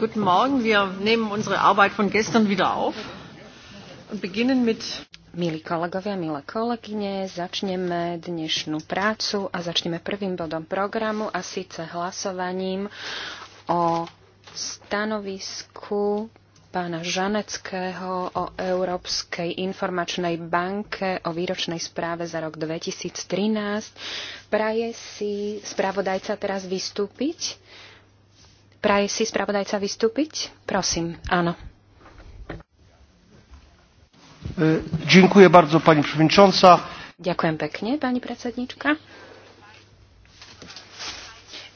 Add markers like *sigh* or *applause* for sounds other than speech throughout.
Guten Morgen. Wir nehmen unsere Arbeit von gestern wieder auf und beginnen mit Milí kolegovia, milé kolegyne, začneme dnešnú prácu a začneme prvým bodom programu a síce hlasovaním o stanovisku pána Žaneckého o Európskej informačnej banke o výročnej správe za rok 2013. Praje si spravodajca teraz vystúpiť? Praje si spravodajca vystúpiť? Prosím, áno. E, dziękuję bardzo pani przewodnicząca. Ďakujem pekne, pani predsednička.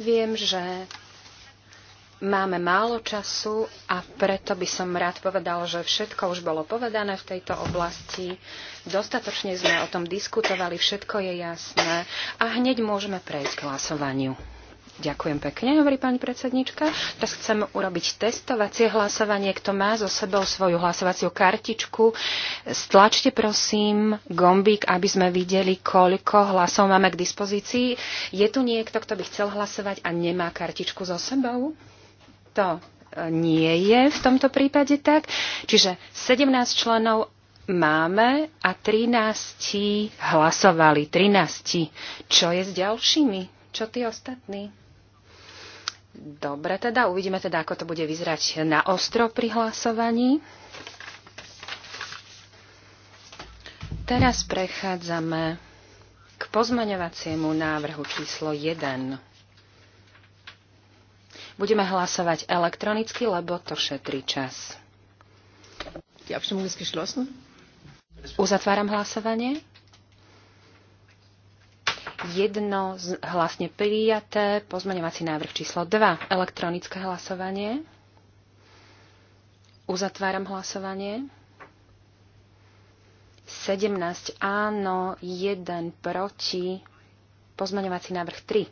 Viem, že máme málo času a preto by som rád povedal, že všetko už bolo povedané v tejto oblasti. Dostatočne sme o tom diskutovali, všetko je jasné a hneď môžeme prejsť k hlasovaniu. Ďakujem pekne, hovorí pani predsednička. Teraz chcem urobiť testovacie hlasovanie. Kto má so sebou svoju hlasovaciu kartičku, stlačte prosím gombík, aby sme videli, koľko hlasov máme k dispozícii. Je tu niekto, kto by chcel hlasovať a nemá kartičku so sebou? To e, nie je v tomto prípade tak. Čiže 17 členov máme a 13 hlasovali. 13. Čo je s ďalšími? Čo tí ostatní? Dobre, teda uvidíme teda, ako to bude vyzerať na ostro pri hlasovaní. Teraz prechádzame k pozmaňovaciemu návrhu číslo 1. Budeme hlasovať elektronicky, lebo to šetrí čas. Uzatváram hlasovanie jedno hlasne prijaté. Pozmeňovací návrh číslo 2. Elektronické hlasovanie. Uzatváram hlasovanie. 17 áno, 1 proti. Pozmeňovací návrh 3.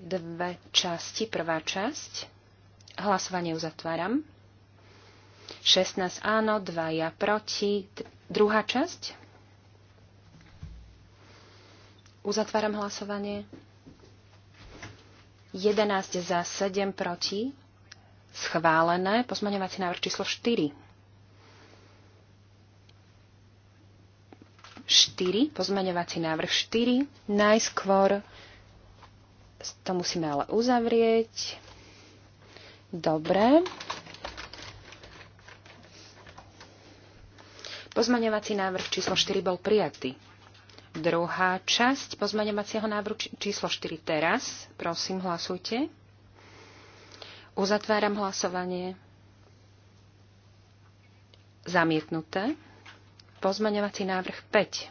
Dve časti. Prvá časť. Hlasovanie uzatváram. 16 áno, 2 ja proti. Druhá časť. Uzatváram hlasovanie. 11 za 7 proti. Schválené. Pozmaňovací návrh číslo 4. 4. Pozmaňovací návrh 4. Najskôr to musíme ale uzavrieť. Dobre. Pozmaňovací návrh číslo 4 bol prijatý. Druhá časť pozmaňovacieho návrhu číslo 4 teraz. Prosím, hlasujte. Uzatváram hlasovanie. Zamietnuté. Pozmaňovací návrh 5.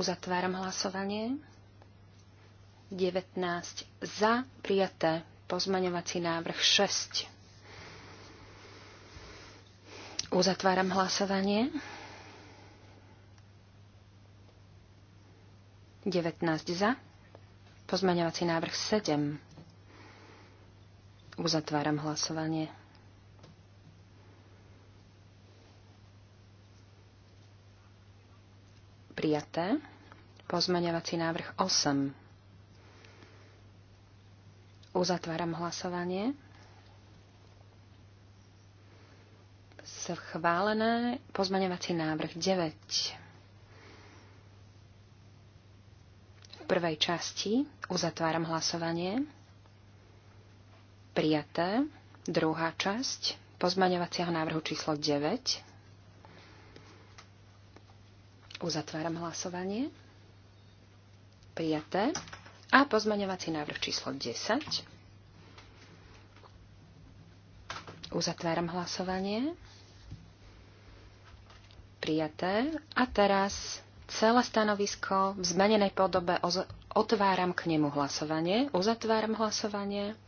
Uzatváram hlasovanie. 19 za, prijaté. Pozmaňovací návrh 6. Uzatváram hlasovanie. 19 za. Pozmaňovací návrh 7. Uzatváram hlasovanie. Prijaté. Pozmaňovací návrh 8. Uzatváram hlasovanie. Schválené pozmaňovací návrh 9. V prvej časti uzatváram hlasovanie. Prijaté. Druhá časť pozmaňovacieho návrhu číslo 9. Uzatváram hlasovanie. Prijaté. A pozmaňovací návrh číslo 10. Uzatváram hlasovanie. Prijaté. A teraz celé stanovisko v zmenenej podobe otváram k nemu hlasovanie. Uzatváram hlasovanie.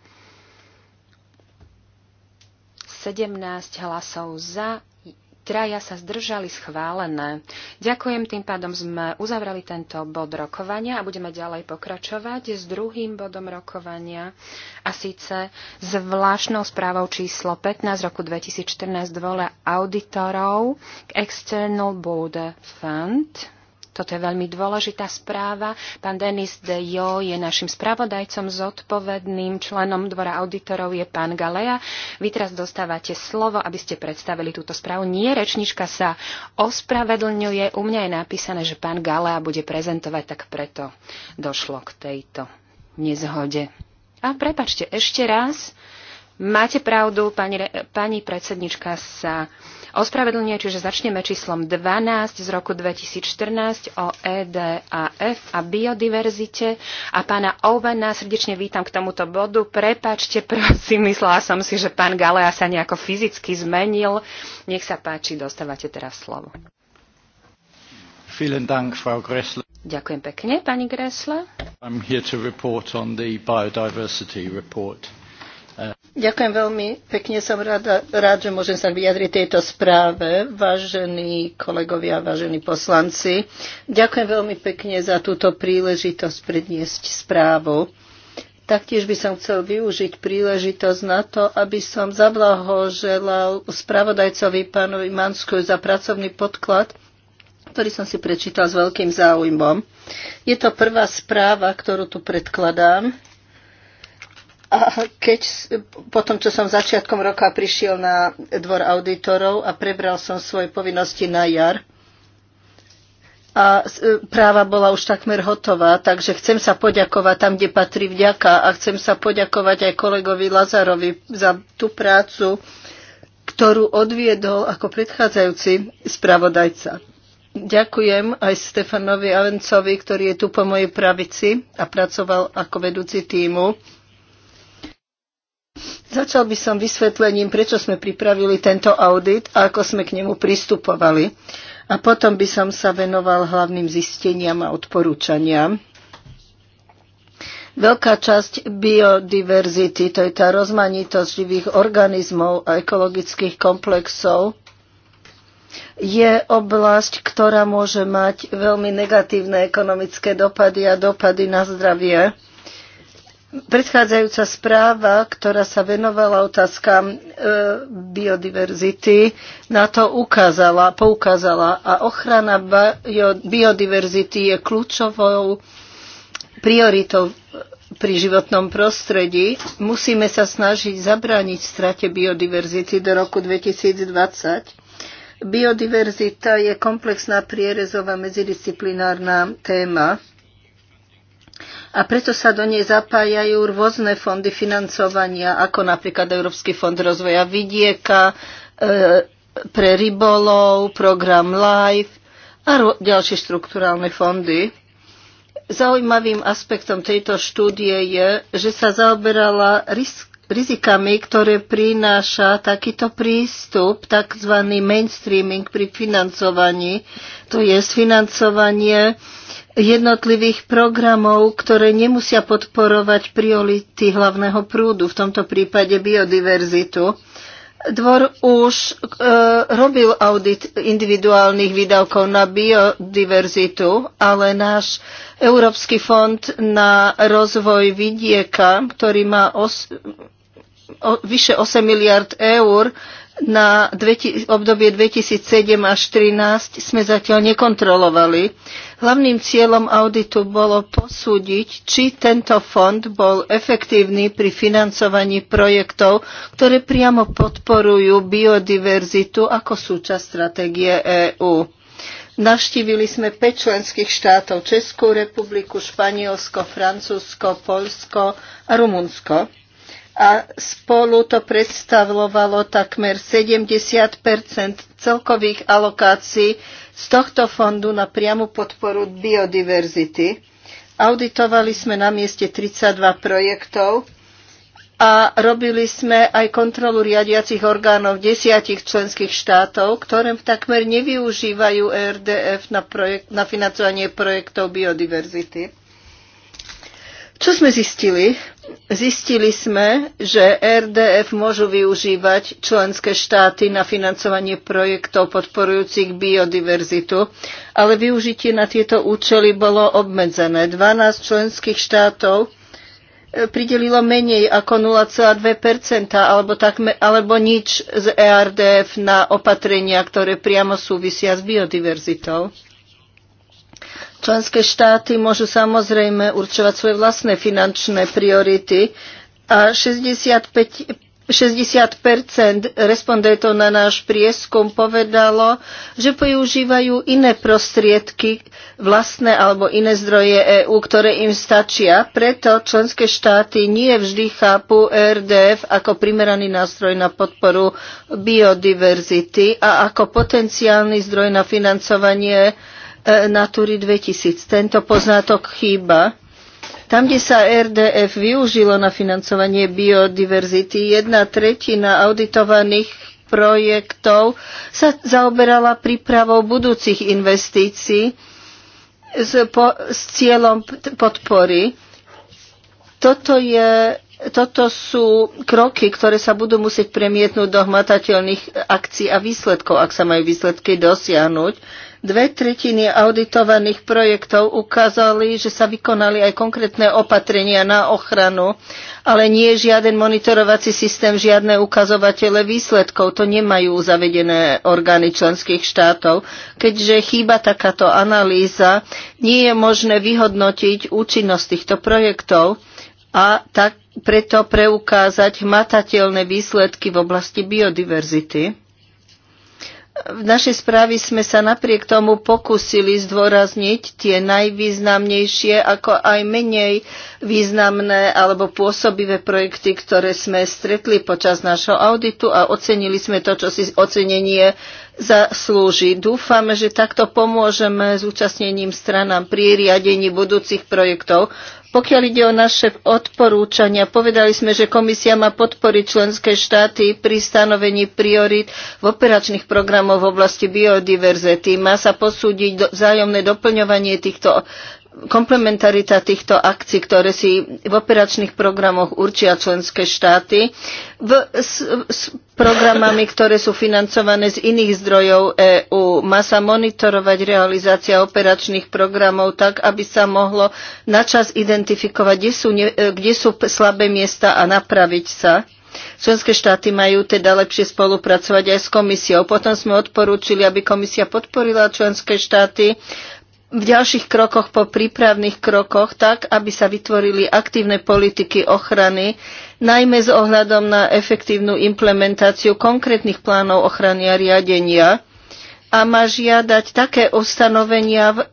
17 hlasov za, traja sa zdržali schválené. Ďakujem, tým pádom sme uzavrali tento bod rokovania a budeme ďalej pokračovať s druhým bodom rokovania a síce s zvláštnou správou číslo 15 roku 2014 dvole auditorov k External Border Fund. Toto je veľmi dôležitá správa. Pán Denis de Jo je našim spravodajcom zodpovedným. Členom dvora auditorov je pán Galea. Vy teraz dostávate slovo, aby ste predstavili túto správu. Nie, rečnička sa ospravedlňuje. U mňa je napísané, že pán Galea bude prezentovať, tak preto došlo k tejto nezhode. A prepačte, ešte raz. Máte pravdu, pani, pani predsednička sa ospravedlňuje, čiže začneme číslom 12 z roku 2014 o EDAF a biodiverzite. A pána Ovena srdečne vítam k tomuto bodu. Prepačte, prosím, myslela som si, že pán Galea sa nejako fyzicky zmenil. Nech sa páči, dostávate teraz slovo. Dank, Frau Ďakujem pekne, pani Gressle. I'm here to report on the biodiversity report. Ďakujem veľmi pekne. Som rada, rád, že môžem sa vyjadriť tejto správe, vážení kolegovia, vážení poslanci. Ďakujem veľmi pekne za túto príležitosť predniesť správu. Taktiež by som chcel využiť príležitosť na to, aby som zablahoželal spravodajcovi pánovi Manskoj za pracovný podklad, ktorý som si prečítal s veľkým záujmom. Je to prvá správa, ktorú tu predkladám a keď po tom, čo som začiatkom roka prišiel na dvor auditorov a prebral som svoje povinnosti na jar, a e, práva bola už takmer hotová, takže chcem sa poďakovať tam, kde patrí vďaka a chcem sa poďakovať aj kolegovi Lazarovi za tú prácu, ktorú odviedol ako predchádzajúci spravodajca. Ďakujem aj Stefanovi Avencovi, ktorý je tu po mojej pravici a pracoval ako vedúci týmu Začal by som vysvetlením, prečo sme pripravili tento audit a ako sme k nemu pristupovali. A potom by som sa venoval hlavným zisteniam a odporúčaniam. Veľká časť biodiverzity, to je tá rozmanitosť živých organizmov a ekologických komplexov, je oblasť, ktorá môže mať veľmi negatívne ekonomické dopady a dopady na zdravie Predchádzajúca správa, ktorá sa venovala otázkam e, biodiverzity, na to ukázala, poukázala a ochrana biodiverzity je kľúčovou prioritou e, pri životnom prostredí. Musíme sa snažiť zabrániť strate biodiverzity do roku 2020. Biodiverzita je komplexná prierezová medzidisciplinárna téma a preto sa do nej zapájajú rôzne fondy financovania, ako napríklad Európsky fond rozvoja vidieka, e, pre rybolov, program LIFE a ďalšie štruktúrálne fondy. Zaujímavým aspektom tejto štúdie je, že sa zaoberala risk rizikami, ktoré prináša takýto prístup, tzv. mainstreaming pri financovaní, to je financovanie jednotlivých programov, ktoré nemusia podporovať priority hlavného prúdu, v tomto prípade biodiverzitu. Dvor už e, robil audit individuálnych výdavkov na biodiverzitu, ale náš Európsky fond na rozvoj vidieka, ktorý má os, o, vyše 8 miliard eur, na obdobie 2007 až 2013 sme zatiaľ nekontrolovali. Hlavným cieľom auditu bolo posúdiť, či tento fond bol efektívny pri financovaní projektov, ktoré priamo podporujú biodiverzitu ako súčasť stratégie EÚ. Navštívili sme 5 členských štátov Českú republiku, Španielsko, Francúzsko, Polsko a Rumunsko a spolu to predstavovalo takmer 70 celkových alokácií z tohto fondu na priamu podporu biodiverzity. Auditovali sme na mieste 32 projektov a robili sme aj kontrolu riadiacich orgánov desiatich členských štátov, ktoré takmer nevyužívajú RDF na, projekt, na financovanie projektov biodiverzity. Čo sme zistili? Zistili sme, že RDF môžu využívať členské štáty na financovanie projektov podporujúcich biodiverzitu, ale využitie na tieto účely bolo obmedzené. 12 členských štátov e, pridelilo menej ako 0,2% alebo, takme, alebo nič z ERDF na opatrenia, ktoré priamo súvisia s biodiverzitou. Členské štáty môžu samozrejme určovať svoje vlastné finančné priority a 65 60 respondentov na náš prieskum povedalo, že používajú iné prostriedky, vlastné alebo iné zdroje EÚ, ktoré im stačia. Preto členské štáty nie vždy chápu e RDF ako primeraný nástroj na podporu biodiverzity a ako potenciálny zdroj na financovanie E, Natury 2000. Tento poznatok chýba. Tam, kde sa RDF využilo na financovanie biodiverzity, jedna tretina auditovaných projektov sa zaoberala prípravou budúcich investícií s, po, s cieľom podpory. Toto, je, toto sú kroky, ktoré sa budú musieť premietnúť do hmatateľných akcií a výsledkov, ak sa majú výsledky dosiahnuť Dve tretiny auditovaných projektov ukázali, že sa vykonali aj konkrétne opatrenia na ochranu, ale nie je žiaden monitorovací systém, žiadne ukazovatele výsledkov. To nemajú zavedené orgány členských štátov. Keďže chýba takáto analýza, nie je možné vyhodnotiť účinnosť týchto projektov a tak preto preukázať hmatateľné výsledky v oblasti biodiverzity. V našej správe sme sa napriek tomu pokúsili zdôrazniť tie najvýznamnejšie, ako aj menej významné alebo pôsobivé projekty, ktoré sme stretli počas našho auditu a ocenili sme to, čo si ocenenie zaslúži. Dúfame, že takto pomôžeme zúčastnením stranám pri riadení budúcich projektov. Pokiaľ ide o naše odporúčania, povedali sme, že komisia má podporiť členské štáty pri stanovení priorit v operačných programoch v oblasti biodiverzity. Má sa posúdiť vzájomné doplňovanie týchto komplementarita týchto akcií, ktoré si v operačných programoch určia členské štáty, v, s, s programami, ktoré sú financované z iných zdrojov EÚ. Má sa monitorovať realizácia operačných programov tak, aby sa mohlo načas identifikovať, kde sú, kde sú slabé miesta a napraviť sa. Členské štáty majú teda lepšie spolupracovať aj s komisiou. Potom sme odporúčili, aby komisia podporila členské štáty v ďalších krokoch po prípravných krokoch tak, aby sa vytvorili aktívne politiky ochrany, najmä s ohľadom na efektívnu implementáciu konkrétnych plánov ochrany a riadenia a má žiadať také ustanovenia v e,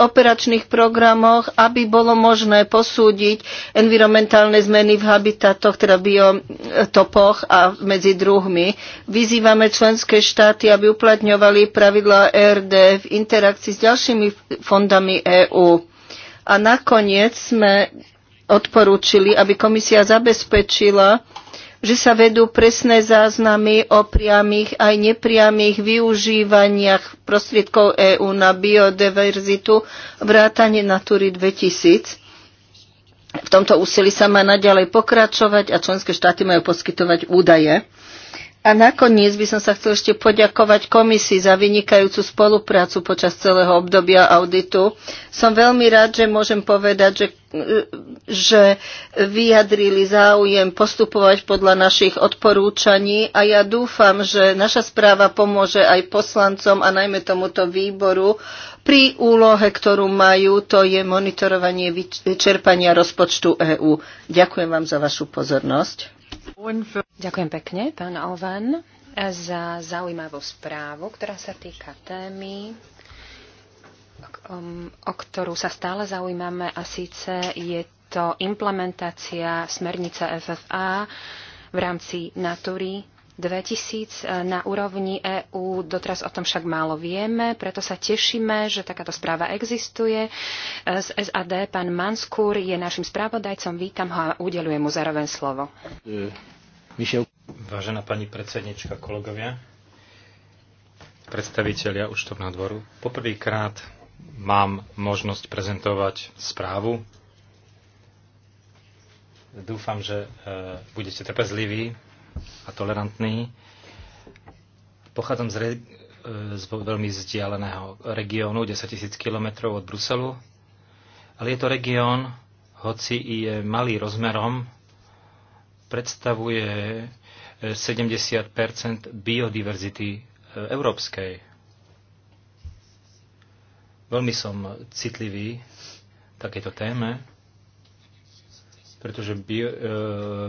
operačných programoch, aby bolo možné posúdiť environmentálne zmeny v habitatoch, teda biotopoch a medzi druhmi. Vyzývame členské štáty, aby uplatňovali pravidlá ERD v interakcii s ďalšími fondami EÚ. A nakoniec sme odporúčili, aby komisia zabezpečila že sa vedú presné záznamy o priamých aj nepriamých využívaniach prostriedkov EÚ na biodiverzitu vrátane Natury 2000. V tomto úsilí sa má naďalej pokračovať a členské štáty majú poskytovať údaje. A nakoniec by som sa chcel ešte poďakovať komisii za vynikajúcu spoluprácu počas celého obdobia auditu. Som veľmi rád, že môžem povedať, že, že vyjadrili záujem postupovať podľa našich odporúčaní a ja dúfam, že naša správa pomôže aj poslancom a najmä tomuto výboru pri úlohe, ktorú majú, to je monitorovanie čerpania rozpočtu EÚ. Ďakujem vám za vašu pozornosť. Ďakujem pekne, pán Alvan, za zaujímavú správu, ktorá sa týka témy, um, o ktorú sa stále zaujímame a síce je to implementácia smernice FFA v rámci Natury 2000 eh, na úrovni EÚ. Doteraz o tom však málo vieme, preto sa tešíme, že takáto správa existuje. Eh, z SAD pán Manskúr je našim správodajcom. Vítam ho a udelujem mu zároveň slovo. Eh, Vážená pani predsednička, kolegovia, predstaviteľia účtovného dvoru, poprvýkrát mám možnosť prezentovať správu. Dúfam, že budete trpezliví a tolerantný. Pochádzam z, re, e, z veľmi vzdialeného regiónu, 10 000 km od Bruselu, ale je to región, hoci i je malý rozmerom, predstavuje 70 e, biodiverzity e, európskej. Veľmi som citlivý takéto téme pretože bio, e,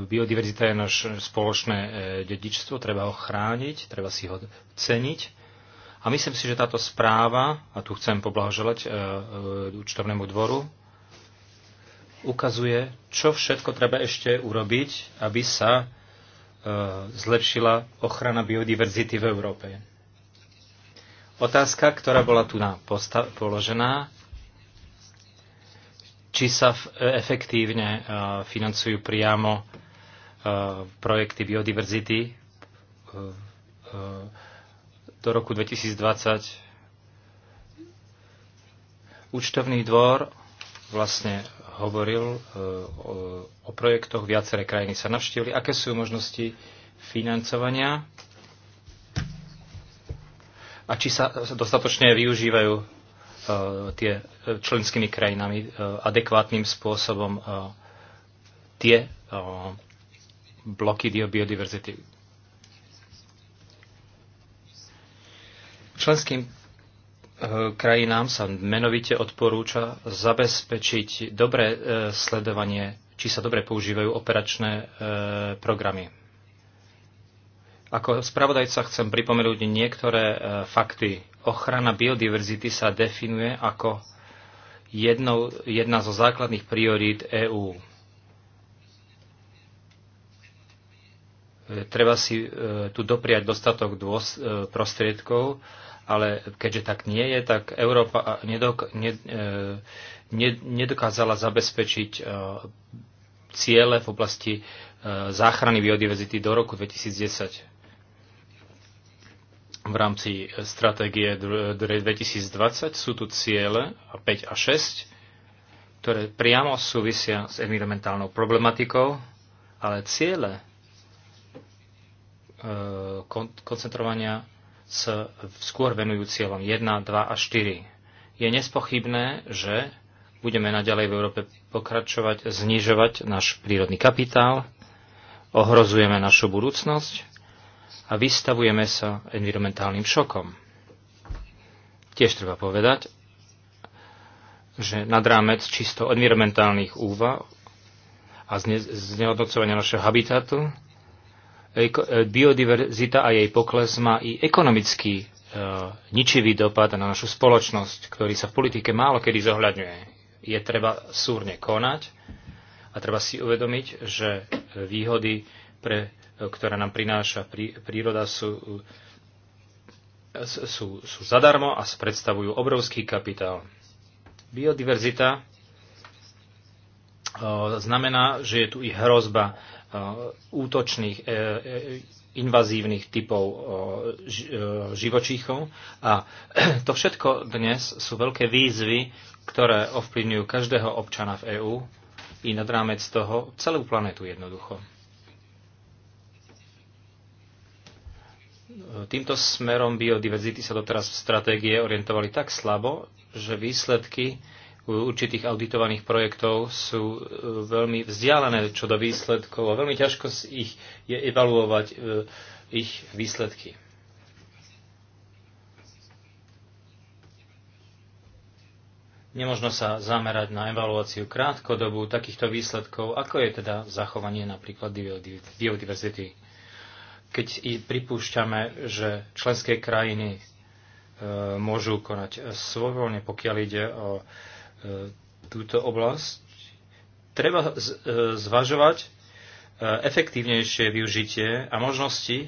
biodiverzita je naše spoločné e, dedičstvo, treba ho chrániť, treba si ho ceniť. A myslím si, že táto správa, a tu chcem poblahoželať e, e, účtovnému dvoru, ukazuje, čo všetko treba ešte urobiť, aby sa e, zlepšila ochrana biodiverzity v Európe. Otázka, ktorá bola tu na položená, či sa efektívne eh, financujú priamo eh, projekty biodiverzity. Eh, do roku 2020 účtovný dvor vlastne hovoril o projektoch, viaceré krajiny sa navštívili. Aké sú možnosti financovania a či sa dostatočne využívajú tie členskými krajinami e, adekvátnym spôsobom e, tie e, bloky biodiverzity. Členským krajinám sa menovite odporúča zabezpečiť dobré sledovanie, či sa dobre používajú operačné programy. Ako spravodajca chcem pripomenúť niektoré fakty. Ochrana biodiverzity sa definuje ako jednou, jedna zo základných priorít EÚ. E, treba si e, tu dopriať dostatok dôs, e, prostriedkov, ale keďže tak nie je, tak Európa nedok, ne, ne, nedokázala zabezpečiť ciele v oblasti záchrany biodiverzity do roku 2010 v rámci stratégie 2020 sú tu ciele 5 a 6, ktoré priamo súvisia s environmentálnou problematikou, ale ciele e, koncentrovania sa skôr venujú cieľom 1, 2 a 4. Je nespochybné, že budeme naďalej v Európe pokračovať, znižovať náš prírodný kapitál, ohrozujeme našu budúcnosť, a vystavujeme sa environmentálnym šokom. Tiež treba povedať, že nad rámec čisto environmentálnych úvah a znehodnocovania našeho habitatu, e, biodiverzita a jej pokles má i ekonomický e, ničivý dopad na našu spoločnosť, ktorý sa v politike málo kedy zohľadňuje. Je treba súrne konať a treba si uvedomiť, že výhody pre ktoré nám prináša príroda, sú, sú, sú zadarmo a predstavujú obrovský kapitál. Biodiverzita znamená, že je tu i hrozba útočných, e, e, invazívnych typov e, živočíchov. A *clears throat* to všetko dnes sú veľké výzvy, ktoré ovplyvňujú každého občana v EÚ i nad rámec toho celú planetu jednoducho. týmto smerom biodiverzity sa doteraz v stratégie orientovali tak slabo, že výsledky určitých auditovaných projektov sú e, veľmi vzdialené čo do výsledkov a veľmi ťažko ich je evaluovať e, ich výsledky. Nemožno sa zamerať na evaluáciu krátkodobu takýchto výsledkov, ako je teda zachovanie napríklad biodiverzity keď i pripúšťame, že členské krajiny e, môžu konať svojvoľne, pokiaľ ide o e, túto oblasť, treba e, zvažovať efektívnejšie využitie a možnosti,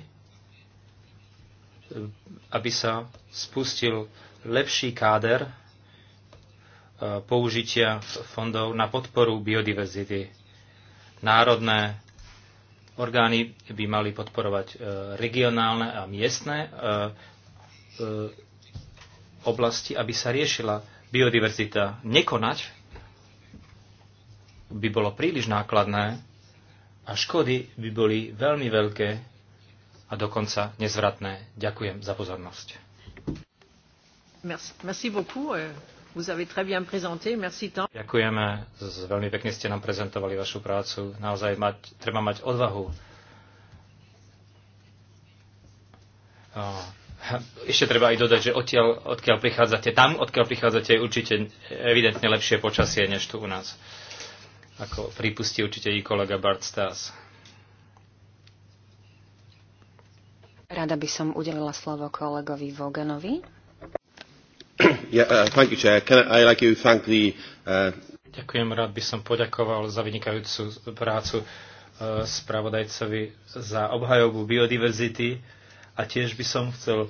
aby sa spustil lepší káder použitia fondov na podporu biodiverzity. Národné Orgány by mali podporovať e, regionálne a miestne e, e, oblasti, aby sa riešila biodiverzita. Nekonať by bolo príliš nákladné a škody by boli veľmi veľké a dokonca nezvratné. Ďakujem za pozornosť. Merci, merci beaucoup. Euh, Vous avez très bien présenté. Merci tant. Ďakujeme. Veľmi pekne ste nám prezentovali vašu prácu. Naozaj mať, treba mať odvahu. *laughs* Ešte treba aj dodať, že odtiaľ, odkiaľ prichádzate, tam, odkiaľ prichádzate, je určite evidentne lepšie počasie, než tu u nás. Ako pripustí určite i kolega Bart Stas. Rada by som udelila slovo kolegovi Voganovi. Uh, uh, Ďakujem, rád by som poďakoval za vynikajúcu prácu uh, spravodajcovi za obhajobu biodiverzity a tiež by som chcel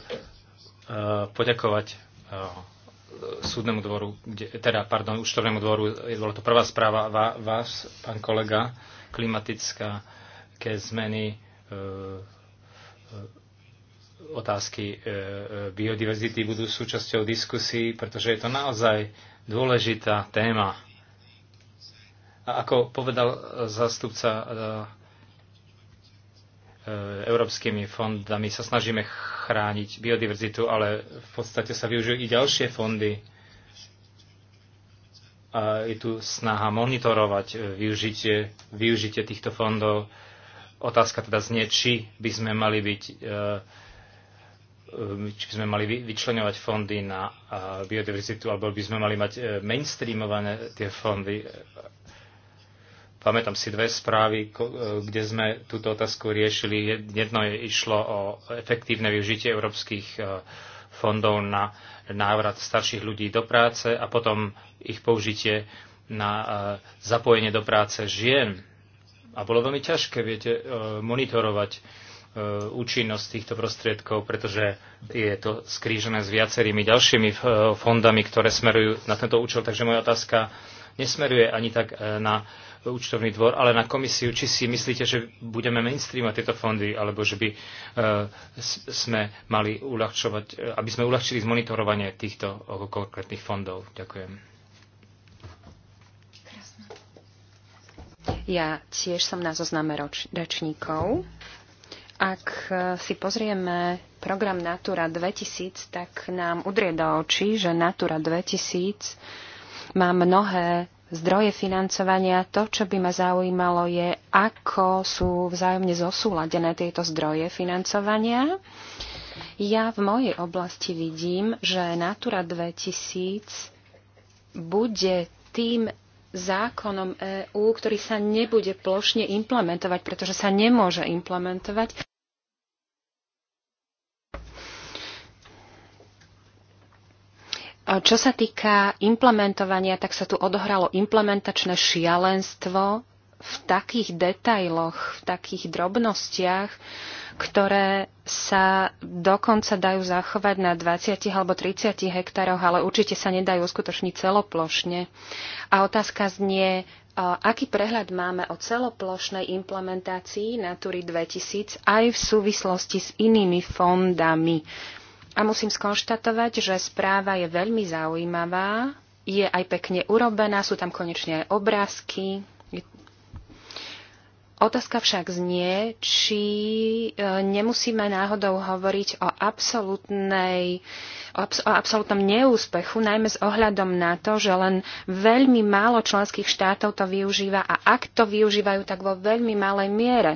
poďakovať súdnemu dvoru, teda, pardon, účtovnému dvoru, je, bola to prvá správa vás, pán kolega, klimatická, ke zmeny otázky e, e, biodiverzity budú súčasťou diskusí, pretože je to naozaj dôležitá téma. A ako povedal zástupca e, európskymi fondami, sa snažíme chrániť biodiverzitu, ale v podstate sa využijú i ďalšie fondy. A je tu snaha monitorovať využitie, využitie týchto fondov. Otázka teda znie, či by sme mali byť či by sme mali vyčlenovať fondy na biodiverzitu, alebo by sme mali mať e, mainstreamované tie fondy. Pamätám si dve správy, e, kde sme túto otázku riešili. Jedno je, išlo o efektívne využitie európskych e, fondov na návrat starších ľudí do práce a potom ich použitie na zapojenie do práce žien. A bolo veľmi ťažké, viete, monitorovať E, účinnosť týchto prostriedkov, pretože je to skrížené s viacerými ďalšími e, fondami, ktoré smerujú na tento účel. Takže moja otázka nesmeruje ani tak e, na účtovný dvor, ale na komisiu, či si myslíte, že budeme mainstreamovať tieto fondy, alebo že by sme mali uľahčovať, aby sme uľahčili zmonitorovanie týchto konkrétnych fondov. Ďakujem. Ja tiež som na zozname roč, rečníkov. Ak e, si pozrieme program Natura 2000, tak nám udrie do očí, že Natura 2000 má mnohé zdroje financovania. To, čo by ma zaujímalo, je, ako sú vzájomne zosúladené tieto zdroje financovania. Ja v mojej oblasti vidím, že Natura 2000 bude tým zákonom EÚ, ktorý sa nebude plošne implementovať, pretože sa nemôže implementovať. Čo sa týka implementovania, tak sa tu odohralo implementačné šialenstvo v takých detailoch, v takých drobnostiach, ktoré sa dokonca dajú zachovať na 20 alebo 30 hektároch, ale určite sa nedajú uskutočniť celoplošne. A otázka znie, e, aký prehľad máme o celoplošnej implementácii Natury 2000 aj v súvislosti s inými fondami. A musím skonštatovať, že správa je veľmi zaujímavá, je aj pekne urobená, sú tam konečne aj obrázky, Otázka však znie, či e, nemusíme náhodou hovoriť o, absolútnej, o absolútnom neúspechu, najmä s ohľadom na to, že len veľmi málo členských štátov to využíva a ak to využívajú, tak vo veľmi malej miere.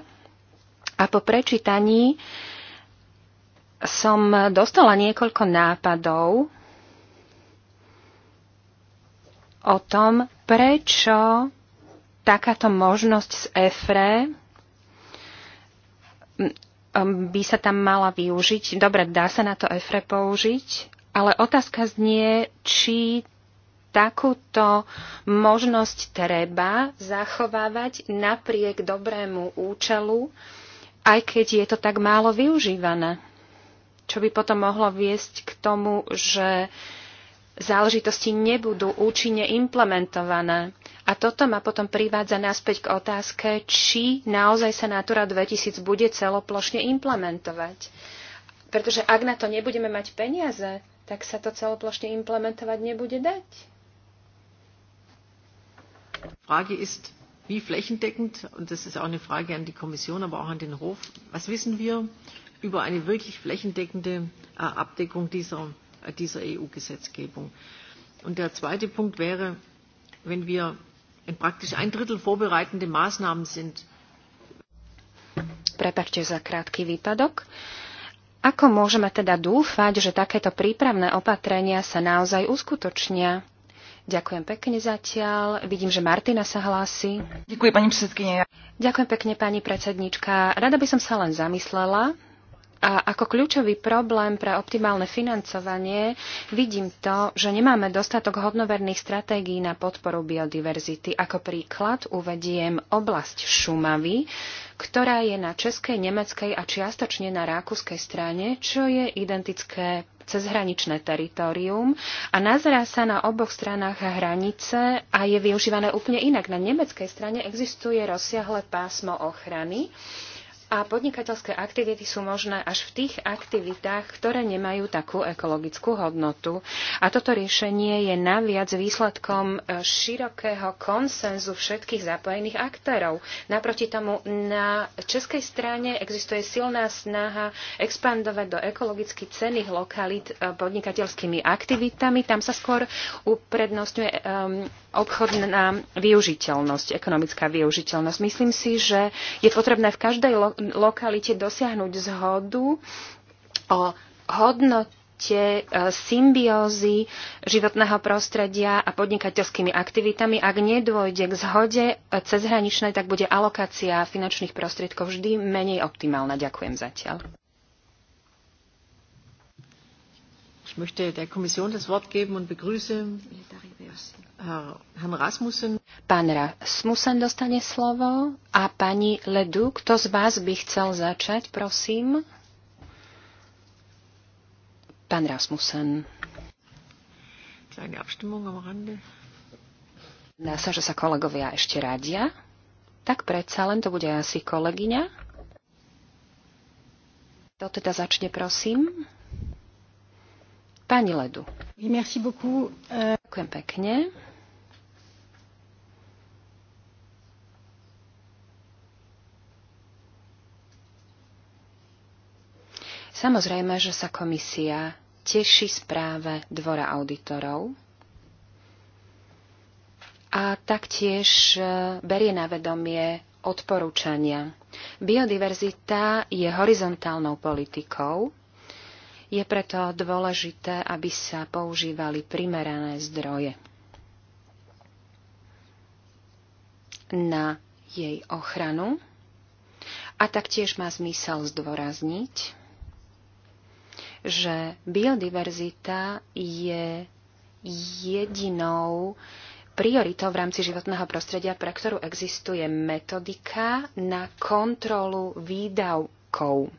A po prečítaní som dostala niekoľko nápadov o tom, prečo takáto možnosť z EFRE by sa tam mala využiť. Dobre, dá sa na to EFRE použiť, ale otázka znie, či takúto možnosť treba zachovávať napriek dobrému účelu, aj keď je to tak málo využívané. Čo by potom mohlo viesť k tomu, že uh, záležitosti nebudú účinne implementované. A toto ma potom privádza naspäť k otázke, či naozaj sa Natura 2000 bude celoplošne implementovať. Pretože ak na to nebudeme mať peniaze, tak sa to celoplošne implementovať nebude dať. Frage ist, wie flächendeckend, und das ist auch eine Frage an die Kommission, aber auch an den Hof, was wissen wir über eine wirklich flächendeckende äh, Abdeckung dieser Äh, dieser EU-Gesetzgebung. Und der zweite Punkt wäre, wenn wir in praktisch ein Drittel vorbereitende Maßnahmen sind. Prepačte za krátky výpadok. Ako môžeme teda dúfať, že takéto prípravné opatrenia sa naozaj uskutočnia? Ďakujem pekne zatiaľ. Vidím, že Martina sa hlási. Ďakujem, pani predsedkynia. Ďakujem pekne, pani predsednička. Rada by som sa len zamyslela a ako kľúčový problém pre optimálne financovanie vidím to, že nemáme dostatok hodnoverných stratégií na podporu biodiverzity. Ako príklad uvediem oblasť Šumavy, ktorá je na českej, nemeckej a čiastočne na rákuskej strane, čo je identické cezhraničné teritorium a nazerá sa na oboch stranách hranice a je využívané úplne inak. Na nemeckej strane existuje rozsiahle pásmo ochrany, a podnikateľské aktivity sú možné až v tých aktivitách, ktoré nemajú takú ekologickú hodnotu. A toto riešenie je naviac výsledkom e, širokého konsenzu všetkých zapojených aktérov. Naproti tomu na českej strane existuje silná snaha expandovať do ekologicky cených lokalít e, podnikateľskými aktivitami. Tam sa skôr uprednostňuje um, obchodná využiteľnosť, ekonomická využiteľnosť. Myslím si, že je potrebné v každej lo- lokalite dosiahnuť zhodu o hodnote e, symbiózy životného prostredia a podnikateľskými aktivitami. Ak nedôjde k zhode e, cezhraničnej, tak bude alokácia finančných prostriedkov vždy menej optimálna. Ďakujem zatiaľ. möchte der Kommission das Wort geben und begrüße Herrn Rasmussen. Pán Rasmussen dostane slovo a pani Ledu, kto z vás by chcel začať, prosím? Pán Rasmussen. Kleine Abstimmung am Rande. Dá sa, že sa kolegovia ešte radia. Tak predsa len to bude asi kolegyňa. Kto teda začne, prosím? Pani Ledu. Euh, Ďakujem pekne. Samozrejme, že sa komisia teší správe Dvora auditorov a taktiež e, berie na vedomie odporúčania. Biodiverzita je horizontálnou politikou je preto dôležité, aby sa používali primerané zdroje na jej ochranu. A taktiež má zmysel zdôrazniť, že biodiverzita je jedinou prioritou v rámci životného prostredia, pre ktorú existuje metodika na kontrolu výdav, rokov.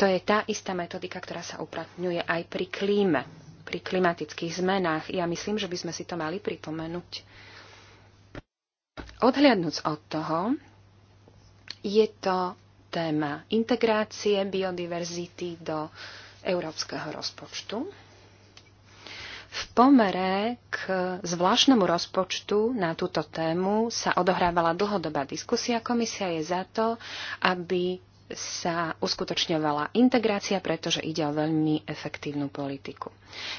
To je tá istá metodika, ktorá sa uplatňuje aj pri klíme, pri klimatických zmenách. Ja myslím, že by sme si to mali pripomenúť. Odhliadnúc od toho, je to téma integrácie biodiverzity do európskeho rozpočtu. V pomere k zvláštnemu rozpočtu na túto tému sa odohrávala dlhodobá diskusia. Komisia je za to, aby sa uskutočňovala integrácia, pretože ide o veľmi efektívnu politiku.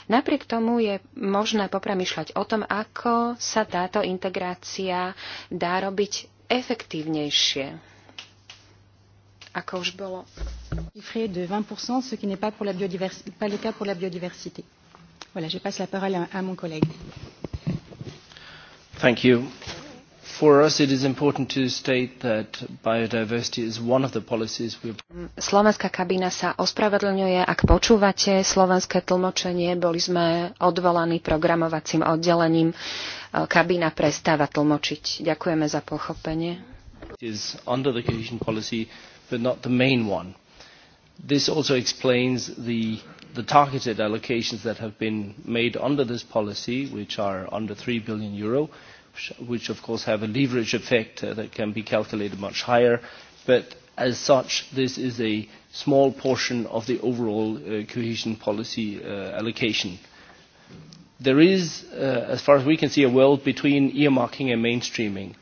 Napriek tomu je možné popremýšľať o tom, ako sa táto integrácia dá robiť efektívnejšie. Ako už bolo. de 20%, ce qui n'est pas, pour la pas le cas pour la biodiversité. Voilà, je passe la parole à mon collègue. Thank you. For us it is important to state that biodiversity is one of the policies we... Mm, Slovenská kabína sa ospravedlňuje, ak počúvate slovenské tlmočenie, boli sme odvolaní programovacím oddelením. E, kabína prestáva tlmočiť. Ďakujeme za pochopenie. Is under the cohesion policy, but not the main one. This also explains the, the targeted allocations that have been made under this policy, which are under 3 billion euro which of course have a leverage effect uh, that can be calculated much higher. But as such, this is a small portion of the overall uh, cohesion policy uh, allocation. There is, uh, as far as we can see, a world between earmarking and mainstreaming.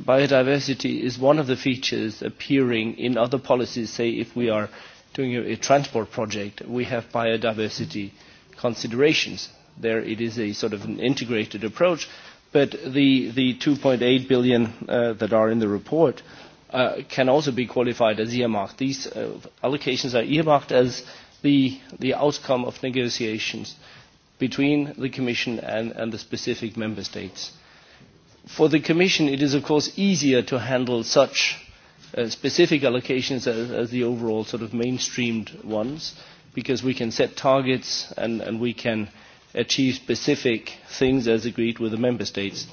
Biodiversity is one of the features appearing in other policies. Say, if we are doing a, a transport project, we have biodiversity considerations. There it is a sort of an integrated approach But the, the 2.8 billion uh, that are in the report uh, can also be qualified as earmarked. These uh, allocations are earmarked as the, the outcome of negotiations between the Commission and, and the specific member states. For the Commission, it is of course easier to handle such uh, specific allocations as, as the overall sort of mainstreamed ones because we can set targets and, and we can uh, achieve specific things as agreed with the member states.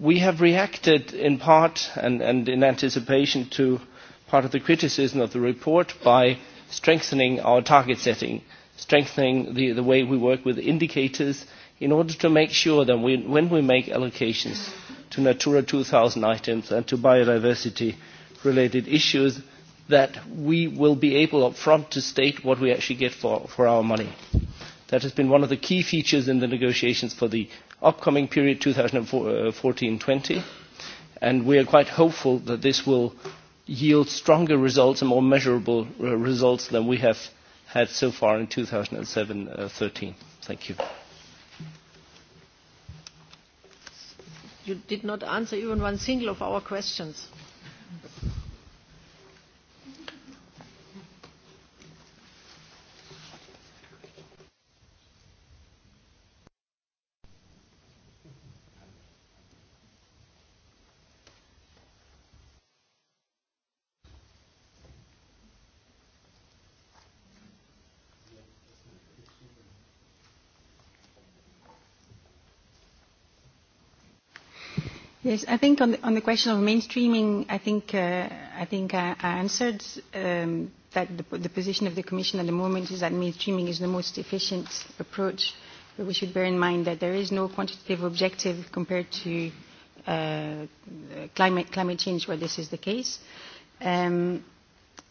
We have reacted in part and, and in anticipation to part of the criticism of the report by strengthening our target setting, strengthening the, the way we work with indicators in order to make sure that we, when we make allocations to Natura 2000 items and to biodiversity related issues, that we will be able up front to state what we actually get for, for our money. That has been one of the key features in the negotiations for the upcoming period 2014-20 and we are quite hopeful that this will yield stronger results and more measurable uh, results than we have had so far in 2007-13. Uh, Thank you. You did not answer even one single of our questions. Yes, I think on the, on the question of mainstreaming, I think, uh, I, think I, I answered um, that the, the position of the Commission at the moment is that mainstreaming is the most efficient approach, but we should bear in mind that there is no quantitative objective compared to uh, climate, climate change where this is the case. Um,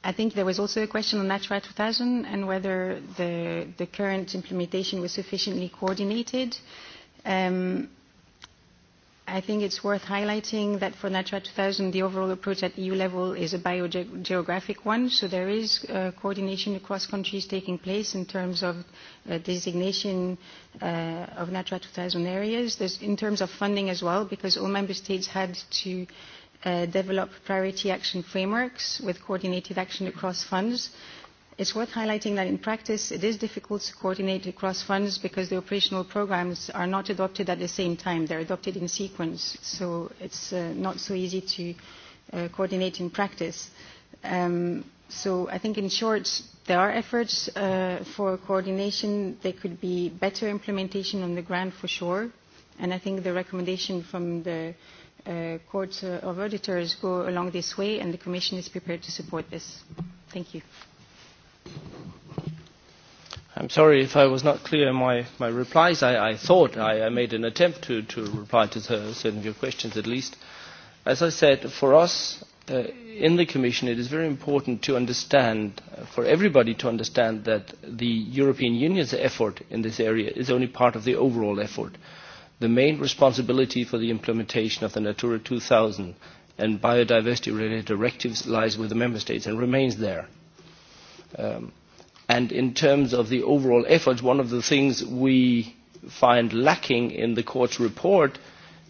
I think there was also a question on Natura 2000 and whether the, the current implementation was sufficiently coordinated. Um, i think it's worth highlighting that for Natura 2000, the overall approach at EU level is a biogeographic one. So there is uh, coordination across countries taking place in terms of uh, designation uh, of Natura 2000 areas. There's, in terms of funding as well, because all member states had to uh, develop priority action frameworks with coordinated action across funds. It's worth highlighting that in practice, it is difficult to coordinate across funds because the operational programs are not adopted at the same time. They're adopted in sequence, so it's uh, not so easy to uh, coordinate in practice. Um, so I think in short, there are efforts uh, for coordination. There could be better implementation on the ground for sure. And I think the recommendation from the uh, Court uh, of Auditors go along this way, and the Commission is prepared to support this. Thank you. I'm sorry if I was not clear in my, my replies. I, I thought I, I made an attempt to, to reply to certain of your questions at least. As I said, for us uh, in the Commission, it is very important to understand, uh, for everybody to understand that the European Union's effort in this area is only part of the overall effort. The main responsibility for the implementation of the Natura 2000 and biodiversity-related directives lies with the Member States and remains there Um, and in terms of the overall effort, one of the things we find lacking in the court's report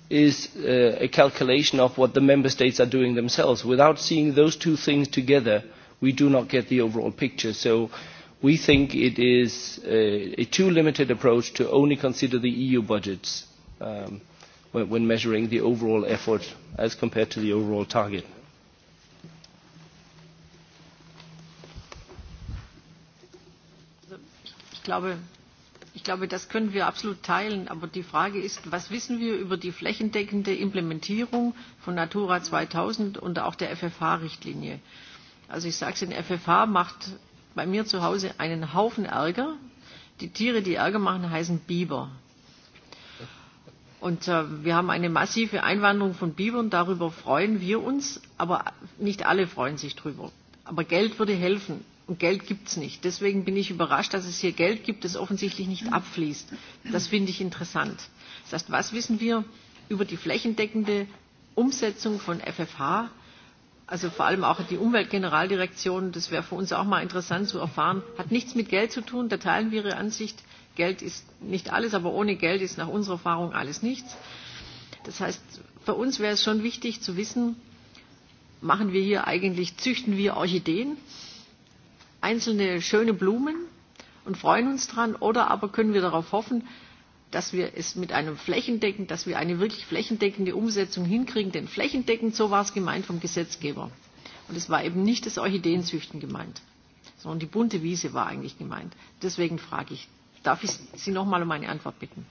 is uh, a calculation of what the member states are doing themselves. Without seeing those two things together, we do not get the overall picture. So we think it is a, a too limited approach to only consider the EU budgets um, when, when measuring the overall effort as compared to the overall target. ich glaube, das können wir absolut teilen. Aber die Frage ist, was wissen wir über die flächendeckende Implementierung von Natura zweitausend und auch der FFH-Richtlinie? Also ich sage es, den FFH macht bei mir zu Hause einen Haufen Ärger. Die Tiere, die Ärger machen, heißen Biber. Und äh, wir haben eine massive Einwanderung von Bibern, darüber freuen wir uns, aber nicht alle freuen sich darüber. Aber Geld würde helfen. Und Geld gibt es nicht. Deswegen bin ich überrascht, dass es hier Geld gibt, das offensichtlich nicht abfließt. Das finde ich interessant. Das heißt, was wissen wir über die flächendeckende Umsetzung von FFH? Also vor allem auch die Umweltgeneraldirektion, das wäre für uns auch mal interessant zu erfahren, hat nichts mit Geld zu tun, da teilen wir Ihre Ansicht. Geld ist nicht alles, aber ohne Geld ist nach unserer Erfahrung alles nichts. Das heißt, für uns wäre es schon wichtig zu wissen, machen wir hier eigentlich, züchten wir Orchideen? einzelne schöne Blumen und freuen uns dran, oder aber können wir darauf hoffen, dass wir es mit einem flächendeckend, dass wir eine wirklich flächendeckende Umsetzung hinkriegen, denn flächendeckend, so war es gemeint vom Gesetzgeber. Und es war eben nicht das Orchideenzüchten gemeint, sondern die bunte Wiese war eigentlich gemeint. Deswegen frage ich, darf ich Sie noch mal um eine Antwort bitten?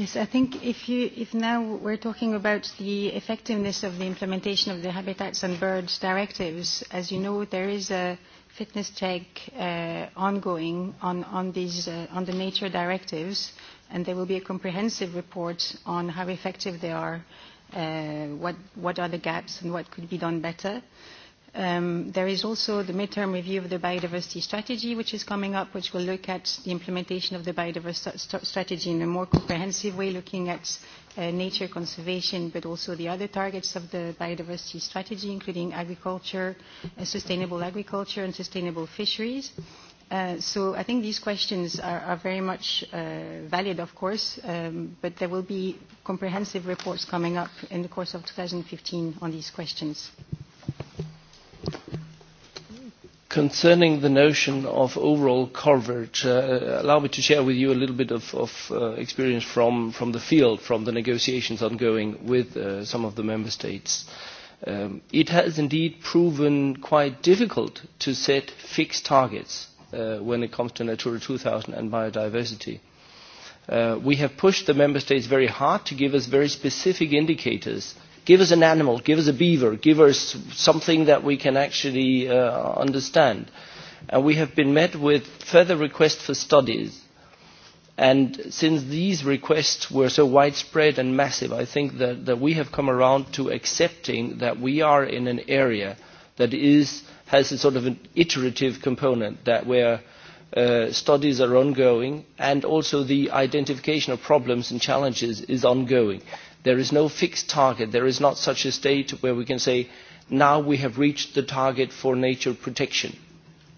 Yes, I think if, you, if now we're talking about the effectiveness of the implementation of the Habitats and Birds directives, as you know, there is a fitness check uh, ongoing on, on, these, uh, on the nature directives, and there will be a comprehensive report on how effective they are, uh, what, what are the gaps, and what could be done better. Uh, Um, there is also the midterm review of the biodiversity strategy, which is coming up, which will look at the implementation of the biodiversity uh, st strategy in a more comprehensive way, looking at uh, nature conservation, but also the other targets of the biodiversity strategy, including agriculture, uh, sustainable agriculture, and sustainable fisheries. Uh, so I think these questions are, are very much uh, valid, of course, um, but there will be comprehensive reports coming up in the course of 2015 on these questions concerning the notion of overall coverage, uh, allow me to share with you a little bit of, of uh, experience from, from the field, from the negotiations ongoing with uh, some of the member states. Um, it has indeed proven quite difficult to set fixed targets uh, when it comes to Natura 2000 and biodiversity. Uh, we have pushed the member states very hard to give us very specific indicators Give us an animal, give us a beaver, give us something that we can actually uh, understand. And we have been met with further requests for studies. And since these requests were so widespread and massive, I think that, that we have come around to accepting that we are in an area that is, has a sort of an iterative component that where uh, studies are ongoing and also the identification of problems and challenges is ongoing. There is no fixed target. There is not such a state where we can say, now we have reached the target for nature protection,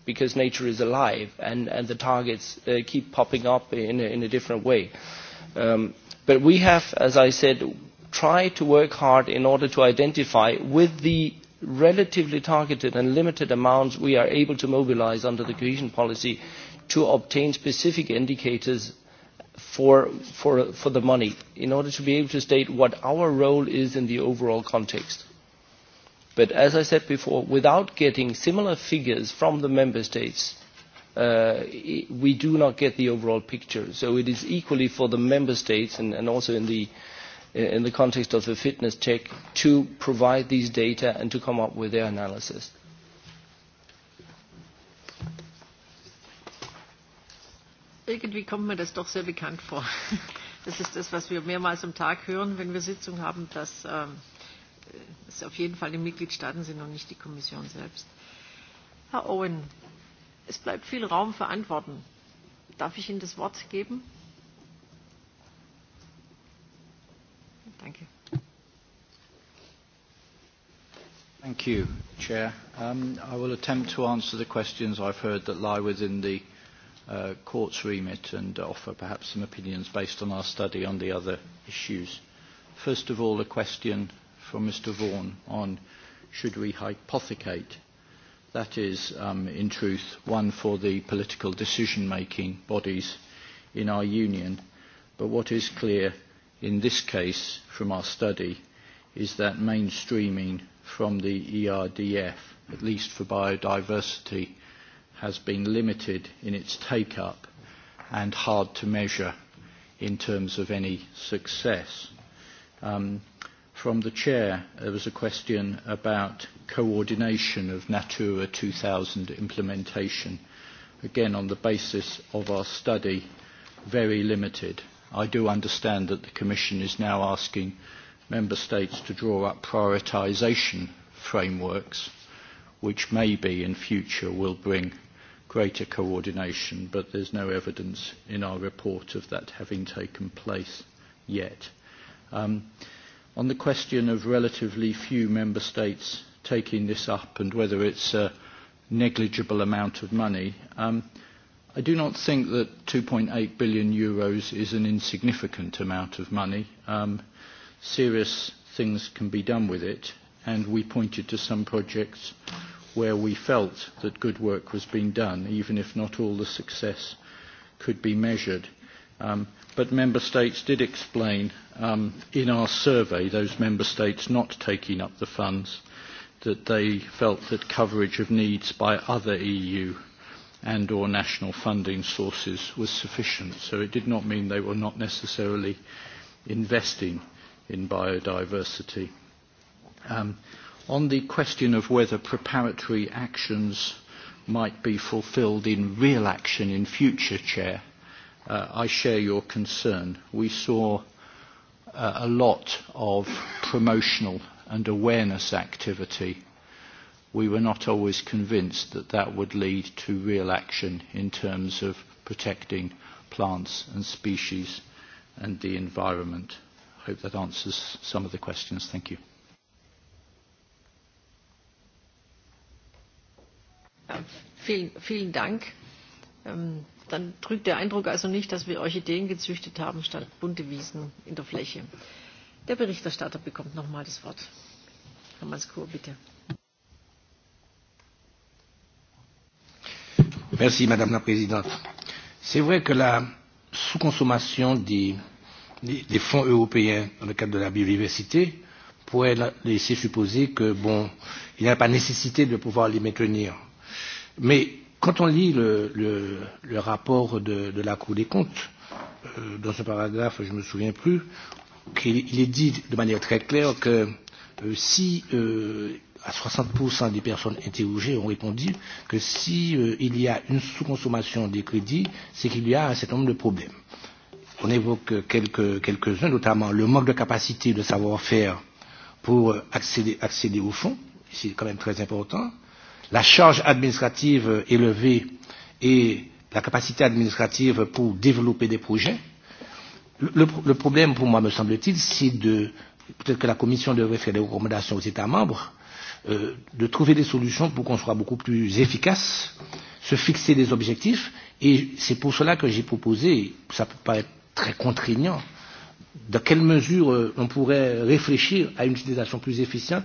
because nature is alive and, and the targets uh, keep popping up in a, in a different way. Um, but we have, as I said, tried to work hard in order to identify with the relatively targeted and limited amounts we are able to mobilize under the cohesion policy to obtain specific indicators for, for, for the money in order to be able to state what our role is in the overall context. But as I said before, without getting similar figures from the member states, uh, we do not get the overall picture. So it is equally for the member states and, and also in the, in the context of the fitness check to provide these data and to come up with their analysis. Irgendwie kommt mir das doch sehr bekannt vor. *laughs* Das ist das, was wir mehrmals am Tag hören, wenn wir Sitzungen haben, dass äh, es auf jeden Fall die Mitgliedstaaten sind und nicht die Kommission selbst. Herr Owen, es bleibt viel Raum für Antworten. Darf ich Ihnen das Wort geben? Danke. Thank you, Chair. Um, I will attempt to answer the questions I've heard that lie within the uh, court's remit and offer perhaps some opinions based on our study on the other issues. First of all, a question from Mr Vaughan on should we hypothecate? That is, um, in truth, one for the political decision-making bodies in our union. But what is clear in this case from our study is that mainstreaming from the ERDF, at least for biodiversity, has been limited in its take-up and hard to measure in terms of any success. Um, from the chair, there was a question about coordination of Natura 2000 implementation. Again, on the basis of our study, very limited. I do understand that the Commission is now asking member states to draw up prioritisation frameworks, which maybe in future will bring greater coordination, but there's no evidence in our report of that having taken place yet. Um, on the question of relatively few member states taking this up and whether it's a negligible amount of money, um, I do not think that 2.8 billion euros is an insignificant amount of money. Um, serious things can be done with it, and we pointed to some projects where we felt that good work was being done, even if not all the success could be measured. Um, but member states did explain um, in our survey, those member states not taking up the funds, that they felt that coverage of needs by other EU and or national funding sources was sufficient. So it did not mean they were not necessarily investing in biodiversity. Um, on the question of whether preparatory actions might be fulfilled in real action in future, Chair, uh, I share your concern. We saw uh, a lot of promotional and awareness activity. We were not always convinced that that would lead to real action in terms of protecting plants and species and the environment. I hope that answers some of the questions. Thank you. vielen, vielen Dank. Ähm, dann drückt der Eindruck also nicht, dass wir Orchideen gezüchtet haben statt bunte Wiesen in der Fläche. Der Berichterstatter bekommt nochmal das Wort. Herr Manskur, bitte. Merci, Madame la Présidente. C'est vrai que la sous-consommation des, des, des fonds européens dans le cadre de la biodiversité pourrait laisser supposer que, bon, il n'y a pas nécessité de pouvoir les maintenir Mais quand on lit le, le, le rapport de, de la Cour des comptes, euh, dans ce paragraphe, je ne me souviens plus, il est dit de manière très claire que euh, si euh, à 60% des personnes interrogées ont répondu que si euh, il y a une sous-consommation des crédits, c'est qu'il y a un certain nombre de problèmes. On évoque quelques, quelques-uns, notamment le manque de capacité de savoir-faire pour accéder, accéder aux fonds, c'est quand même très important, la charge administrative élevée et la capacité administrative pour développer des projets. Le, le problème, pour moi, me semble-t-il, c'est de peut-être que la Commission devrait faire des recommandations aux États membres, euh, de trouver des solutions pour qu'on soit beaucoup plus efficace, se fixer des objectifs, et c'est pour cela que j'ai proposé, ça peut paraître très contraignant, dans quelle mesure euh, on pourrait réfléchir à une utilisation plus efficiente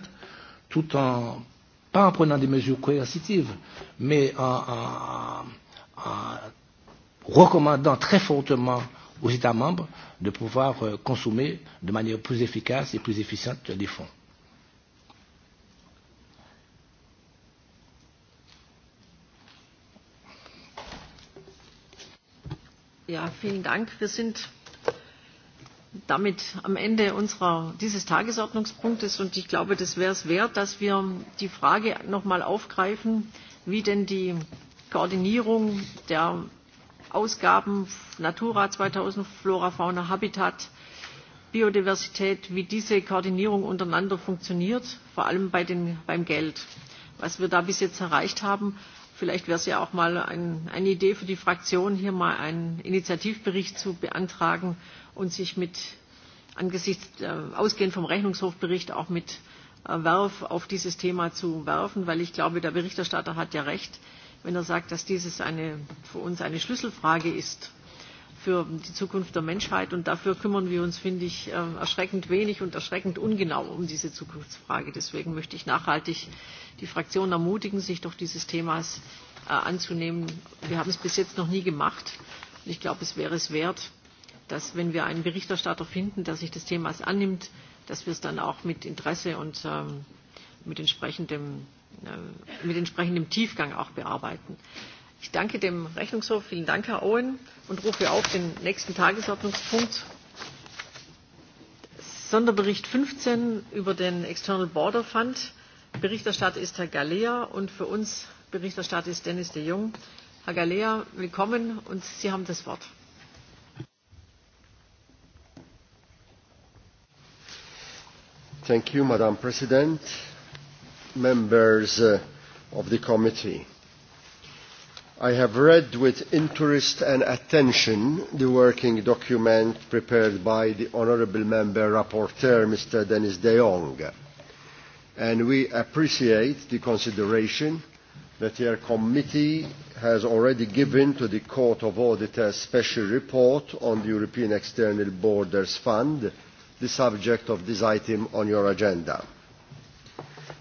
tout en pas en prenant des mesures coercitives, mais en, en, en recommandant très fortement aux États membres de pouvoir euh, consommer de manière plus efficace et plus efficiente des fonds. Ja, vielen Dank. Wir sind damit am Ende unserer, dieses Tagesordnungspunktes. Und ich glaube, das wäre es wert, dass wir die Frage noch mal aufgreifen, wie denn die Koordinierung der Ausgaben Natura 2000, Flora, Fauna, Habitat, Biodiversität, wie diese Koordinierung untereinander funktioniert, vor allem bei den, beim Geld, was wir da bis jetzt erreicht haben Vielleicht wäre es ja auch mal ein, eine Idee für die Fraktion, hier mal einen Initiativbericht zu beantragen und sich mit angesichts äh, ausgehend vom Rechnungshofbericht auch mit äh, Werf auf dieses Thema zu werfen, weil ich glaube, der Berichterstatter hat ja recht, wenn er sagt, dass dieses eine, für uns eine Schlüsselfrage ist für die Zukunft der Menschheit. Und dafür kümmern wir uns, finde ich, äh, erschreckend wenig und erschreckend ungenau um diese Zukunftsfrage. Deswegen möchte ich nachhaltig die Fraktionen ermutigen, sich doch dieses Themas äh, anzunehmen. Wir haben es bis jetzt noch nie gemacht. Und ich glaube, es wäre es wert, dass wenn wir einen Berichterstatter finden, der sich des Themas annimmt, dass wir es dann auch mit Interesse und ähm, mit, entsprechendem, äh, mit entsprechendem Tiefgang auch bearbeiten. Ich danke dem Rechnungshof, vielen Dank, Herr Owen, und rufe auf den nächsten Tagesordnungspunkt. Sonderbericht 15 über den External Border Fund. Berichterstatter ist Herr Galea und für uns Berichterstatter ist Dennis de Jong. Herr Galea, willkommen und Sie haben das Wort. Thank you, Madam President, members uh, of the committee. I have read with interest and attention the working document prepared by the honourable member rapporteur, Mr. Denis de Jong and we appreciate the consideration that your committee has already given to the Court of Auditors special report on the European External Borders Fund, the subject of this item on your agenda.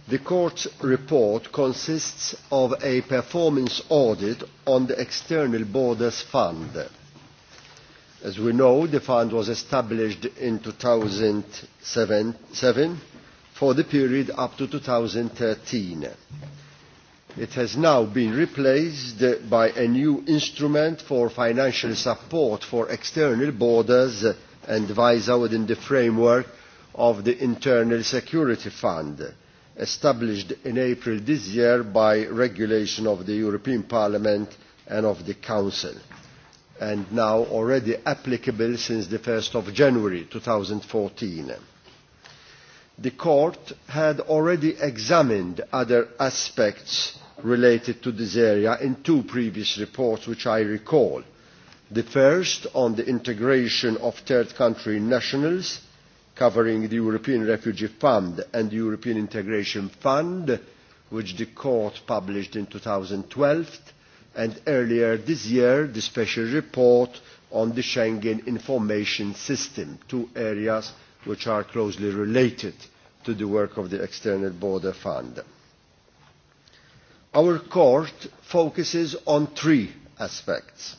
The Court's report consists of a performance audit on the External Borders Fund. As we know, the fund was established in 2007 for the period up to 2013. It has now been replaced by a new instrument for financial support for external borders and visa within the framework of the Internal Security Fund, established in April this year by regulation of the European Parliament and of the Council, and now already applicable since the 1st of January 2014 the court had already examined other aspects related to this area in two previous reports which I recall. The first on the integration of third country nationals covering the European Refugee Fund and the European Integration Fund which the court published in 2012 and earlier this year the special report on the Schengen information system, two areas which are closely related to the work of the External Border Fund. Our court focuses on three aspects.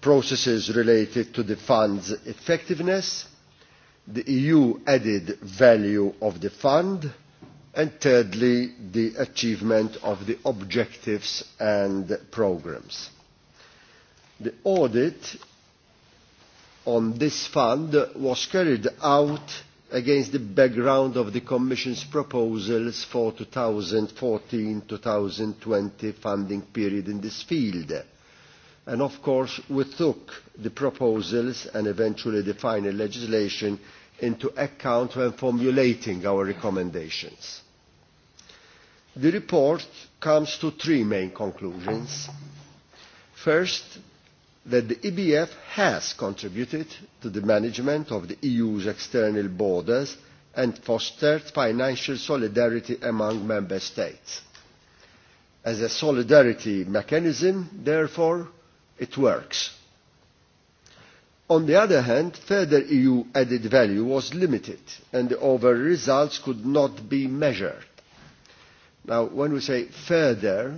Processes related to the fund's effectiveness, the EU added value of the fund, and thirdly, the achievement of the objectives and programmes. The audit on this fund was carried out against the background of the Commission's proposals for the 2014-2020 funding period in this field. And of course, we took the proposals and eventually the final legislation into account when formulating our recommendations. The report comes to three main conclusions. First, that the EBF has contributed to the management of the EU's external borders and fostered financial solidarity among member states. As a solidarity mechanism, therefore, it works. On the other hand, further EU added value was limited and the overall results could not be measured. Now, when we say further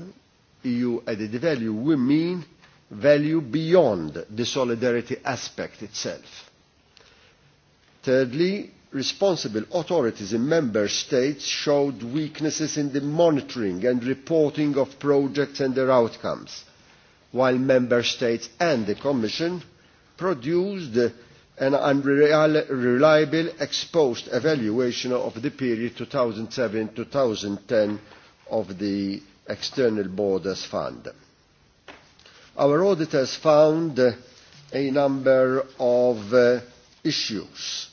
EU added value, we mean value beyond the solidarity aspect itself. Thirdly, responsible authorities in member states showed weaknesses in the monitoring and reporting of projects and their outcomes, while member states and the Commission produced an unreliable exposed evaluation of the period 2007-2010 of the External Borders Fund. Our auditors found a number of uh, issues.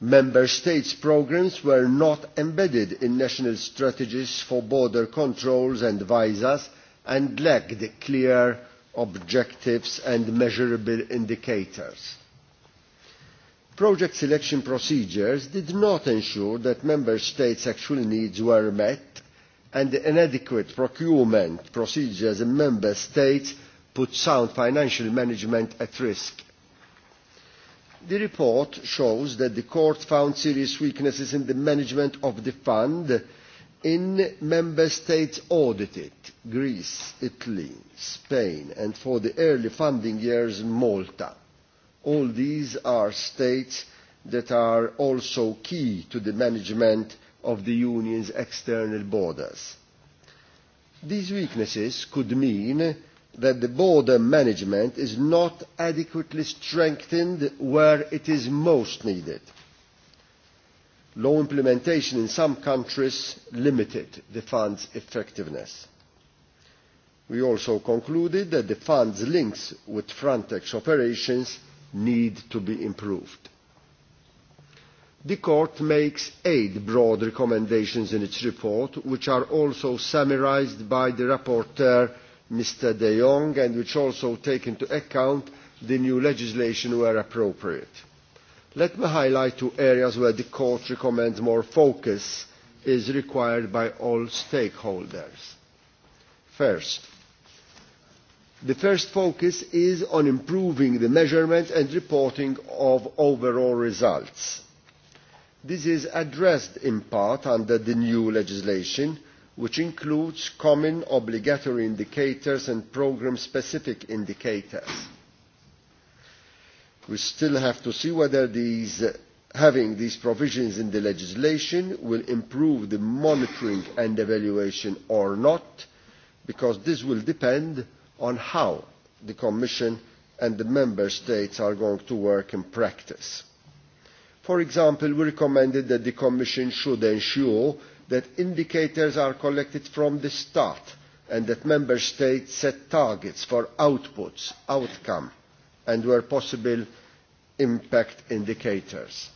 Member States' programmes were not embedded in national strategies for border controls and visas and lacked clear objectives and measurable indicators. Project selection procedures did not ensure that Member States' actual needs were met and inadequate procurement procedures in Member States put sound financial management at risk. The report shows that the court found serious weaknesses in the management of the fund in member states audited Greece, Italy, Spain and for the early funding years Malta. All these are states that are also key to the management of the Union's external borders. These weaknesses could mean that the border management is not adequately strengthened where it is most needed. Low implementation in some countries limited the fund's effectiveness. We also concluded that the fund's links with Frontex operations need to be improved. The Court makes eight broad recommendations in its report, which are also summarised by the rapporteur Mr De Jong and which also take into account the new legislation where appropriate. Let me highlight two areas where the Court recommends more focus is required by all stakeholders. First, the first focus is on improving the measurement and reporting of overall results. This is addressed in part under the new legislation which includes common obligatory indicators and programme specific indicators. We still have to see whether these, having these provisions in the legislation will improve the monitoring and evaluation or not, because this will depend on how the Commission and the Member States are going to work in practice. For example, we recommended that the Commission should ensure that indicators are collected from the start and that member states set targets for outputs, outcome and where possible impact indicators.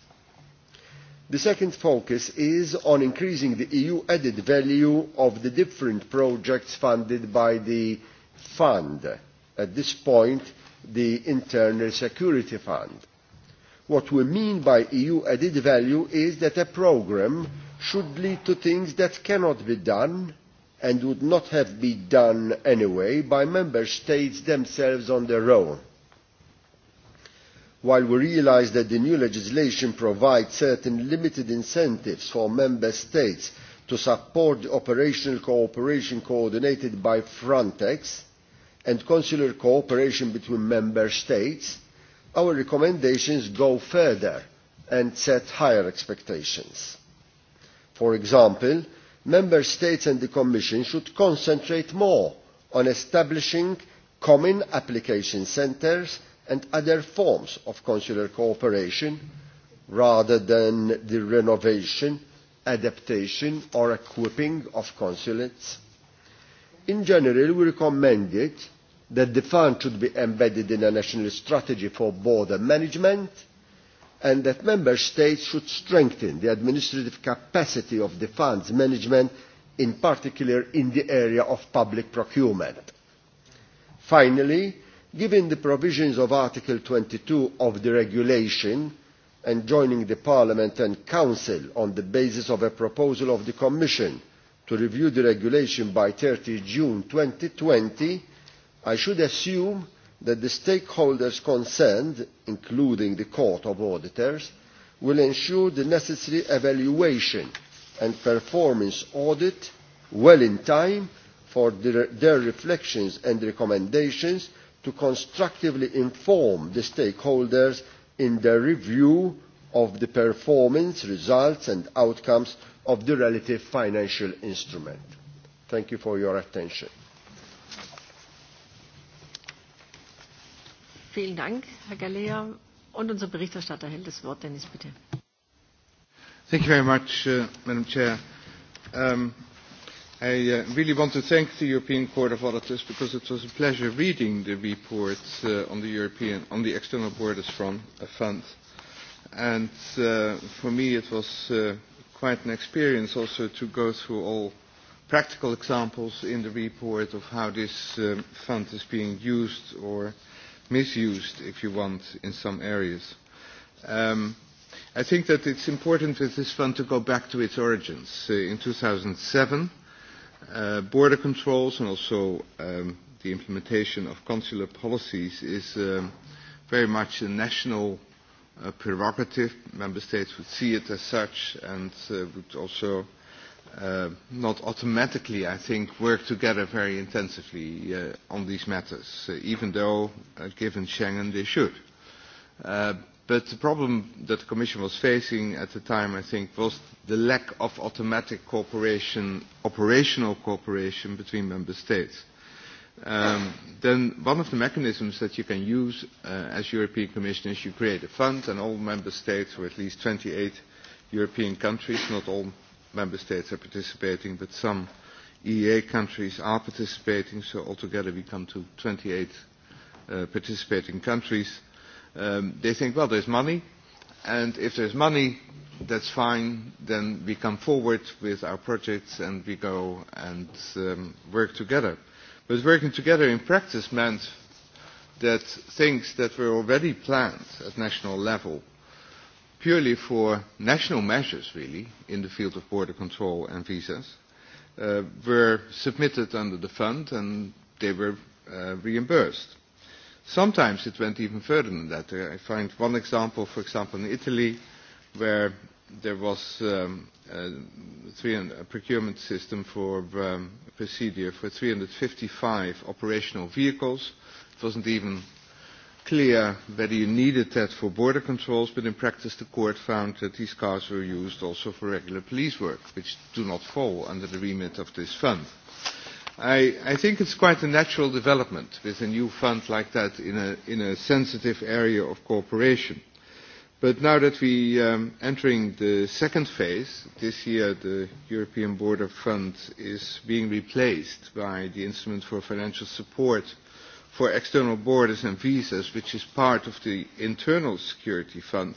The second focus is on increasing the EU added value of the different projects funded by the fund, at this point the Internal Security Fund. What we mean by EU added value is that a programme should lead to things that cannot be done and would not have been done anyway by member states themselves on their own. While we realise that the new legislation provides certain limited incentives for member states to support the operational cooperation coordinated by Frontex and consular cooperation between member states, our recommendations go further and set higher expectations for example member states and the commission should concentrate more on establishing common application centres and other forms of consular cooperation rather than the renovation adaptation or equipping of consulates. in general we recommended that the fund should be embedded in a national strategy for border management and that member states should strengthen the administrative capacity of the fund's management, in particular in the area of public procurement. Finally, given the provisions of Article 22 of the regulation and joining the Parliament and Council on the basis of a proposal of the Commission to review the regulation by 30 June 2020, I should assume that the stakeholders concerned, including the Court of Auditors, will ensure the necessary evaluation and performance audit well in time for their, their reflections and recommendations to constructively inform the stakeholders in their review of the performance, results and outcomes of the relative financial instrument. Thank you for your attention. Vielen Dank, Herr Galea. Und unser Berichterstatter hält das Wort. Dennis, bitte. Thank you very much, uh, Madam Chair. Um, I uh, really want to thank the European Court of Auditors because it was a pleasure reading the report uh, on the European, on the External Borders Fund. Uh, fund. And uh, for me it was uh, quite an experience also to go through all practical examples in the report of how this um, fund is being used or uh, misused, if you want, in some areas. Um, I think that it's important with this fund to go back to its origins. Uh, in 2007, uh, border controls and also um, the implementation of consular policies is um, very much a national uh, prerogative. Member states would see it as such and uh, would also uh, not automatically, I think, work together very intensively uh, on these matters, uh, even though, uh, given Schengen, they should. Uh, but the problem that the Commission was facing at the time, I think, was the lack of automatic cooperation, operational cooperation between member states. Um, then one of the mechanisms that you can use uh, as European Commission is you create a fund and all member states, or at least 28 European countries, not all member states are participating, but some EEA countries are participating, so altogether we come to 28 uh, participating countries. Um, they think, well, there's money, and if there's money, that's fine, then we come forward with our projects and we go and um, work together. But working together in practice meant that things that were already planned at national level – purely for national measures, really, in the field of border control and visas, uh, were submitted under the fund and they were uh, reimbursed. Sometimes it went even further than that. Uh, I find one example, for example, in Italy, where there was um, a, a procurement system for um, procedure for 355 operational vehicles. It wasn't even clear whether you needed that for border controls, but in practice the court found that these cars were used also for regular police work, which do not fall under the remit of this fund. I, I think it's quite a natural development with a new fund like that in a, in a sensitive area of cooperation. But now that we are um, entering the second phase, this year the European Border Fund is being replaced by the Instrument for Financial Support for external borders and visas, which is part of the internal security fund,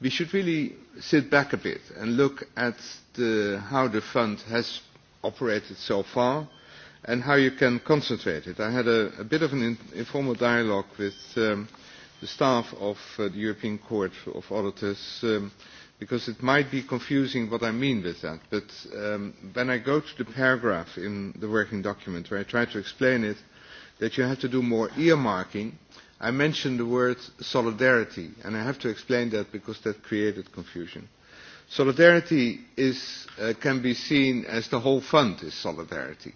we should really sit back a bit and look at the, how the fund has operated so far and how you can concentrate it. I had a, a bit of an in, informal dialogue with um, the staff of uh, the European Court of Auditors um, because it might be confusing what I mean with that. But um, when I go to the paragraph in the working document where I try to explain it, that you have to do more earmarking, I mentioned the word solidarity, and I have to explain that because that created confusion. Solidarity is, uh, can be seen as the whole fund is solidarity,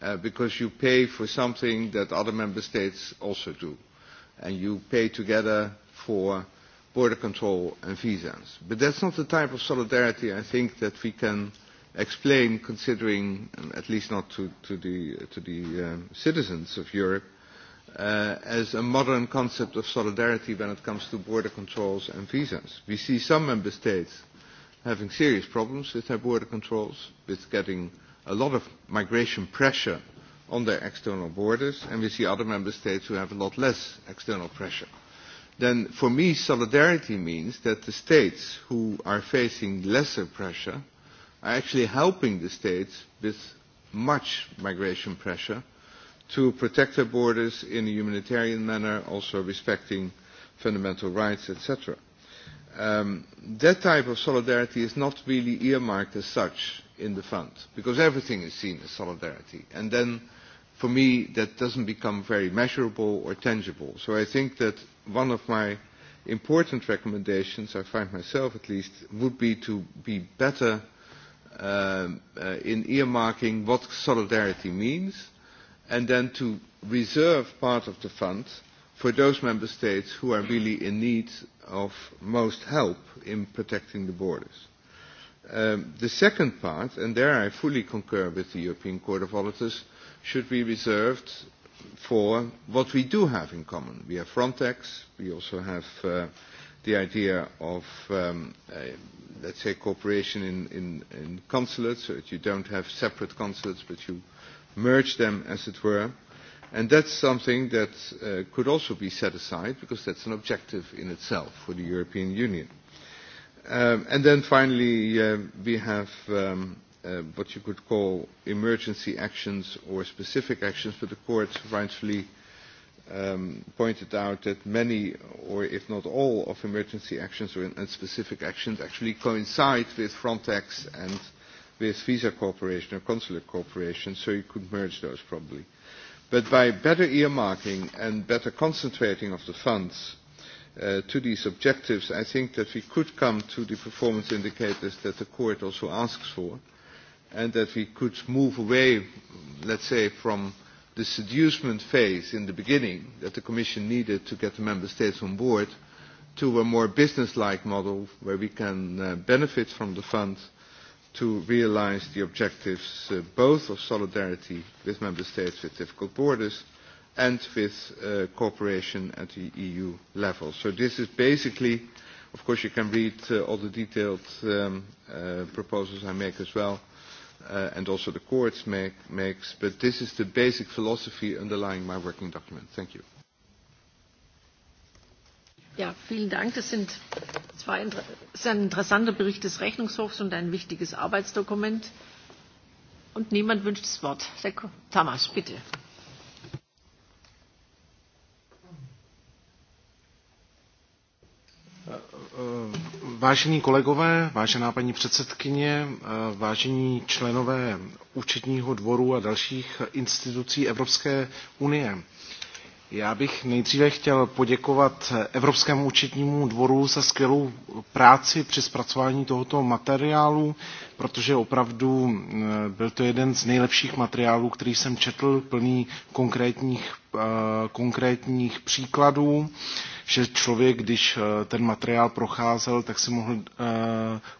uh, because you pay for something that other member states also do, and you pay together for border control and visas. But that's not the type of solidarity I think that we can uh, explain, considering, um, at least not to, to the, to the um, citizens of Europe, uh, as a modern concept of solidarity when it comes to border controls and visas. We see some member states having serious problems with their border controls, with getting a lot of migration pressure on their external borders, and we see other member states who have a lot less external pressure. Then, for me, solidarity means that the states who are facing lesser pressure – are actually helping the states with much migration pressure to protect their borders in a humanitarian manner, also respecting fundamental rights, etc. Um, that type of solidarity is not really earmarked as such in the fund, because everything is seen as solidarity. And then, for me, that doesn't become very measurable or tangible. So I think that one of my important recommendations, I find myself at least, would be to be better – um, uh, in earmarking what solidarity means, and then to reserve part of the fund for those member states who are really in need of most help in protecting the borders. Um, the second part, and there I fully concur with the European Court of Auditors, should be reserved for what we do have in common. We have Frontex, we also have uh, the idea of, um, uh, let's say, cooperation in, in, in consulates, so that you don't have separate consulates, but you merge them, as it were. And that's something that uh, could also be set aside, because that's an objective in itself for the European Union. Um, and then finally, uh, we have um, uh, what you could call emergency actions or specific actions, but the court rightfully um, pointed out that many, or if not all, of emergency actions or and specific actions actually coincide with Frontex and with visa cooperation or consular cooperation, so you could merge those probably. But by better earmarking and better concentrating of the funds uh, to these objectives, I think that we could come to the performance indicators that the court also asks for, and that we could move away, let's say, from uh, the seducement phase in the beginning that the Commission needed to get the Member States on board to a more business-like model where we can uh, benefit from the fund to realise the objectives uh, both of solidarity with Member States with difficult borders and with uh, cooperation at the EU level. So this is basically, of course you can read uh, all the detailed um, uh, proposals I make as well, uh, and also the courts make, makes, but this is the basic philosophy underlying my working document. Thank you. Ja, vielen Dank. Das sind zwei, ist ein interessanter Bericht des Rechnungshofs und ein wichtiges Arbeitsdokument. Und niemand wünscht das Wort. Herr Tamas, bitte. Vážení kolegové, vážená paní předsedkyně, vážení členové účetního dvoru a dalších institucí Evropské unie, Já bych nejdříve chtěl poděkovat Evropskému účetnímu dvoru za skvělou práci při zpracování tohoto materiálu, protože opravdu byl to jeden z nejlepších materiálů, který jsem četl, plný konkrétních, e, konkrétních příkladů, že člověk, když e, ten materiál procházel, tak si mohl e,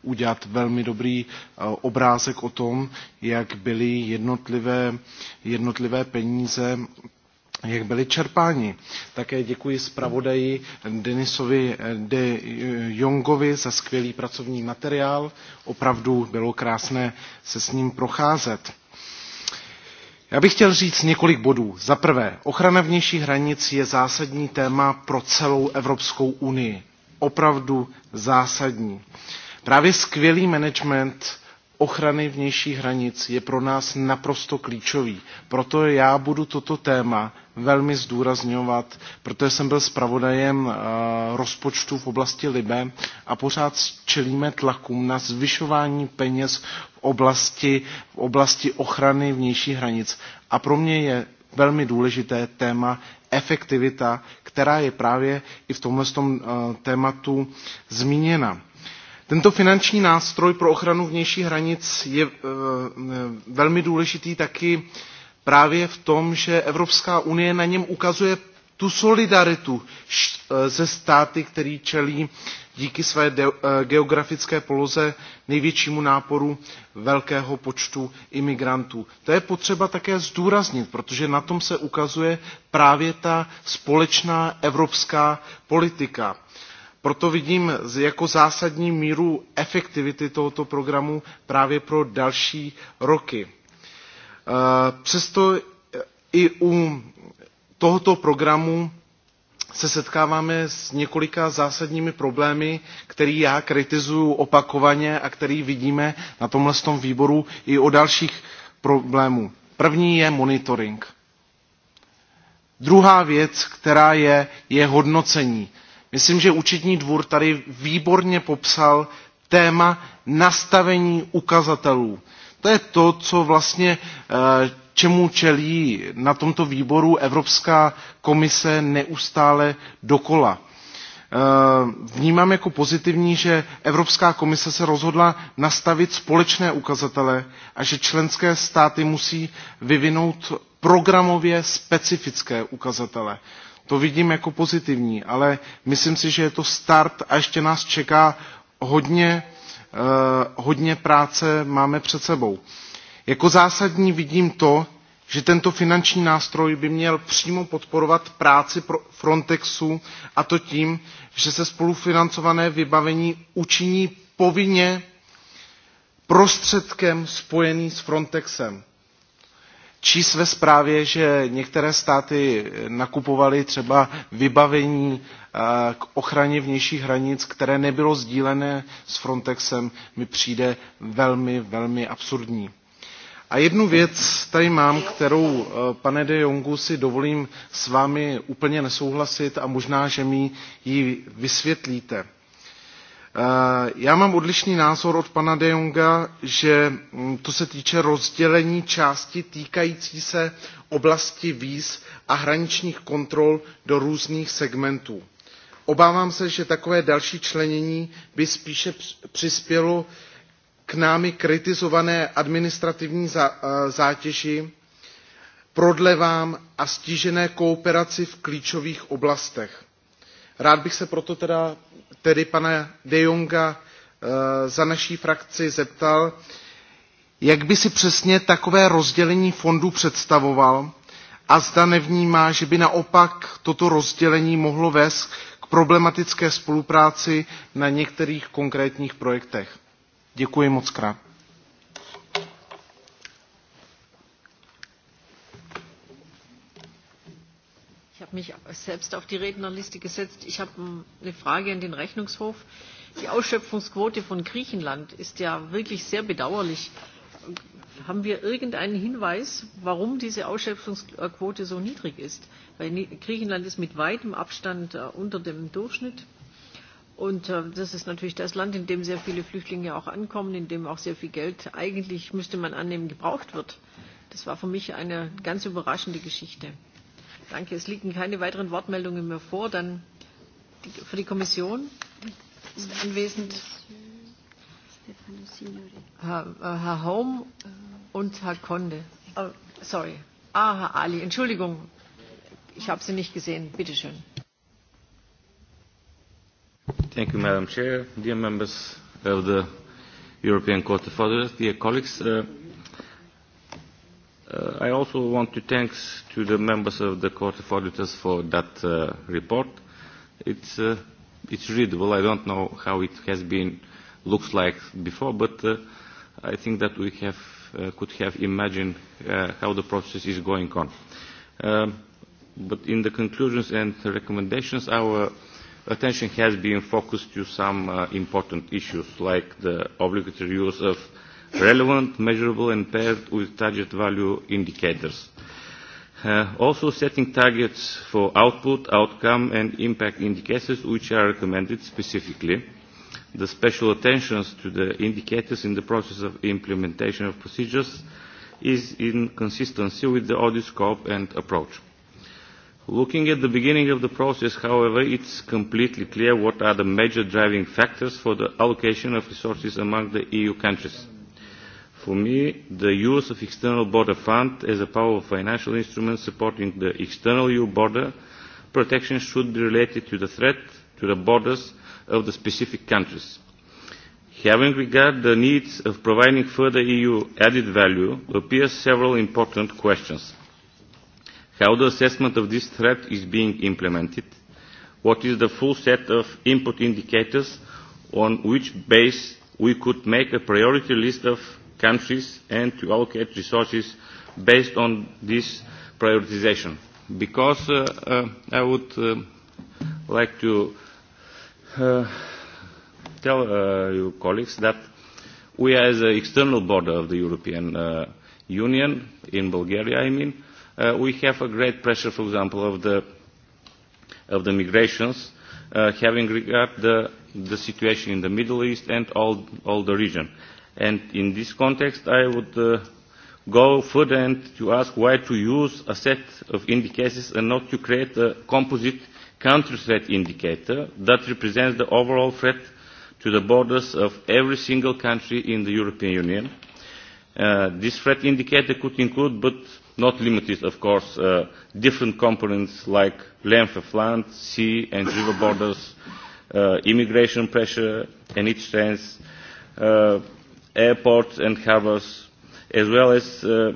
udělat velmi dobrý obrázek o tom, jak byly jednotlivé, jednotlivé peníze jak byli čerpáni. Také děkuji zpravodaji Denisovi eh, de Jongovi za skvělý pracovní materiál. Opravdu bylo krásné se s ním procházet. Já bych chtěl říct několik bodů. Za prvé, ochrana vnějších hranic je zásadní téma pro celou Evropskou unii. Opravdu zásadní. Právě skvělý management ochrany vnějších hranic je pro nás naprosto klíčový. Proto já budu toto téma velmi zdůrazňovat, protože jsem byl zpravodajem eh, rozpočtu v oblasti Libe a pořád čelíme tlakům na zvyšování peněz v oblasti, v oblasti ochrany vnějších hranic. A pro mě je velmi důležité téma efektivita, která je právě i v tomhle eh, tématu zmíněna tento finanční nástroj pro ochranu vnějších hranic je e, velmi důležitý taky právě v tom, že Evropská unie na něm ukazuje tu solidaritu se eh, státy, který čelí díky své eh, geografické poloze největšímu náporu velkého počtu imigrantů. To je potřeba také zdůraznit, protože na tom se ukazuje právě ta společná evropská politika. Proto vidím jako zásadní míru efektivity tohoto programu právě pro další roky. E, přesto i u tohoto programu se setkáváme s několika zásadními problémy, které já kritizuju opakovaně a který vidíme na tomhle tom výboru i o dalších problémů. První je monitoring. Druhá věc, která je, je hodnocení Myslím, že účetní dvůr tady výborně popsal téma nastavení ukazatelů. To je to, co vlastně eh, čemu čelí na tomto výboru Evropská komise neustále dokola. Eh, vnímám jako pozitivní, že Evropská komise se rozhodla nastavit společné ukazatele a že členské státy musí vyvinout programově specifické ukazatele to vidím jako pozitivní, ale myslím si, že je to start a ještě nás čeká hodně, eh, hodně práce máme před sebou. Jako zásadní vidím to, že tento finanční nástroj by měl přímo podporovat práci Frontexu a to tím, že se spolufinancované vybavení učiní povinně prostředkem spojený s Frontexem číst ve zprávě, že některé státy nakupovaly třeba vybavení eh, k ochraně vnějších hranic, které nebylo sdílené s Frontexem, mi přijde velmi, velmi absurdní. A jednu věc tady mám, kterou, eh, pane de Jongu, si dovolím s vámi úplně nesouhlasit a možná, že mi ji vysvětlíte. Eh, já mám odlišný názor od pana De Jonga, že mm, to se týče rozdělení části týkající se oblasti víz a hraničních kontrol do různých segmentů. Obávám se, že takové další členění by spíše přispělo k námi kritizované administrativní eh, zátěži, prodlevám a stížené kooperaci v klíčových oblastech Rád bych se proto teda, tedy pana De Jonga eh, za naší frakci zeptal, jak by si přesně takové rozdělení fondů představoval a zda nevnímá, že by naopak toto rozdělení mohlo vést k problematické spolupráci na některých konkrétních projektech. Děkuji moc krát. habe mich selbst auf die Rednerliste gesetzt. Ich habe hm, eine Frage an den Rechnungshof. Die Ausschöpfungsquote von Griechenland ist ja wirklich sehr bedauerlich. Haben wir irgendeinen Hinweis, warum diese Ausschöpfungsquote so niedrig ist? Weil Griechenland ist mit weitem Abstand äh, unter dem Durchschnitt. Und äh, das ist natürlich das Land, in dem sehr viele Flüchtlinge auch ankommen, in dem auch sehr viel Geld eigentlich, müsste man annehmen, gebraucht wird. Das war für mich eine ganz überraschende Geschichte. Danke. Es liegen keine weiteren Wortmeldungen mehr vor. Dann die, für die Kommission ist anwesend Herr, äh, Herr Home und Herr Konde. Oh, sorry. Ah, Herr Ali, Entschuldigung. Ich habe Sie nicht gesehen. Bitte schön. Thank you, Madam Chair, dear members of the European Court of Auditors, dear colleagues. Uh, Uh, I also want to thank to the members of the Court of Auditors for that uh, report. It's, uh, it's readable. I don't know how it has been, looks like before, but uh, I think that we have, uh, could have imagined uh, how the process is going on. Um, but in the conclusions and recommendations, our attention has been focused to some uh, important issues like the obligatory use of relevant, measurable and paired with target value indicators. Uh, also setting targets for output, outcome and impact indicators which are recommended specifically. The special attention to the indicators in the process of implementation of procedures is in consistency with the audit scope and approach. Looking at the beginning of the process, however, it's completely clear what are the major driving factors for the allocation of resources among the EU countries for me the use of external border fund as a powerful financial instrument supporting the external EU border protection should be related to the threat to the borders of the specific countries. Having regard the needs of providing further EU added value appears several important questions. How the assessment of this threat is being implemented? What is the full set of input indicators on which base we could make a priority list of countries and to allocate resources based on this prioritization. Because uh, uh, I would uh, like to uh, tell uh, you, colleagues that we are as an external border of the European uh, Union, in Bulgaria I mean, uh, we have a great pressure, for example, of the, of the migrations, uh, having regard the, the situation in the Middle East and all, all the region And in this context, I would uh, go further and to ask why to use a set of indicators and not to create a composite country threat indicator that represents the overall threat to the borders of every single country in the European Union. Uh, this threat indicator could include, but not limited, of course, uh, different components like length of land, sea and river borders, uh, immigration pressure and its strengths, uh, airports and harbours, as well as uh,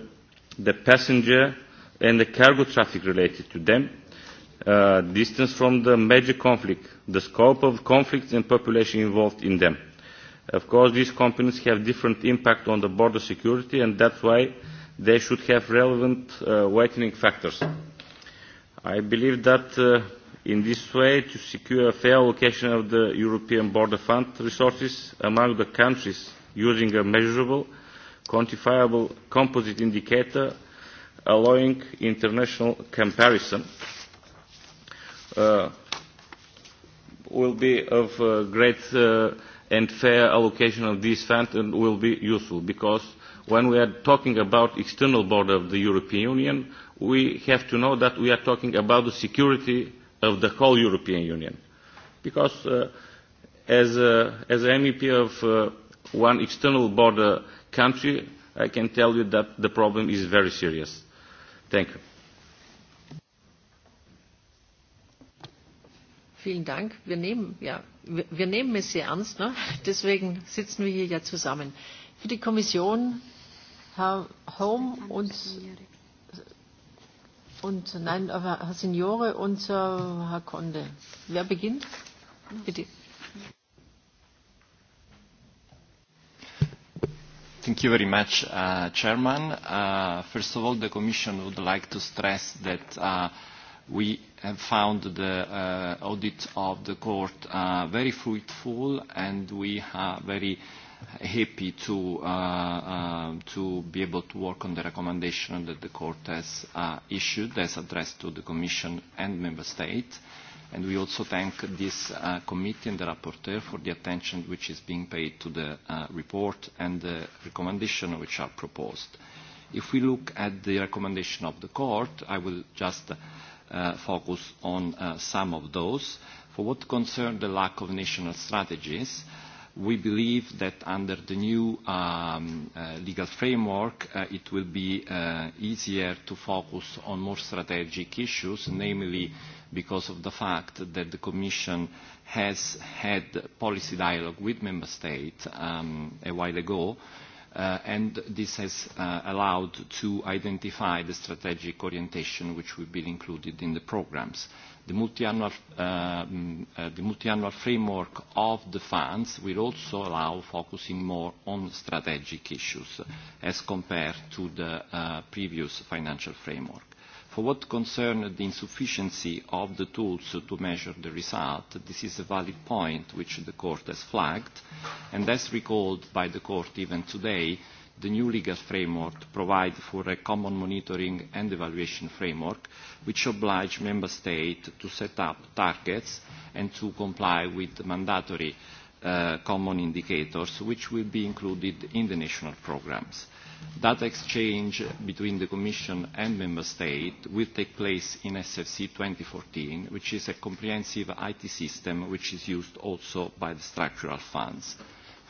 the passenger and the cargo traffic related to them, uh, distance from the major conflict, the scope of conflicts and population involved in them. Of course, these components have different impact on the border security, and that's why they should have relevant uh, weighting factors. I believe that uh, in this way, to secure a fair allocation of the European Border Fund resources among the countries using a measurable, quantifiable composite indicator allowing international comparison uh, will be of uh, great uh, and fair allocation of these funds and will be useful because when we are talking about external border of the European Union, we have to know that we are talking about the security of the whole European Union. Because uh, as, uh, a, as an MEP of uh, one external border country, I can tell you that the problem is very serious. Thank you. Vielen Dank. Wir nehmen, ja, wir, nehmen es sehr ernst. Ne? Deswegen sitzen wir hier ja zusammen. Für die Kommission, Herr Home und, und nein, Herr Signore und äh, Herr Conde. Wer beginnt? Bitte. Thank you very much, uh, Chairman. Uh, first of all, the Commission would like to stress that uh, we have found the uh, audit of the court uh, very fruitful and we are very happy to, uh, uh, to be able to work on the recommendation that the court has uh, issued as addressed to the Commission and Member States. And we also thank this uh, committee and the rapporteur for the attention which is being paid to the uh, report and the recommendation which are proposed. If we look at the recommendation of the court, I will just uh, focus on uh, some of those. For what concerns the lack of national strategies, we believe that under the new um, uh, legal framework, uh, it will be uh, easier to focus on more strategic issues, namely because of the fact that the Commission has had policy dialogue with Member States um, a while ago, uh, and this has uh, allowed to identify the strategic orientation which will be included in the programs. The multi-annual, uh, uh, the multi-annual framework of the funds will also allow focusing more on strategic issues as compared to the uh, previous financial framework. For what concerns the insufficiency of the tools to measure the result, this is a valid point which the Court has flagged, and as recalled by the Court even today, the new legal framework provides for a common monitoring and evaluation framework, which obliges Member States to set up targets and to comply with the mandatory uh, common indicators, which will be included in the national programs. That exchange between the Commission and Member States will take place in SFC 2014, which is a comprehensive IT system which is used also by the structural funds.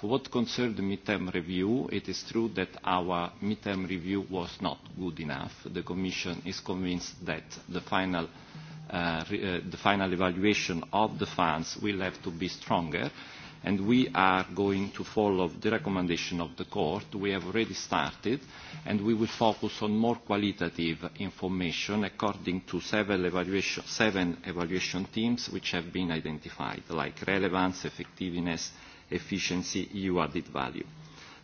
For what concerns the midterm review, it is true that our midterm review was not good enough. The Commission is convinced that the final, uh, re, uh, the final evaluation of the funds will have to be stronger and we are going to follow the recommendation of the court. We have already started, and we will focus on more qualitative information according to seven evaluation, seven evaluation teams which have been identified, like relevance, effectiveness, efficiency, EU added value.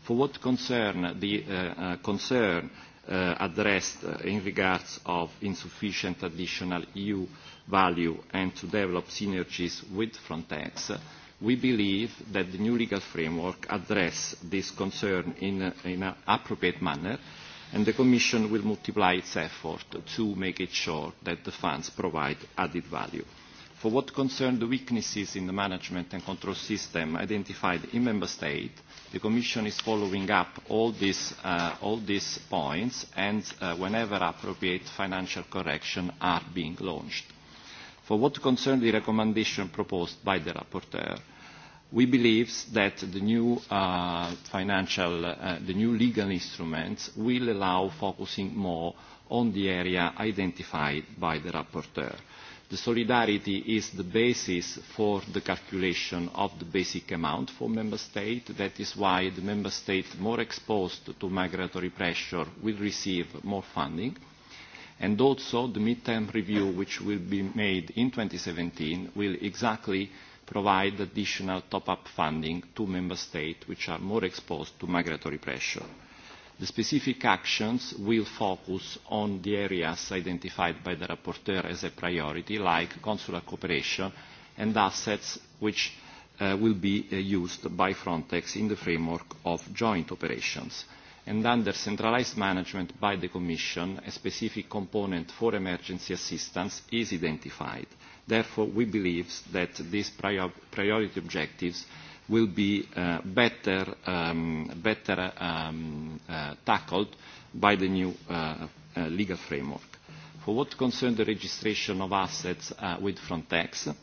For what concern the uh, uh, concern uh, addressed uh, in regards of insufficient additional EU value and to develop synergies with Frontex, uh, We believe that the new legal framework addresses this concern in, in an appropriate manner, and the Commission will multiply its effort to make it sure that the funds provide added value. For what concerns the weaknesses in the management and control system identified in Member States, the Commission is following up all, this, uh, all these points and uh, whenever appropriate financial corrections are being launched. For what concerns the recommendation proposed by the rapporteur, we believe that the new uh, financial, uh, the new legal instruments will allow focusing more on the area identified by the rapporteur. The solidarity is the basis for the calculation of the basic amount for member states. That is why the member states more exposed to migratory pressure will receive more funding and also the midterm review which will be made in 2017 will exactly provide additional top-up funding to member states which are more exposed to migratory pressure. The specific actions will focus on the areas identified by the rapporteur as a priority, like consular cooperation and assets which uh, will be uh, used by Frontex in the framework of joint operations and under centralised management by the Commission, a specific component for emergency assistance is identified. Therefore, we believe that these prior priority objectives will be uh, better, um, better um, uh, tackled by the new uh, uh, legal framework. For what concerns the registration of assets uh, with Frontex,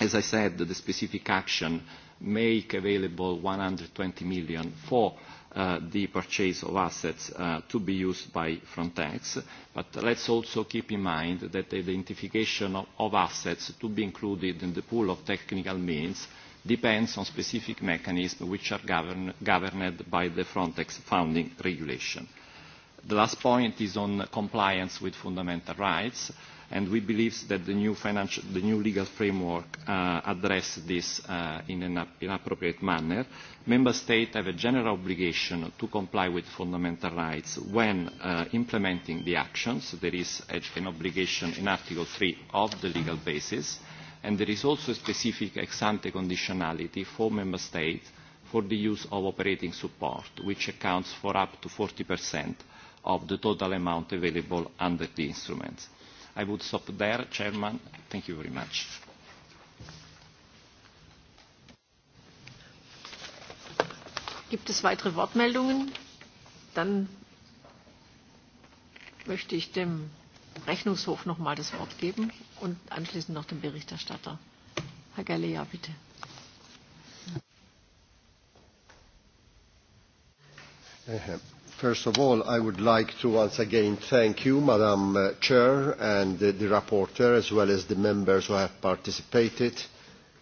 as I said, the specific action make available 120 million for uh, the purchase of assets uh, to be used by Frontex. But let's also keep in mind that the identification of, of assets to be included in the pool of technical means depends on specific mechanisms which are govern, governed by the Frontex founding regulation. The last point is on compliance with fundamental rights. Uh, and we believe that the new, financial, the new legal framework uh, addresses this uh, in an inappropriate manner. Member States have a general obligation to comply with fundamental rights when uh, implementing the actions. There is a, an obligation in Article 3 of the legal basis, and there is also a specific ex-ante conditionality for Member States for the use of operating support, which accounts for up to 40% of the total amount available under the instruments. I would stop there, Chairman. Thank you very much. Gibt es weitere Wortmeldungen? Dann möchte ich dem Rechnungshof noch mal das Wort geben und anschließend noch dem Berichterstatter. Herr Gallea, bitte. Uh äh, -huh. First of all, I would like to once again thank you, Madam uh, Chair, and the, Rapporteur, as well as the members who have participated,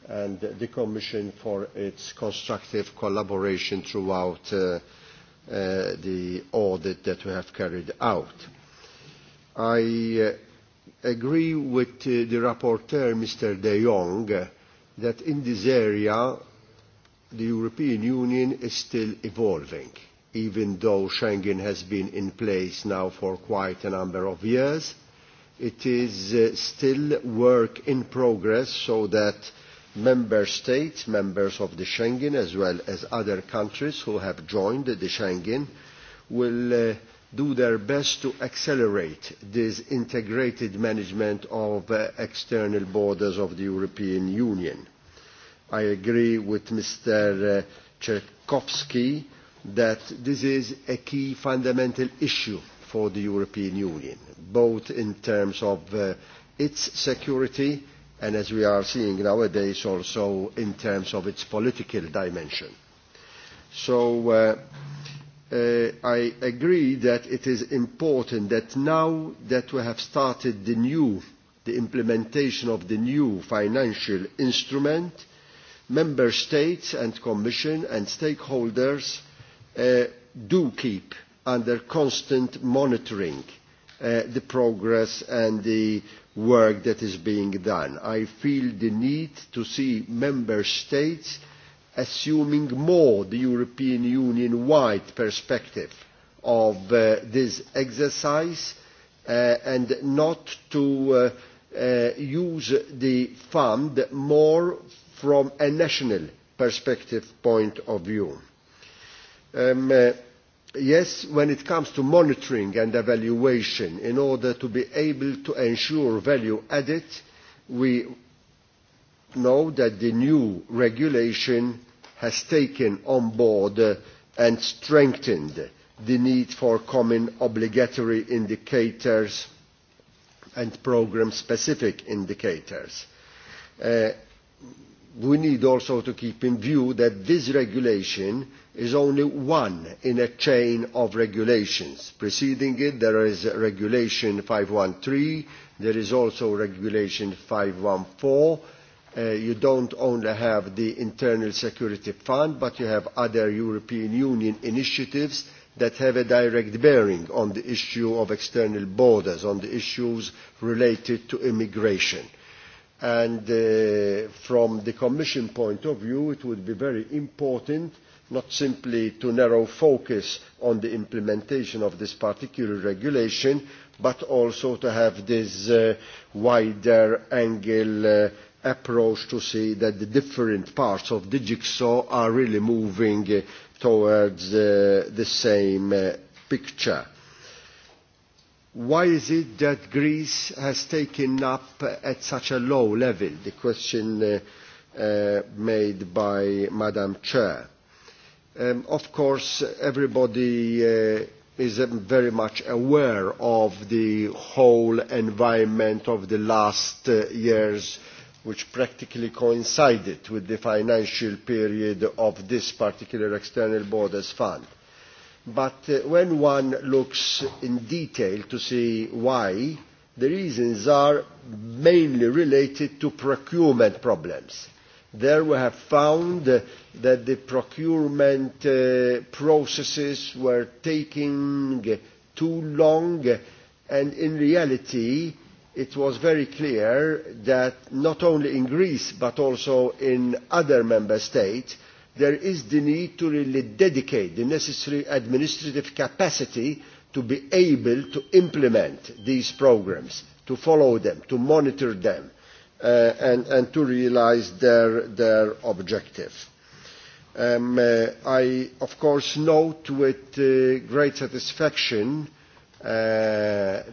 and the Commission for its constructive collaboration throughout uh, uh, the audit that we have carried out. I uh, agree with uh, the Rapporteur, Mr. De Jong, that in this area, the European Union is still evolving even though Schengen has been in place now for quite a number of years. It is uh, still work in progress so that member states, members of the Schengen, as well as other countries who have joined the Schengen, will uh, do their best to accelerate this integrated management of uh, external borders of the European Union. I agree with Mr. Uh, Tchaikovsky that this is a key fundamental issue for the European Union, both in terms of uh, its security and, as we are seeing nowadays, also in terms of its political dimension. So uh, uh, I agree that it is important that now that we have started the new, the implementation of the new financial instrument, member states and commission and stakeholders – uh, do keep under constant monitoring uh, the progress and the work that is being done. I feel the need to see member states assuming more the European Union-wide perspective of uh, this exercise uh, and not to uh, uh, use the fund more from a national perspective point of view. Um, uh, yes, when it comes to monitoring and evaluation, in order to be able to ensure value added, we know that the new regulation has taken on board uh, and strengthened the need for common obligatory indicators and programme specific indicators. Uh, we need also to keep in view that this regulation is only one in a chain of regulations. Preceding it, there is Regulation five hundred and thirteen, there is also Regulation five hundred and fourteen. Uh, you don't only have the Internal Security Fund, but you have other European Union initiatives that have a direct bearing on the issue of external borders, on the issues related to immigration. And uh, from the Commission point of view, it would be very important not simply to narrow focus on the implementation of this particular regulation, but also to have this uh, wider angle uh, approach to see that the different parts of the jigsaw are really moving uh, towards uh, the same uh, picture. Why is it that Greece has taken up at such a low level? The question uh, uh, made by Madam Chair. Um, of course, everybody uh, is um, very much aware of the whole environment of the last uh, years, which practically coincided with the financial period of this particular external borders fund. But uh, when one looks in detail to see why, the reasons are mainly related to procurement problems. There we have found uh, that the procurement uh, processes were taking uh, too long uh, and in reality it was very clear that not only in Greece but also in other member states there is the need to really dedicate the necessary administrative capacity to be able to implement these programs, to follow them, to monitor them, uh, and, and to realize their, their objective. Um, uh, I, of course, note with uh, great satisfaction uh,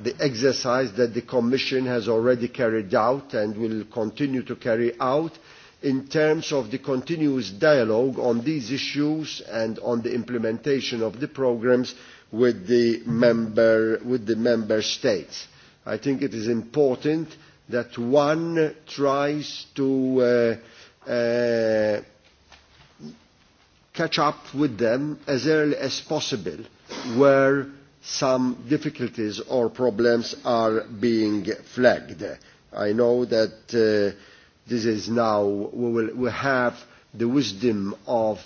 the exercise that the Commission has already carried out and will continue to carry out in terms of the continuous dialogue on these issues and on the implementation of the programmes with the member, with the member states. I think it is important that one tries to uh, uh, catch up with them as early as possible where some difficulties or problems are being flagged. I know that uh, This is now, we, will, we have the wisdom of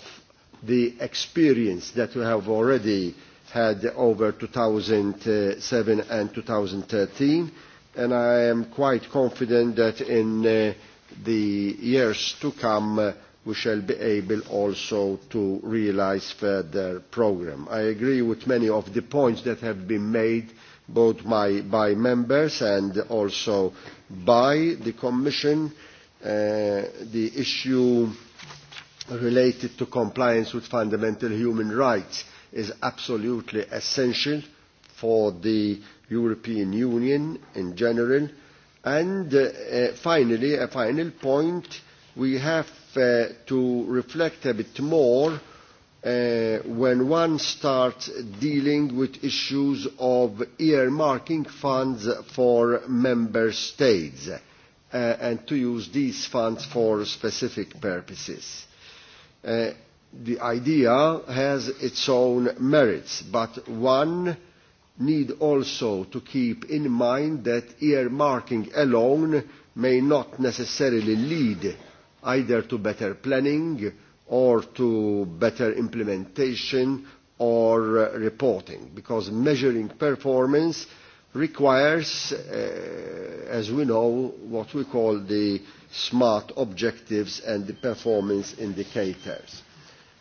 the experience that we have already had over 2007 and 2013, and I am quite confident that in uh, the years to come, uh, we shall be able also to realize further program. I agree with many of the points that have been made both by, by members and also by the Commission. Uh, Uh, the issue related to compliance with fundamental human rights is absolutely essential for the European Union in general. And uh, uh, finally, a final point, we have uh, to reflect a bit more uh, when one starts dealing with issues of earmarking funds for member states. Uh, uh, and to use these funds for specific purposes. Uh, the idea has its own merits, but one need also to keep in mind that earmarking alone may not necessarily lead either to better planning or to better implementation or uh, reporting, because measuring performance uh, requires, uh, as we know, what we call the smart objectives and the performance indicators.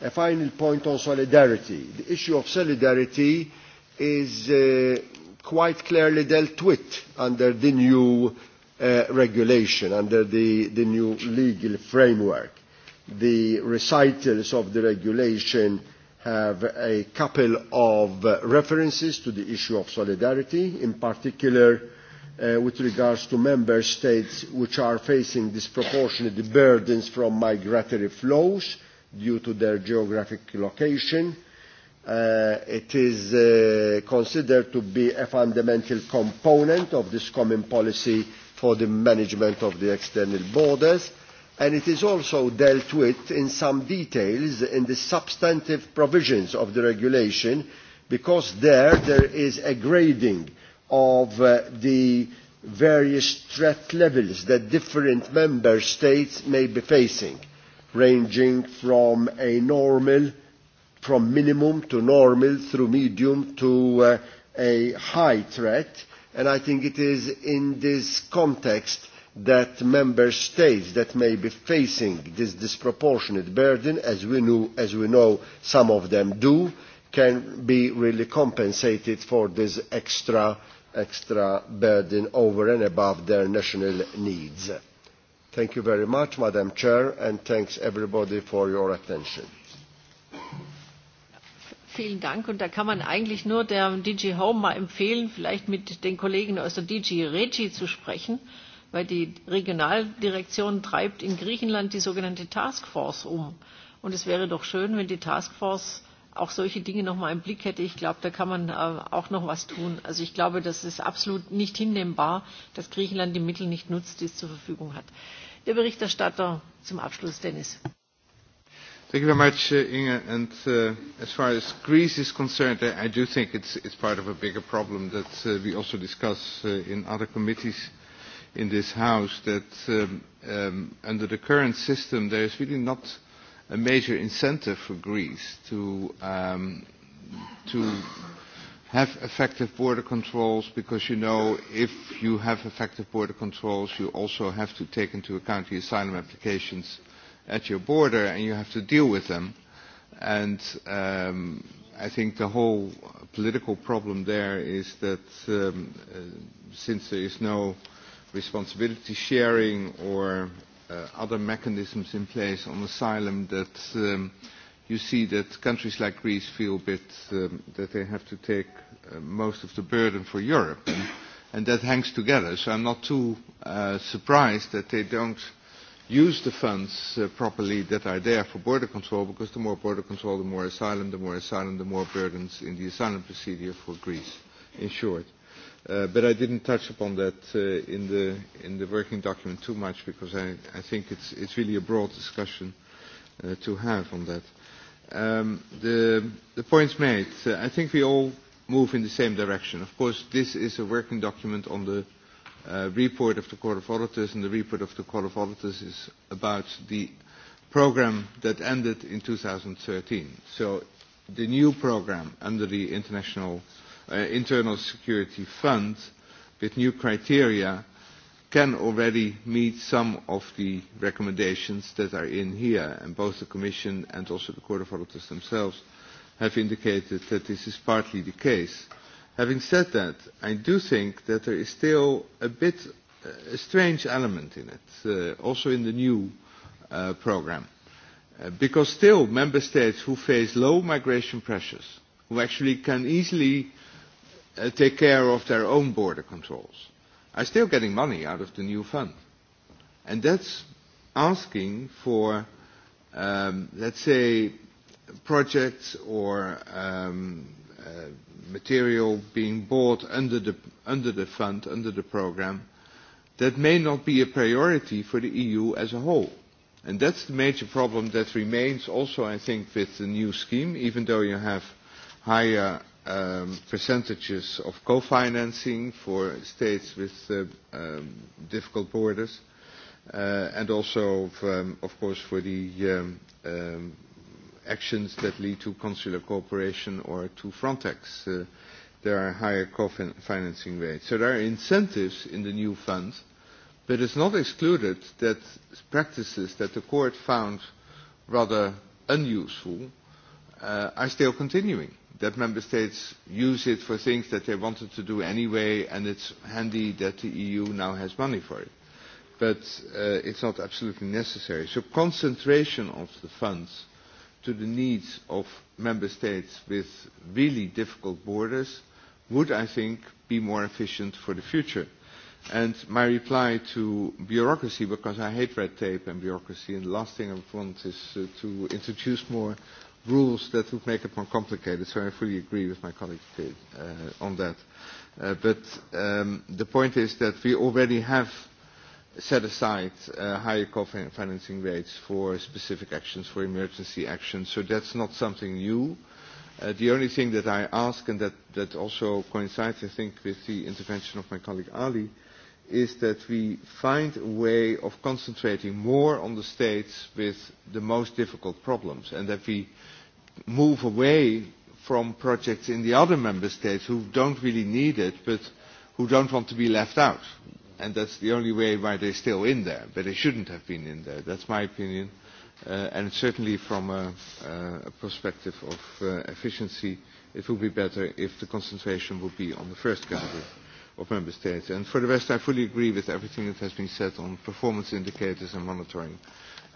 A final point on solidarity. The issue of solidarity is uh, quite clearly dealt with under the new uh, regulation, under the, the new legal framework. The recitals of the regulation have a couple of uh, references to the issue of solidarity, in particular uh, with regards to member states which are facing disproportionate burdens from migratory flows due to their geographic location. Uh, it is uh, considered to be a fundamental component of this common policy for the management of the external borders and it is also dealt with in some details in the substantive provisions of the regulation because there there is a grading of uh, the various threat levels that different member states may be facing ranging from a normal from minimum to normal through medium to uh, a high threat and i think it is in this context that member states that may be facing this disproportionate burden, as we, knew, as we know some of them do, can be really compensated for this extra, extra burden over and above their national needs. Thank you very much, Madam Chair, and thanks everybody for your attention. Vielen Dank. Und da kann man eigentlich nur der DG Home mal empfehlen, vielleicht mit den Kollegen aus der DG Regi zu sprechen weil die Regionaldirektion treibt in Griechenland die sogenannte Taskforce um. Und es wäre doch schön, wenn die Taskforce auch solche Dinge noch mal im Blick hätte. Ich glaube, da kann man äh, auch noch was tun. Also ich glaube, das ist absolut nicht hinnehmbar, dass Griechenland die Mittel nicht nutzt, die es zur Verfügung hat. Der Berichterstatter zum Abschluss, Dennis. Thank you very much, uh, Inge. And uh, as far as Greece is concerned, I, I do think it's, it's part of a bigger problem that uh, we also discuss uh, in other committees in this House that um, um, under the current system there is really not a major incentive for Greece to, um, to have effective border controls because you know if you have effective border controls you also have to take into account the asylum applications at your border and you have to deal with them. And um, I think the whole political problem there is that um, uh, since there is no uh, responsibility sharing or uh, other mechanisms in place on asylum that um, you see that countries like Greece feel a bit um, that they have to take uh, most of the burden for Europe. And, and that hangs together. So I'm not too uh, surprised that they don't use the funds uh, properly that are there for border control, because the more border control, the more asylum, the more asylum, the more burdens in the asylum procedure for Greece, in short. Uh, but I didn't touch upon that uh, in, the, in the working document too much because I, I think it's, it's really a broad discussion uh, to have on that. Um, the, the points made, uh, I think we all move in the same direction. Of course, this is a working document on the uh, report of the Court of Auditors, and the report of the Court of Auditors is about the program that ended in 2013. So the new program under the international uh, uh, internal security fund with new criteria can already meet some of the recommendations that are in here. And both the Commission and also the Court of Auditors themselves have indicated that this is partly the case. Having said that, I do think that there is still a bit uh, a strange element in it, uh, also in the new uh, programme. Uh, because still member states who face low migration pressures, who actually can easily uh, uh, take care of their own border controls are still getting money out of the new fund. And that's asking for, um, let's say, projects or um, uh, material being bought under the, under the fund, under the program, that may not be a priority for the EU as a whole. And that's the major problem that remains also, I think, with the new scheme, even though you have higher um, percentages of co-financing for states with uh, um, difficult borders, uh, and also, of, um, of course, for the um, um, actions that lead to consular cooperation or to Frontex. Uh, there are higher co-financing rates. So there are incentives in the new fund, but it's not excluded that practices that the court found rather unuseful uh, are still continuing that member states use it for things that they wanted to do anyway, and it's handy that the EU now has money for it. But uh, it's not absolutely necessary. So concentration of the funds to the needs of member states with really difficult borders would, I think, be more efficient for the future. And my reply to bureaucracy, because I hate red tape and bureaucracy, and the last thing I want is uh, to introduce more rules that would make it more complicated, so I fully agree with my colleague uh, on that. Uh, but um, the point is that we already have set aside uh, higher co-financing rates for specific actions, for emergency actions, so that's not something new. Uh, the only thing that I ask, and that, that also coincides, I think, with the intervention of my colleague Ali, is that we find a way of concentrating more on the states with the most difficult problems, and that we uh, move away from projects in the other member states who don't really need it but who don't want to be left out. And that's the only way why they're still in there, but they shouldn't have been in there. That's my opinion. Uh, and certainly from a, uh, a perspective of uh, efficiency, it would be better if the concentration would be on the first category of member states. And for the rest, I fully agree with everything that has been said on performance indicators and monitoring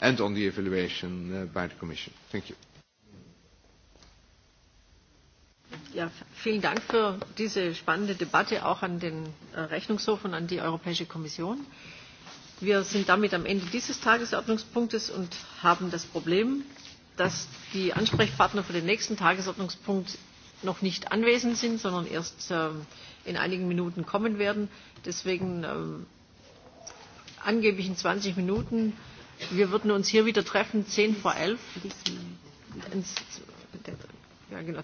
and on the evaluation uh, by the Commission. Thank you. Ja, vielen Dank für diese spannende Debatte auch an den äh, Rechnungshof und an die Europäische Kommission. Wir sind damit am Ende dieses Tagesordnungspunktes und haben das Problem, dass die Ansprechpartner für den nächsten Tagesordnungspunkt noch nicht anwesend sind, sondern erst ähm, in einigen Minuten kommen werden. Deswegen ähm, angeblich in 20 Minuten. Wir würden uns hier wieder treffen, 10 vor 11. Ja, genau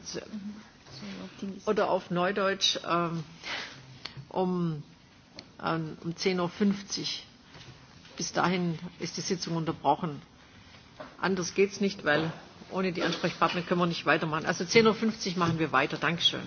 oder auf Neudeutsch ähm, um, ähm, um 10.50 Uhr. Bis dahin ist die Sitzung unterbrochen. Anders geht es nicht, weil ohne die Ansprechpartner können wir nicht weitermachen. Also 10.50 Uhr machen wir weiter. Dankeschön.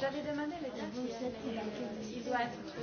J'avais demandé les dates, il doit être trop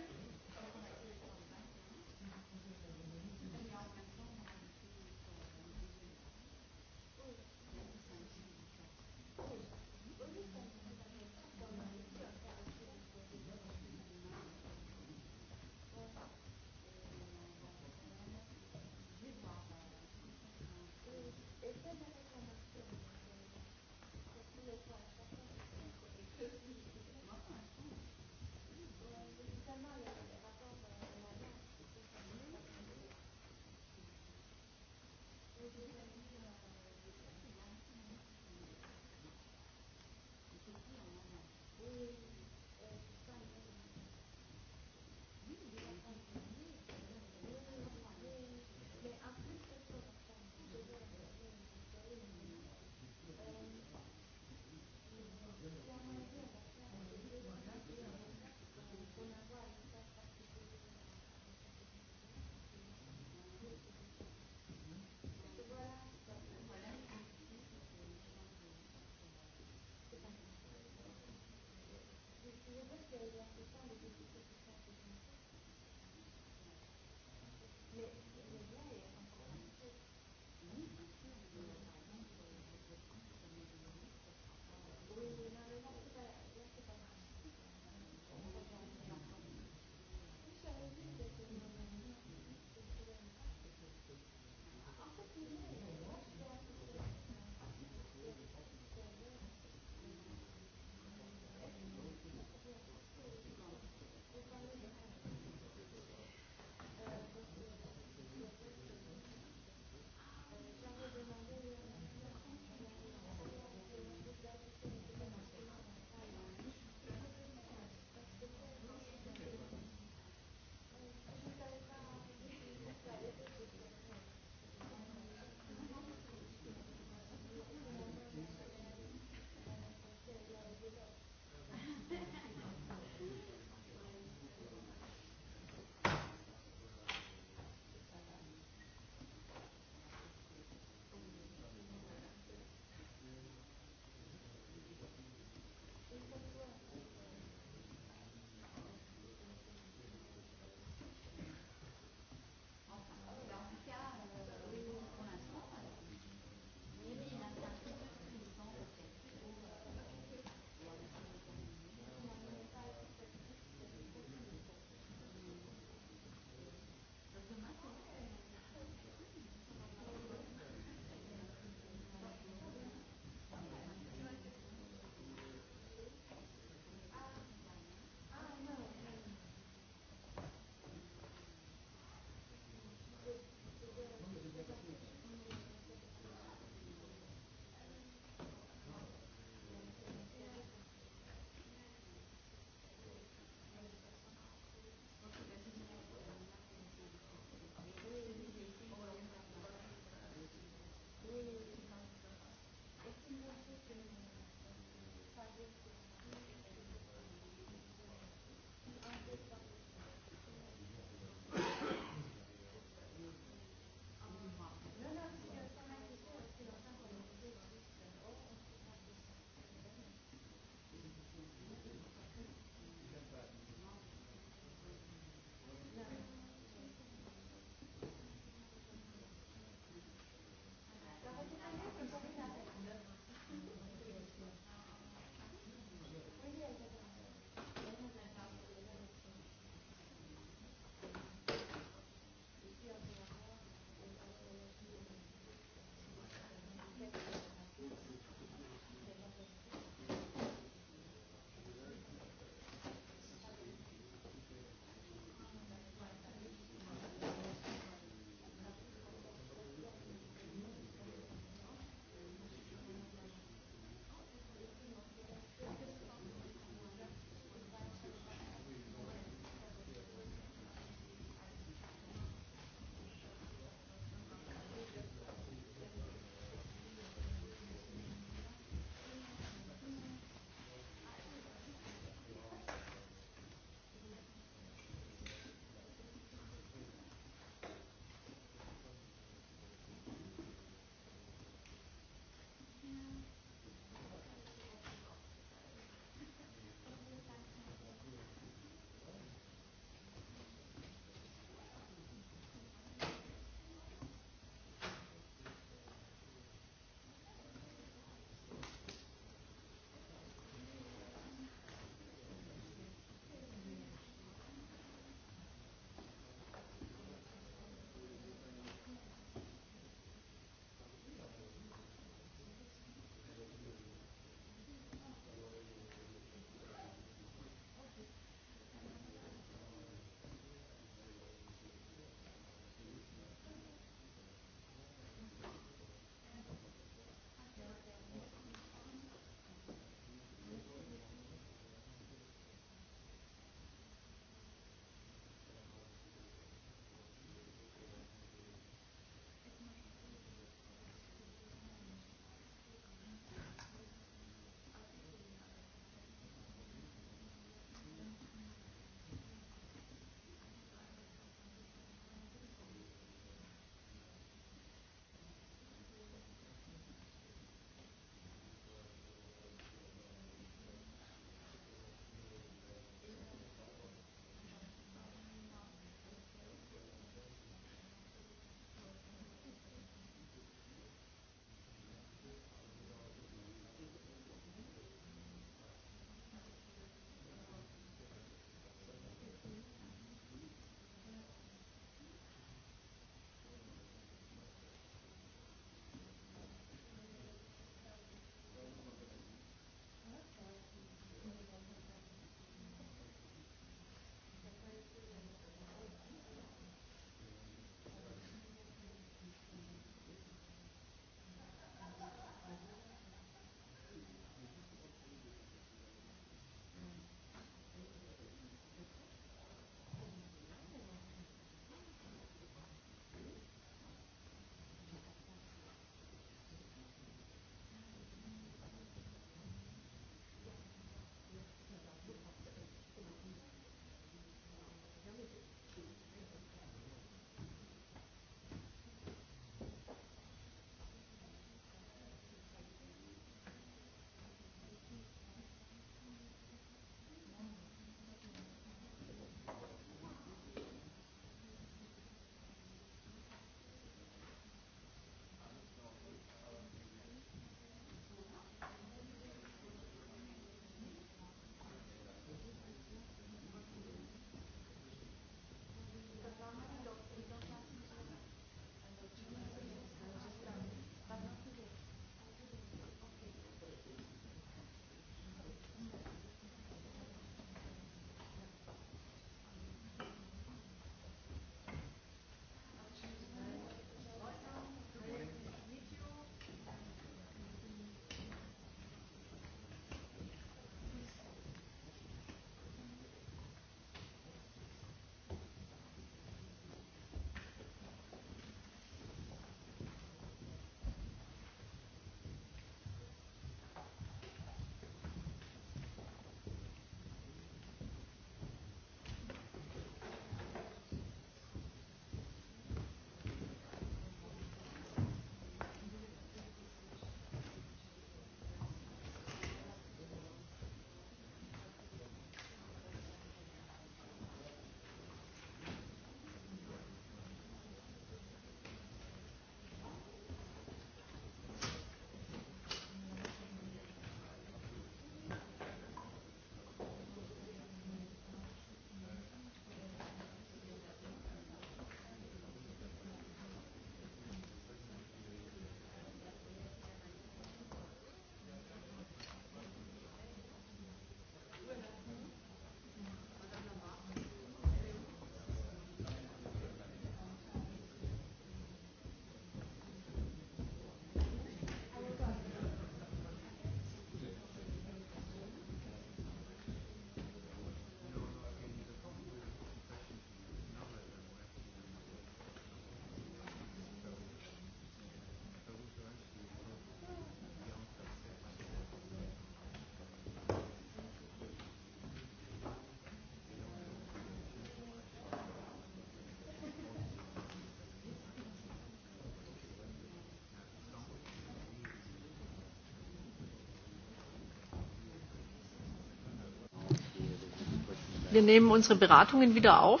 Wir nehmen unsere Beratungen wieder auf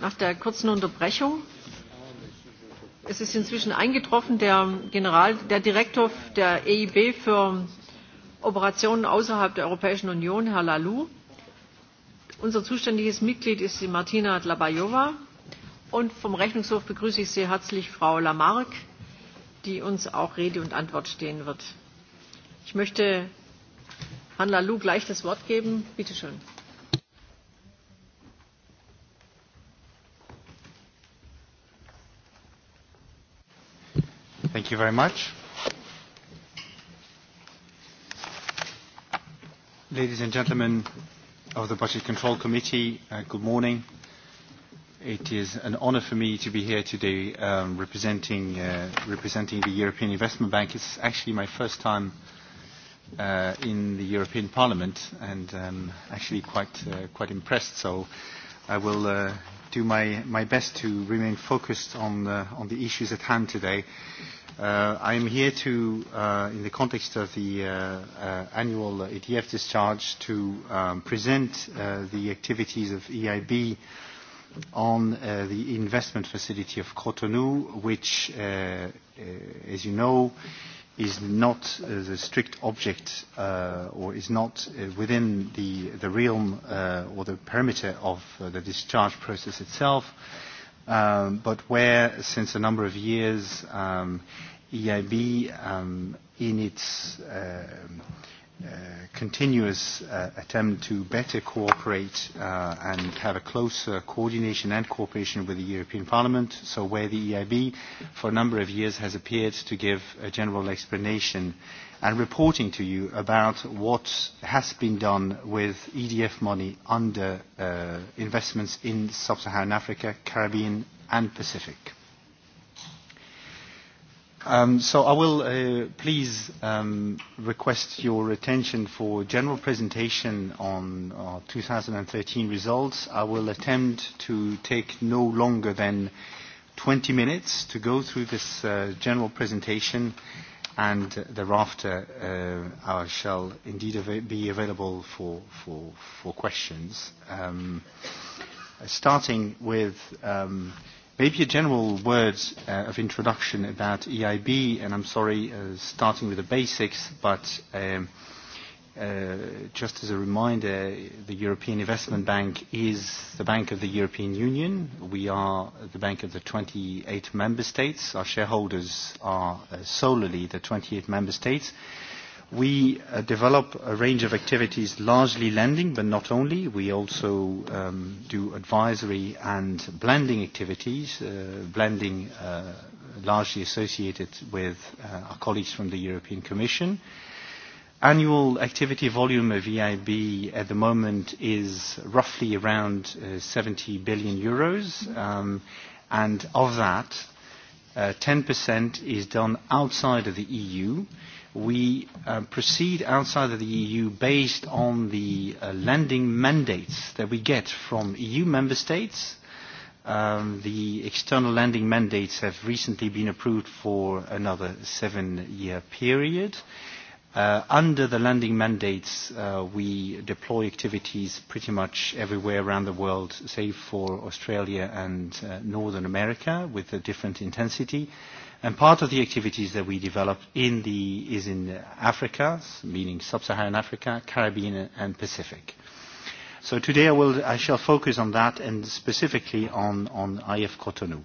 nach der kurzen Unterbrechung. Es ist inzwischen eingetroffen der, General, der Direktor der EIB für Operationen außerhalb der Europäischen Union, Herr Lalou. Unser zuständiges Mitglied ist die Martina Dlabajova. Und vom Rechnungshof begrüße ich sehr herzlich Frau Lamarck, die uns auch Rede und Antwort stehen wird. Ich möchte Herrn Lalou gleich das Wort geben. Bitte schön. Thank you very much. Ladies and gentlemen of the Budget Control Committee, uh, good morning. It is an honor for me to be here today um, representing, uh, representing the European Investment Bank. It's actually my first time uh, in the European Parliament and um, actually quite, uh, quite impressed. So I will uh, do my, my best to remain focused on, uh, on the issues at hand today. Uh, I am here to, uh, in the context of the uh, uh, annual ETF discharge, to um, present uh, the activities of EIB on uh, the investment facility of Cotonou, which, uh, uh, as you know, is not uh, the strict object uh, or is not uh, within the, the realm uh, or the perimeter of uh, the discharge process itself. Uh, um, but where since a number of years um, EIB um, in its uh, uh, continuous uh, attempt to better cooperate uh, and have a closer coordination and cooperation with the European Parliament, so where the EIB for a number of years has appeared to give a general explanation uh, and reporting to you about what has been done with EDF money under uh, investments in sub-Saharan Africa, Caribbean and Pacific. Um, so I will uh, please um, request your attention for general presentation on our 2013 results. I will attempt to take no longer than 20 minutes to go through this uh, general presentation and thereafter uh, I shall indeed av be available for, for, for questions. Um, starting with um, maybe a general word uh, of introduction about EIB, and I'm sorry, uh, starting with the basics, but um, Uh, just as a reminder, the European Investment Bank is the bank of the European Union. We are the bank of the 28 member states. Our shareholders are uh, solely the 28 member states. We uh, develop a range of activities, largely lending, but not only. We also um, do advisory and blending activities, uh, blending uh, largely associated with uh, our colleagues from the European Commission. Uh, Annual activity volume of EIB at the moment is roughly around uh, 70 billion euros, um, and of that, uh, 10% is done outside of the EU. We uh, proceed outside of the EU based on the uh, lending mandates that we get from EU member states. Um, the external lending mandates have recently been approved for another seven-year period. Uh, under the lending mandates, uh, we deploy activities pretty much everywhere around the world, save for Australia and uh, Northern America, with a different intensity. And part of the activities that we develop in the, is in Africa, meaning sub-Saharan Africa, Caribbean and Pacific. So today I, will, I shall focus on that and specifically on, on IF Cotonou.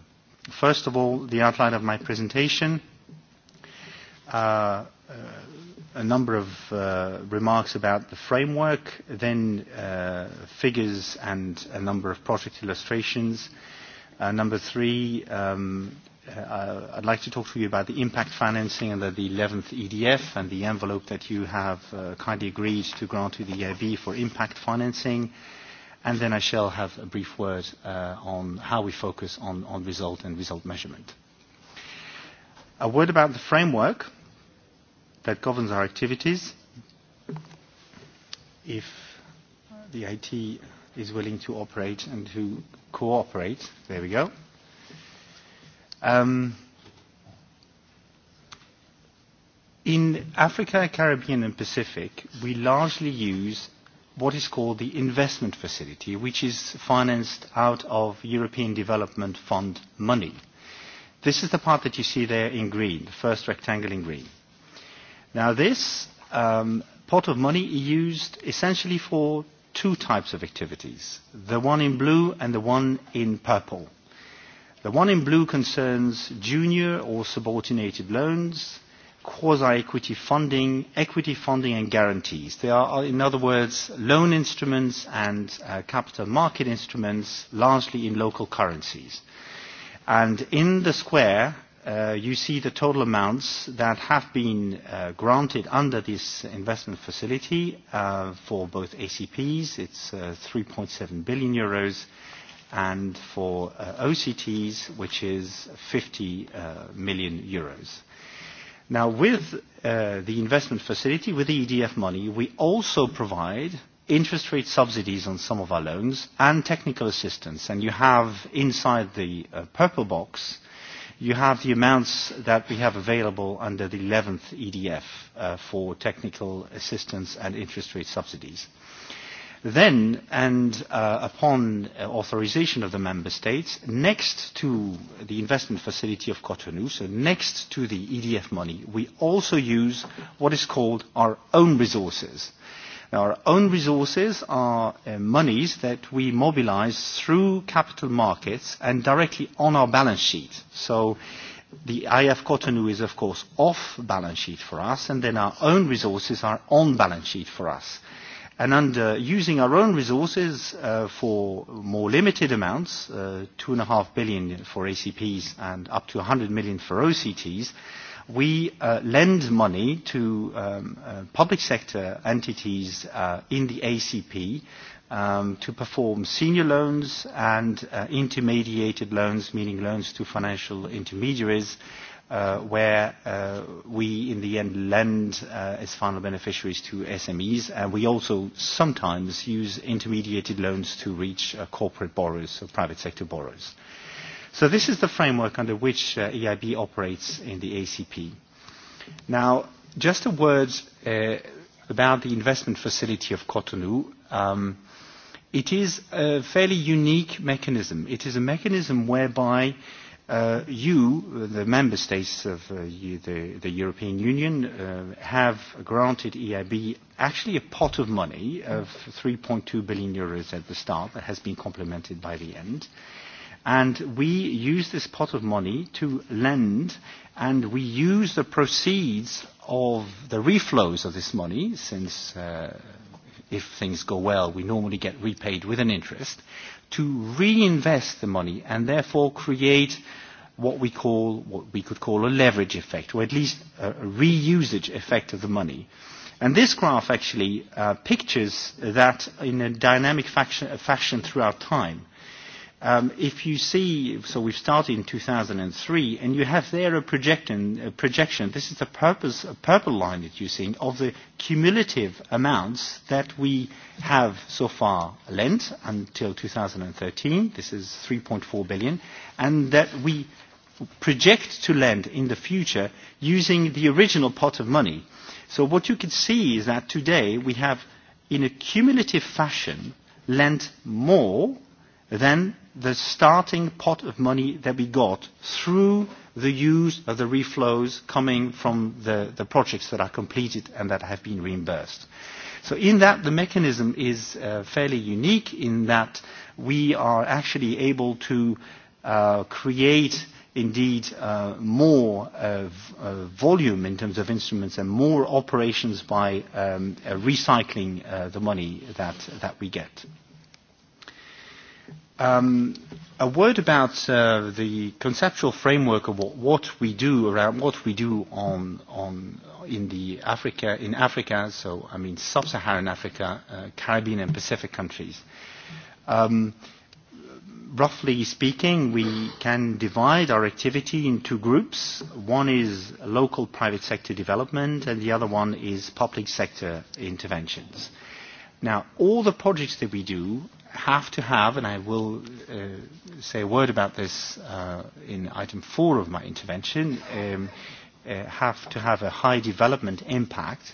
First of all, the outline of my presentation. Uh, uh, a number of uh, remarks about the framework, then uh, figures and a number of project illustrations. Uh, number three, um, uh, I'd like to talk to you about the impact financing under the 11th EDF and the envelope that you have uh, kindly agreed to grant to the EIB for impact financing. And then I shall have a brief word uh, on how we focus on, on result and result measurement. A word about the framework that governs our activities. If the IT is willing to operate and to cooperate, there we go. Um, in Africa, Caribbean and Pacific, we largely use what is called the investment facility, which is financed out of European Development Fund money. This is the part that you see there in green, the first rectangle in green. Now, this um, pot of money is used essentially for two types of activities, the one in blue and the one in purple. The one in blue concerns junior or subordinated loans, quasi-equity funding, equity funding and guarantees. They are, in other words, loan instruments and uh, capital market instruments, largely in local currencies. And in the square, uh, you see the total amounts that have been uh, granted under this investment facility uh, for both ACPs, it's uh, 3.7 billion euros, and for uh, OCTs, which is 50 uh, million euros. Now, with uh, the investment facility, with the EDF money, we also provide interest rate subsidies on some of our loans and technical assistance. And you have inside the uh, purple box you have the amounts that we have available under the 11th EDF uh, for technical assistance and interest rate subsidies. Then, and uh, upon uh, authorization of the member states, next to the investment facility of Cotonou, so next to the EDF money, we also use what is called our own resources. Our own resources are uh, monies that we mobilize through capital markets and directly on our balance sheet. So the IF Cotonou is, of course, off balance sheet for us, and then our own resources are on balance sheet for us. And under using our own resources uh, for more limited amounts, uh, two and a half billion for ACPs and up to 100 million for OCTs, we uh, lend money to um, uh, public sector entities uh, in the ACP um, to perform senior loans and uh, intermediated loans, meaning loans to financial intermediaries, uh, where uh, we in the end lend uh, as final beneficiaries to SMEs, and we also sometimes use intermediated loans to reach uh, corporate borrowers, so private sector borrowers. Uh, so this is the framework under which uh, EIB operates in the ACP. Now, just a word uh, about the investment facility of Cotonou. Um, it is a fairly unique mechanism. It is a mechanism whereby uh, you, the member states of uh, you, the, the European Union, uh, have granted EIB actually a pot of money of 3.2 billion euros at the start that has been complemented by the end. Uh, And we use this pot of money to lend, and we use the proceeds of the reflows of this money, since uh, if things go well, we normally get repaid with an interest, to reinvest the money and therefore create what we call what we could call a leverage effect, or at least a, reusage effect of the money. And this graph actually uh, pictures that in a dynamic fashion, fashion throughout time. Um, if you see, so we've started in 2003, and you have there a projection, a projection this is the purpose, a purple line that you're seeing, of the cumulative amounts that we have so far lent until 2013, this is 3.4 billion, and that we project to lend in the future using the original pot of money. So what you can see is that today we have, in a cumulative fashion, lent more than the starting pot of money that we got through the use of the reflows coming from the, the projects that are completed and that have been reimbursed. So in that, the mechanism is uh, fairly unique in that we are actually able to uh, create indeed uh, more uh, uh, volume in terms of instruments and more operations by um, uh, recycling uh, the money that, that we get. Um, a word about uh, the conceptual framework of what, what we do around what we do on, on in the Africa in Africa, so I mean sub-Saharan Africa, uh, Caribbean and Pacific countries. Um, roughly speaking, we can divide our activity into groups. One is local private sector development, and the other one is public sector interventions. Now, all the projects that we do have to have, and I will uh, say a word about this uh, in item four of my intervention, um, uh, have to have a high development impact.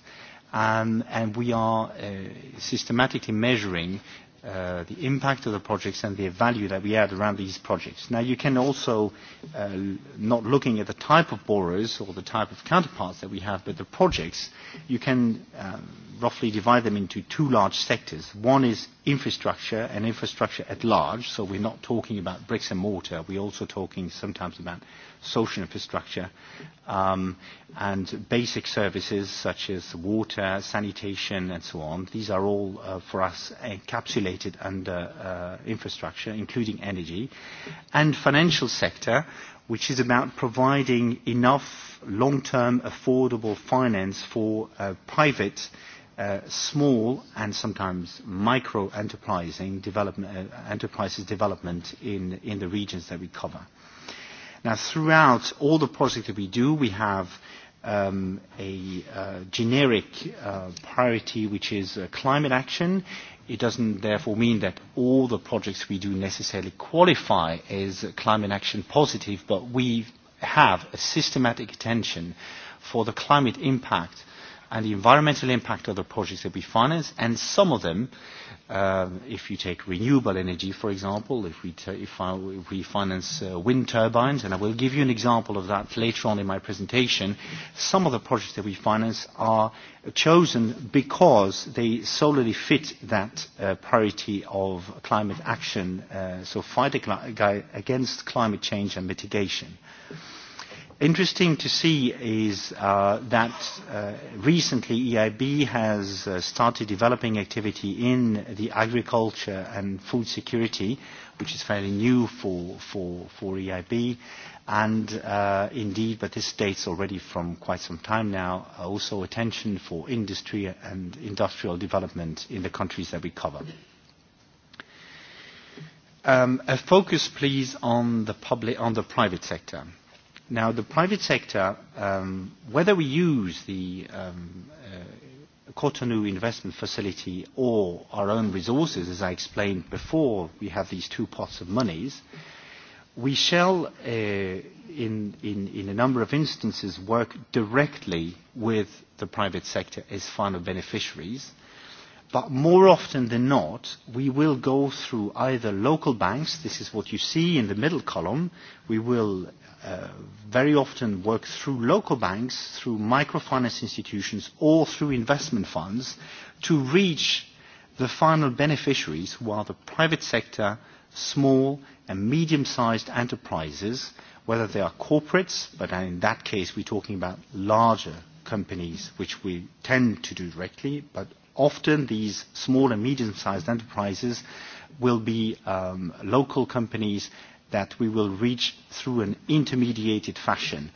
Um, and we are uh, systematically measuring uh, the impact of the projects and the value that we add around these projects. Now, you can also, uh, not looking at the type of borrowers or the type of counterparts that we have, but the projects, you can um, roughly divide them into two large sectors. One is infrastructure and infrastructure at large, so we're not talking about bricks and mortar. We're also talking sometimes about social infrastructure um, and basic services such as water, sanitation and so on. These are all uh, for us encapsulated under uh, infrastructure, including energy. And financial sector, which is about providing enough long-term affordable finance for uh, private Uh, small and sometimes micro enterprising development, uh, enterprises development in, in the regions that we cover. Now, throughout all the projects that we do, we have um, a uh, generic uh, priority, which is uh, climate action. It doesn't therefore mean that all the projects we do necessarily qualify as climate action positive, but we have a systematic attention for the climate impact and the environmental impact of the projects that we finance, and some of them, um, if you take renewable energy, for example, if we, if I, if we finance uh, wind turbines, and I will give you an example of that later on in my presentation, some of the projects that we finance are chosen because they solely fit that uh, priority of climate action, uh, so fight against climate change and mitigation interesting to see is uh, that uh, recently EIB has uh, started developing activity in the agriculture and food security, which is fairly new for, for, for EIB. And uh, indeed, but this dates already from quite some time now, uh, also attention for industry and industrial development in the countries that we cover. Um, a focus, please, on the, public, on the private sector. Now, the private sector, um, whether we use the um, uh, Cotonou investment facility or our own resources, as I explained before, we have these two pots of monies, we shall, uh, in, in, in a number of instances, work directly with the private sector as final beneficiaries. But more often than not, we will go through either local banks, this is what you see in the middle column, we will Uh, very often work through local banks, through microfinance institutions, or through investment funds to reach the final beneficiaries who are the private sector, small and medium-sized enterprises, whether they are corporates, but in that case we're talking about larger companies, which we tend to do directly, but often these small and medium-sized enterprises will be um, local companies that we will reach through an intermediated fashion.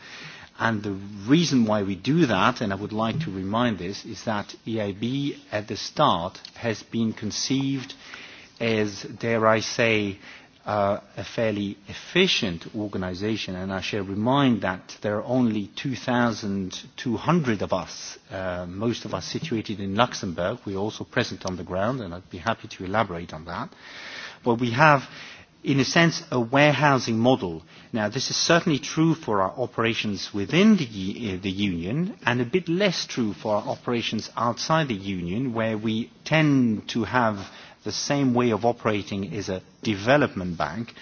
And the reason why we do that, and I would like to remind this, is that EIB at the start has been conceived as, dare I say, uh, a fairly efficient organization. And I shall remind that there are only 2,200 of us, uh, most of us situated in Luxembourg. We're also present on the ground, and I'd be happy to elaborate on that. But we have in a sense, a warehousing model. Now, this is certainly true for our operations within the, uh, the Union and a bit less true for our operations outside the Union, where we tend to have the same way of operating as a development bank.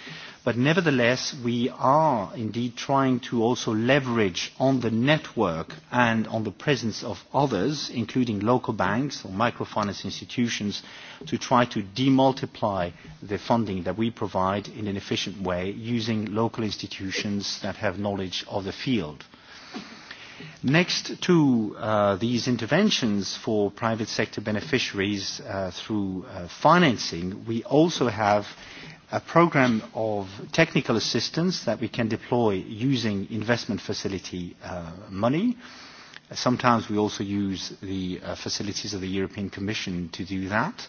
But nevertheless, we are indeed trying to also leverage on the network and on the presence of others, including local banks or microfinance institutions, to try to demultiply the funding that we provide in an efficient way using local institutions that have knowledge of the field. Next to uh, these interventions for private sector beneficiaries uh, through uh, financing, we also have a program of technical assistance that we can deploy using investment facility uh, money. Sometimes we also use the uh, facilities of the European Commission to do that.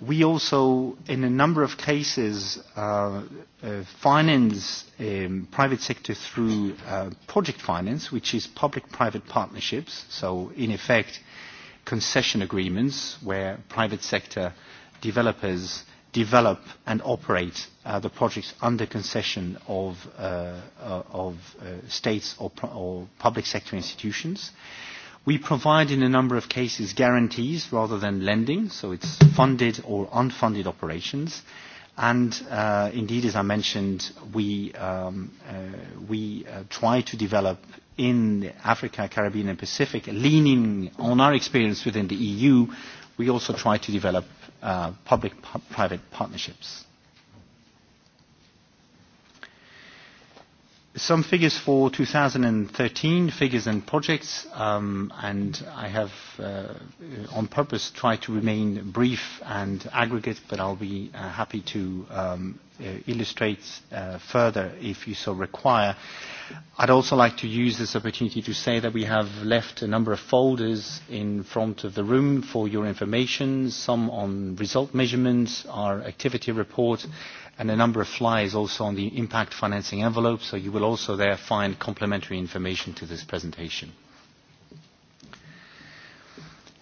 We also, in a number of cases, uh, uh, finance um, private sector through uh, project finance, which is public-private partnerships. So, in effect, concession agreements where private sector developers develop and operate uh, the projects under concession of, uh, uh, of uh, states or, or public sector institutions. We provide in a number of cases guarantees rather than lending, so it's funded or unfunded operations. And uh, indeed, as I mentioned, we, um, uh, we uh, try to develop in Africa, Caribbean and Pacific, leaning on our experience within the EU, we also try to develop uh, public-private partnerships. some figures for 2013, figures and projects, um, and I have uh, on purpose tried to remain brief and aggregate, but I'll be uh, happy to um, uh, illustrate uh, further if you so require. I'd also like to use this opportunity to say that we have left a number of folders in front of the room for your information, some on result measurements, our activity report. Mm-hmm and a number of flies also on the impact financing envelope, so you will also there find complementary information to this presentation.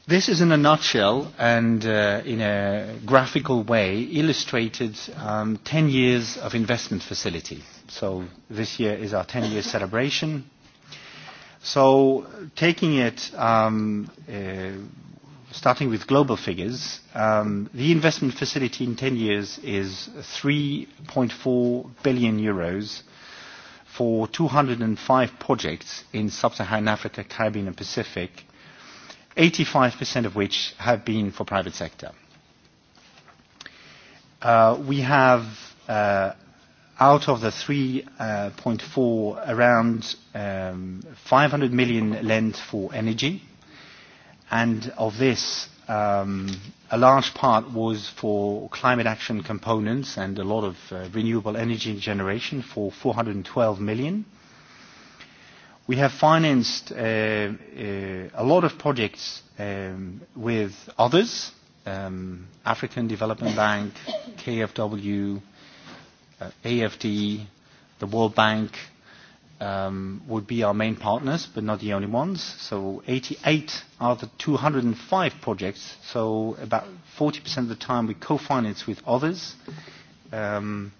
This is in a nutshell and uh, in a graphical way illustrated um, 10 years of investment facility. So this year is our 10 year celebration. So taking it um, uh, starting with global figures, um, the investment facility in 10 years is 3.4 billion euros for 205 projects in sub-Saharan Africa, Caribbean and Pacific, 85% of which have been for private sector. Uh, we have, uh, out of the 3.4, uh, around um, 500 million lent for energy, And of this, um, a large part was for climate action components and a lot of uh, renewable energy generation for 412 million. We have financed uh, uh, a lot of projects um, with others, um, African Development Bank, KFW, uh, AFD, the World Bank, um, would be our main partners, but not the only ones. So 88 out of the 205 projects, so about 40% of the time we co-finance with others, um,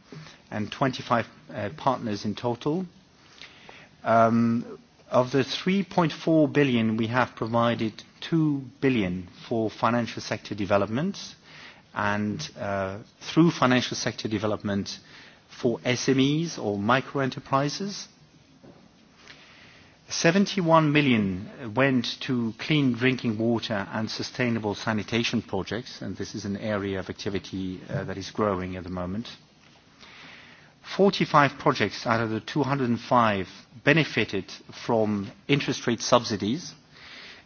and 25 uh, partners in total. Um, of the 3.4 billion, we have provided 2 billion for financial sector development, and uh, through financial sector development for SMEs or micro enterprises, 71 million went to clean drinking water and sustainable sanitation projects, and this is an area of activity uh, that is growing at the moment. 45 projects out of the 205 benefited from interest rate subsidies,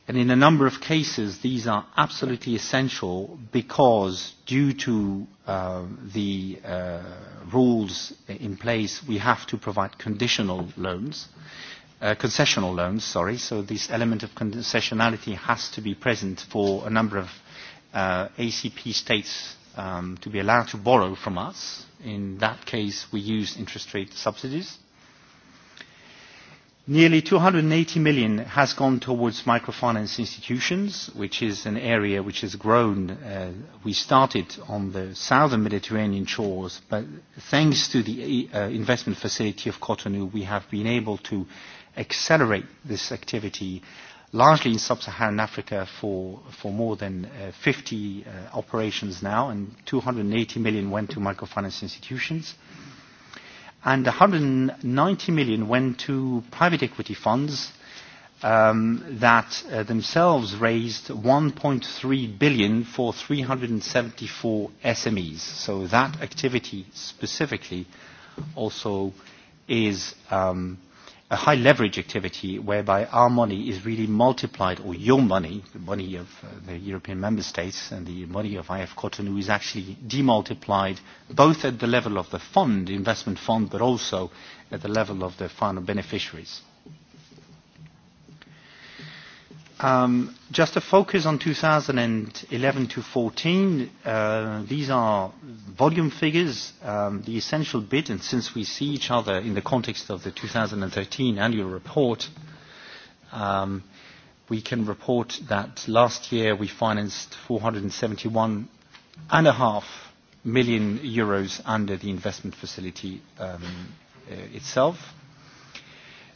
and in a number of cases, these are absolutely essential because due to uh, the uh, rules in place, we have to provide conditional loans Uh, concessional loans, sorry. So this element of concessionality has to be present for a number of uh, ACP states um, to be allowed to borrow from us. In that case, we use interest rate subsidies. Nearly 280 million has gone towards microfinance institutions, which is an area which has grown. Uh, we started on the southern Mediterranean shores, but thanks to the uh, investment facility of Cotonou, we have been able to accelerate this activity largely in sub-Saharan Africa for, for more than uh, 50 uh, operations now, and 280 million went to microfinance institutions. And 190 million went to private equity funds um, that uh, themselves raised 1.3 billion for 374 SMEs. So that activity specifically also is um, – a high leverage activity whereby our money is really multiplied, or your money, the money of uh, the European member states and the money of IF Cotonou is actually demultiplied both at the level of the fund, the investment fund, but also at the level of the final beneficiaries. Um, just to focus on 2011 to 14, uh, these are volume figures, um, the essential bit, and since we see each other in the context of the 2013 annual report, um, we can report that last year we financed 471 and a half million euros under the investment facility um, uh, itself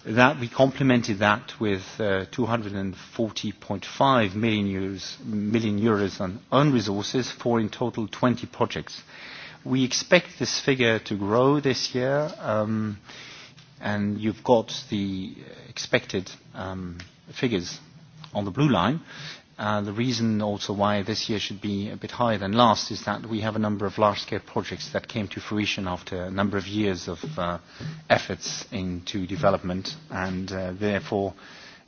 That we complemented that with uh, 240.5 million euros, million euros on own resources for in total 20 projects. We expect this figure to grow this year, um, and you've got the expected um, figures on the blue line. Uh, the reason also why this year should be a bit higher than last is that we have a number of large-scale projects that came to fruition after a number of years of uh, efforts into development, and uh, therefore,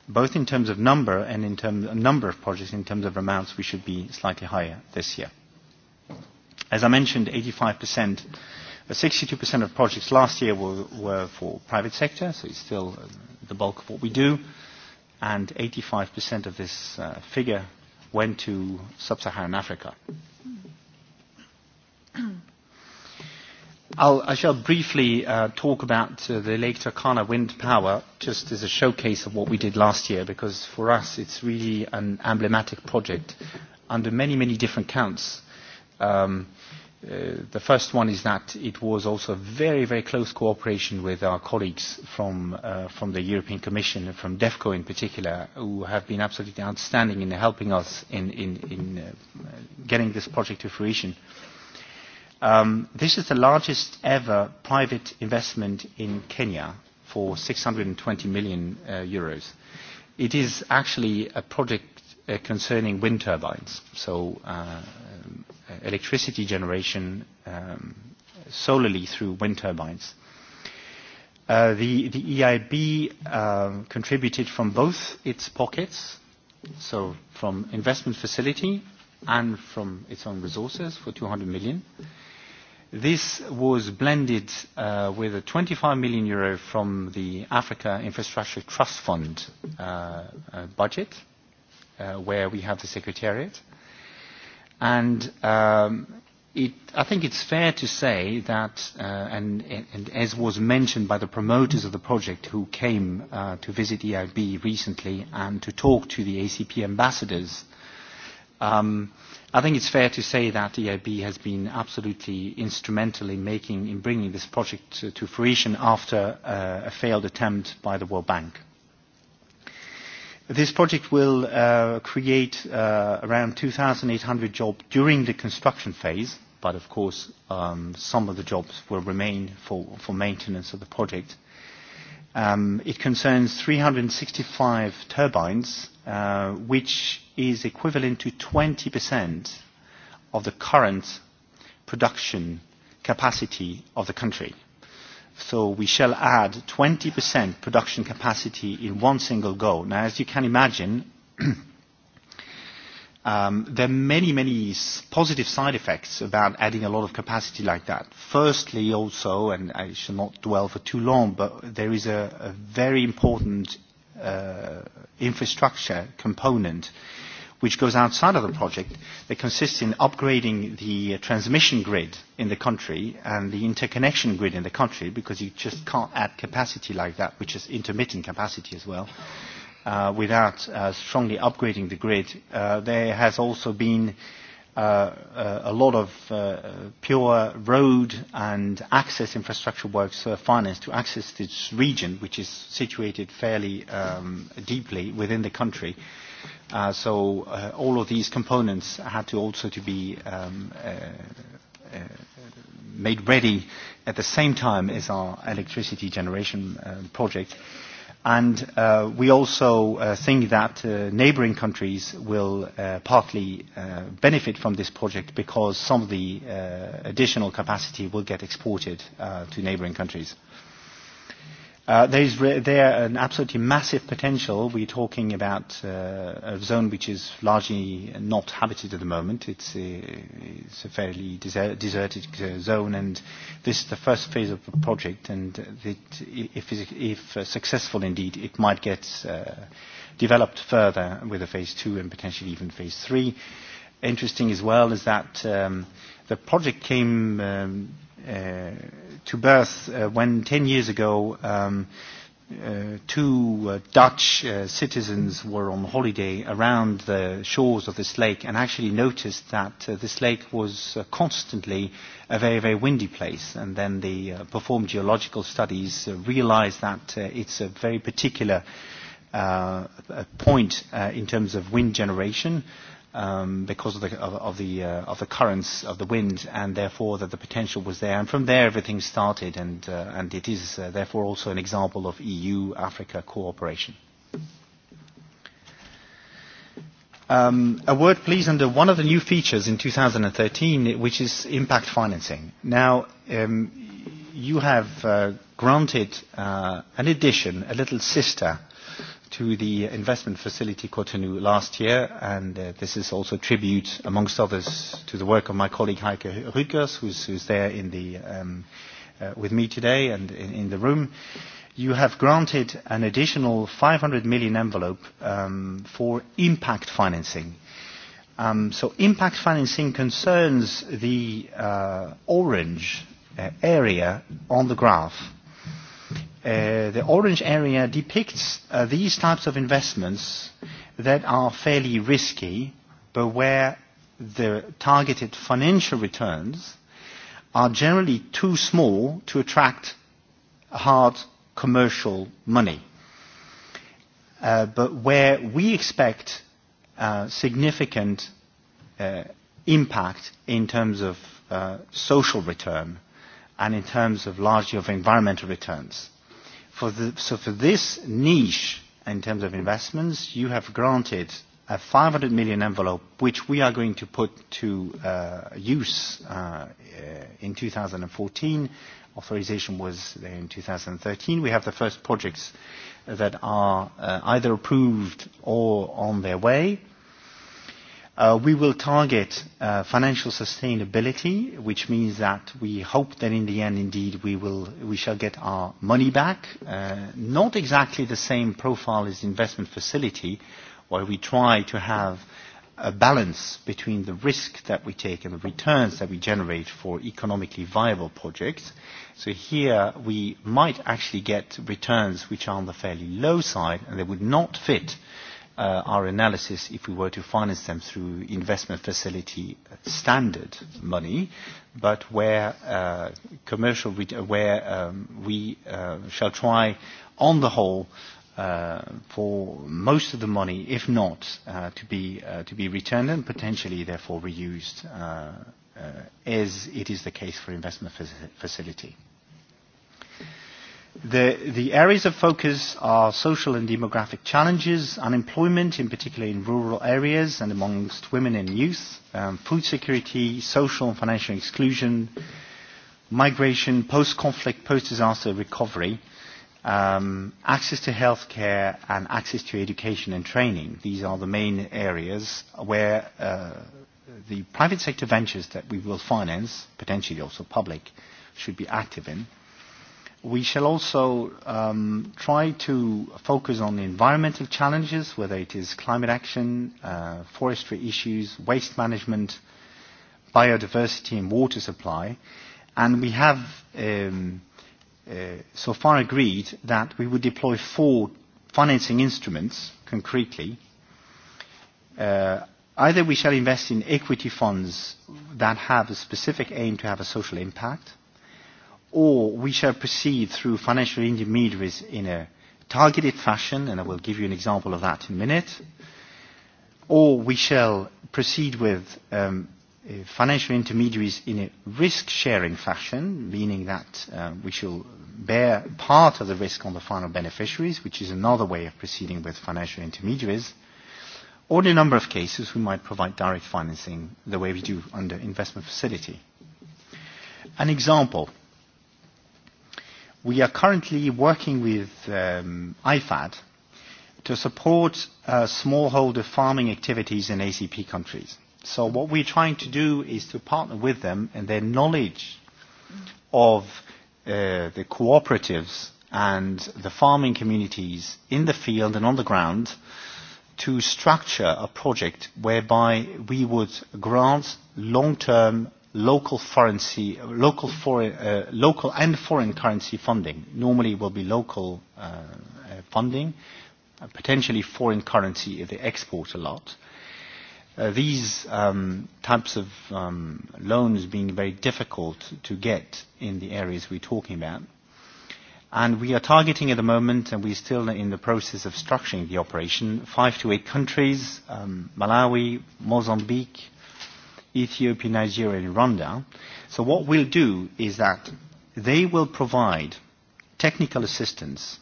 both in terms of number and in terms of number of projects, in terms of amounts, we should be slightly higher this year. As I mentioned, 85%, 62% uh, of projects last year were, were for private sector, so it's still uh, the bulk of what we do and 85% of this uh, figure went to sub-Saharan Africa. I'll, I shall briefly uh, talk about uh, the Lake Turkana wind power just as a showcase of what we did last year because for us it's really an emblematic project under many, many different counts. Um, Uh, the first one is that it was also very, very close cooperation with our colleagues from, uh, from the European Commission and from DEFCO in particular, who have been absolutely outstanding in helping us in, in, in uh, getting this project to fruition. Um, this is the largest ever private investment in Kenya for 620 million uh, euros. It is actually a project uh, concerning wind turbines. So uh, Uh, electricity generation um, solely through wind turbines. Uh, the, the EIB um, contributed from both its pockets, so from investment facility and from its own resources for 200 million. This was blended uh, with a 25 million euro from the Africa Infrastructure Trust Fund uh, uh, budget, uh, where we have the secretariat. And um, it, I think it's fair to say that, uh, and, and as was mentioned by the promoters of the project who came uh, to visit EIB recently and to talk to the ACP ambassadors, um, I think it's fair to say that EIB has been absolutely instrumental in, making, in bringing this project to, to fruition after uh, a failed attempt by the World Bank. This project will uh, create uh, around 2,800 jobs during the construction phase, but of course um, some of the jobs will remain for, for maintenance of the project. Um, it concerns 365 turbines, uh, which is equivalent to 20% of the current production capacity of the country. So we shall add 20% production capacity in one single go. Now, as you can imagine, *clears throat* um, there are many, many positive side effects about adding a lot of capacity like that. Firstly, also, and I shall not dwell for too long, but there is a, a very important uh, infrastructure component which goes outside of the project that consists in upgrading the uh, transmission grid in the country and the interconnection grid in the country because you just can't add capacity like that, which is intermittent capacity as well, uh, without uh, strongly upgrading the grid. Uh, there has also been uh, uh, uh a lot of uh, pure road and access infrastructure works uh, finance to access this region, which is situated fairly um, deeply within the country. Uh, so uh, all of these components had to also to be um, uh, uh, made ready at the same time as our electricity generation uh, project. Uh, And uh, we also uh, think that uh, neighboring countries will uh, partly uh, benefit from this project because some of the uh, additional capacity will get exported uh, to neighboring countries. Uh, there is re- there an absolutely massive potential. We're talking about uh, a zone which is largely not habited at the moment. It's a, it's a fairly desert, deserted uh, zone, and this is the first phase of the project. And it, if, if uh, successful, indeed, it might get uh, developed further with a phase two and potentially even phase three. Interesting as well is that um, the project came. Um, uh, to birth uh, when 10 years ago um, uh, two uh, Dutch uh, citizens were on holiday around the shores of this lake and actually noticed that uh, this lake was uh, constantly a very, very windy place. And then they uh, performed geological studies, uh, realized that uh, it's a very particular uh, point uh, in terms of wind generation. Uh, um, because of the of, of the uh, of the currents of the wind, and therefore that the potential was there. And from there, everything started, and uh, and it is uh, therefore also an example of EU-Africa cooperation. Um, a word, please, under one of the new features in 2013, which is impact financing. Now, um, you have uh, granted uh, an addition, a little sister to the investment facility Cotonou last year, and uh, this is also tribute, amongst others, to the work of my colleague Heike Rückers, who's, who's there in the, um, uh, with me today and in, in the room. You have granted an additional 500 million envelope um, for impact financing. Um, so impact financing concerns the uh, orange uh, area on the graph Uh, the orange area depicts uh, these types of investments that are fairly risky, but where the targeted financial returns are generally too small to attract hard commercial money. Uh, but where we expect uh, significant uh, impact in terms of uh, social return and in terms of largely of environmental returns. For the, so for this niche, in terms of investments, you have granted a 500 million envelope, which we are going to put to uh, use uh, in 2014. Authorization was there in 2013. We have the first projects that are uh, either approved or on their way. Uh, we will target uh, financial sustainability, which means that we hope that in the end, indeed, we, will, we shall get our money back. Uh, not exactly the same profile as investment facility, where we try to have a balance between the risk that we take and the returns that we generate for economically viable projects. So here we might actually get returns which are on the fairly low side and they would not fit uh, uh, our analysis, if we were to finance them through investment facility standard money, but where uh, commercial, uh, where um, we uh, shall try on the whole uh, for most of the money, if not uh, to be uh, to be returned and potentially therefore reused, uh, uh, as it is the case for investment facility. The, the areas of focus are social and demographic challenges, unemployment, in particular in rural areas and amongst women and youth, um, food security, social and financial exclusion, migration, post-conflict, post-disaster recovery, um, access to health care and access to education and training. These are the main areas where uh, the private sector ventures that we will finance, potentially also public, should be active in. We shall also um, try to focus on the environmental challenges, whether it is climate action, uh, forestry issues, waste management, biodiversity and water supply. And we have um, uh, so far agreed that we would deploy four financing instruments concretely. Uh, either we shall invest in equity funds that have a specific aim to have a social impact, or we shall proceed through financial intermediaries in a targeted fashion, and I will give you an example of that in a minute, or we shall proceed with um, uh, financial intermediaries in a risk-sharing fashion, meaning that uh, we shall bear part of the risk on the final beneficiaries, which is another way of proceeding with financial intermediaries, or in a number of cases we might provide direct financing the way we do under investment facility. An example We are currently working with um, IFAD to support uh, smallholder farming activities in ACP countries. So what we're trying to do is to partner with them and their knowledge of uh, the cooperatives and the farming communities in the field and on the ground to structure a project whereby we would grant long-term local currency, local, for uh, local and foreign currency funding. Normally will be local uh, uh, funding, uh, potentially foreign currency if they export a lot. Uh, these um, types of um, loans being very difficult to get in the areas we're talking about. And we are targeting at the moment, and we're still in the process of structuring the operation, five to eight countries, um, Malawi, Mozambique, Ethiopia, Nigeria, and Rwanda. So what we'll do is that they will provide technical assistance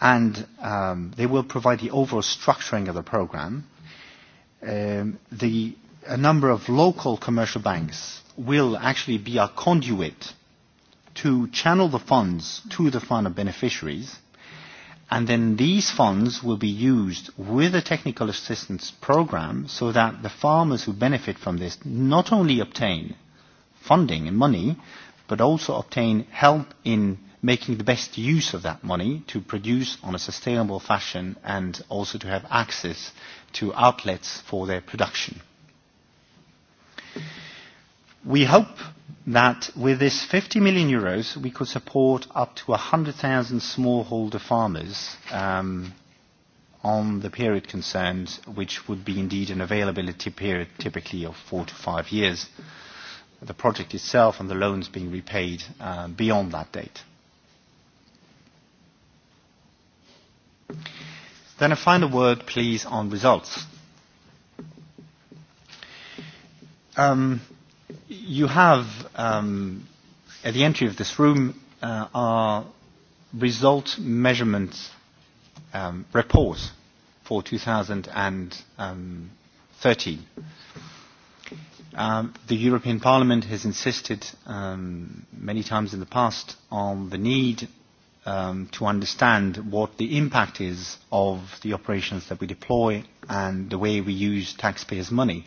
and um, they will provide the overall structuring of the program. Um, the, a number of local commercial banks will actually be a conduit to channel the funds to the final beneficiaries And then these funds will be used with a technical assistance program so that the farmers who benefit from this not only obtain funding and money, but also obtain help in making the best use of that money to produce on a sustainable fashion and also to have access to outlets for their production. We hope that with this 50 million euros, we could support up to 100,000 smallholder farmers um, on the period concerned, which would be indeed an availability period typically of four to five years. The project itself and the loans being repaid uh, beyond that date. Then a final word, please, on results. Um, you have, um, at the entry of this room, uh, our result measurement um, report for 2013. Um, the European Parliament has insisted um, many times in the past on the need um, to understand what the impact is of the operations that we deploy and the way we use taxpayers' money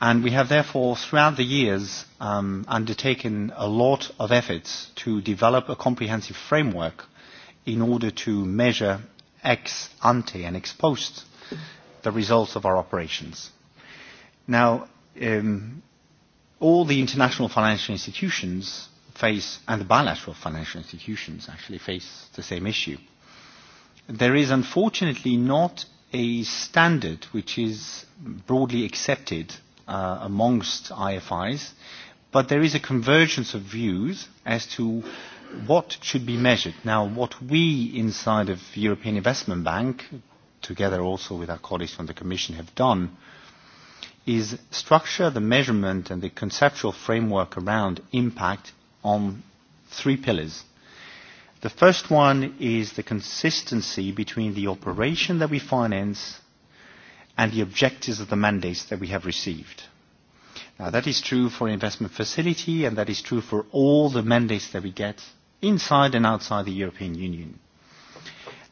And we have therefore, throughout the years, um, undertaken a lot of efforts to develop a comprehensive framework in order to measure ex ante and ex post the results of our operations. Now, um, all the international financial institutions face, and the bilateral financial institutions actually face the same issue. There is unfortunately not a standard which is broadly accepted uh, amongst IFIs, but there is a convergence of views as to what should be measured. Now, what we inside of European Investment Bank, together also with our colleagues from the Commission, have done is structure the measurement and the conceptual framework around impact on three pillars. The first one is the consistency between the operation that we finance and the objectives of the mandates that we have received. Now, that is true for investment facility and that is true for all the mandates that we get inside and outside the European Union.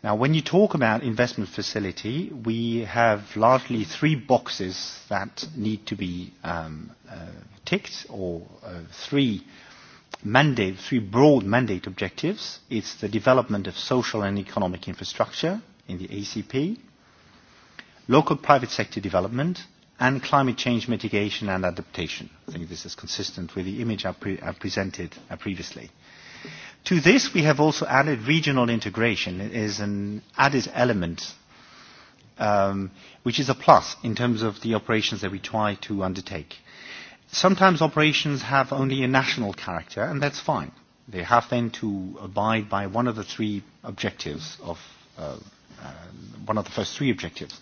Now, when you talk about investment facility, we have largely three boxes that need to be um, uh, ticked or uh, three mandate, three broad mandate objectives. It's the development of social and economic infrastructure in the ACP local private sector development, and climate change mitigation and adaptation. I think this is consistent with the image I, pre I presented uh, previously. To this, we have also added regional integration. It is an added element um, which is a plus in terms of the operations that we try to undertake. Sometimes operations have only a national character, and that's fine. They have then to abide by one of the three objectives of uh, uh, one of the first three objectives.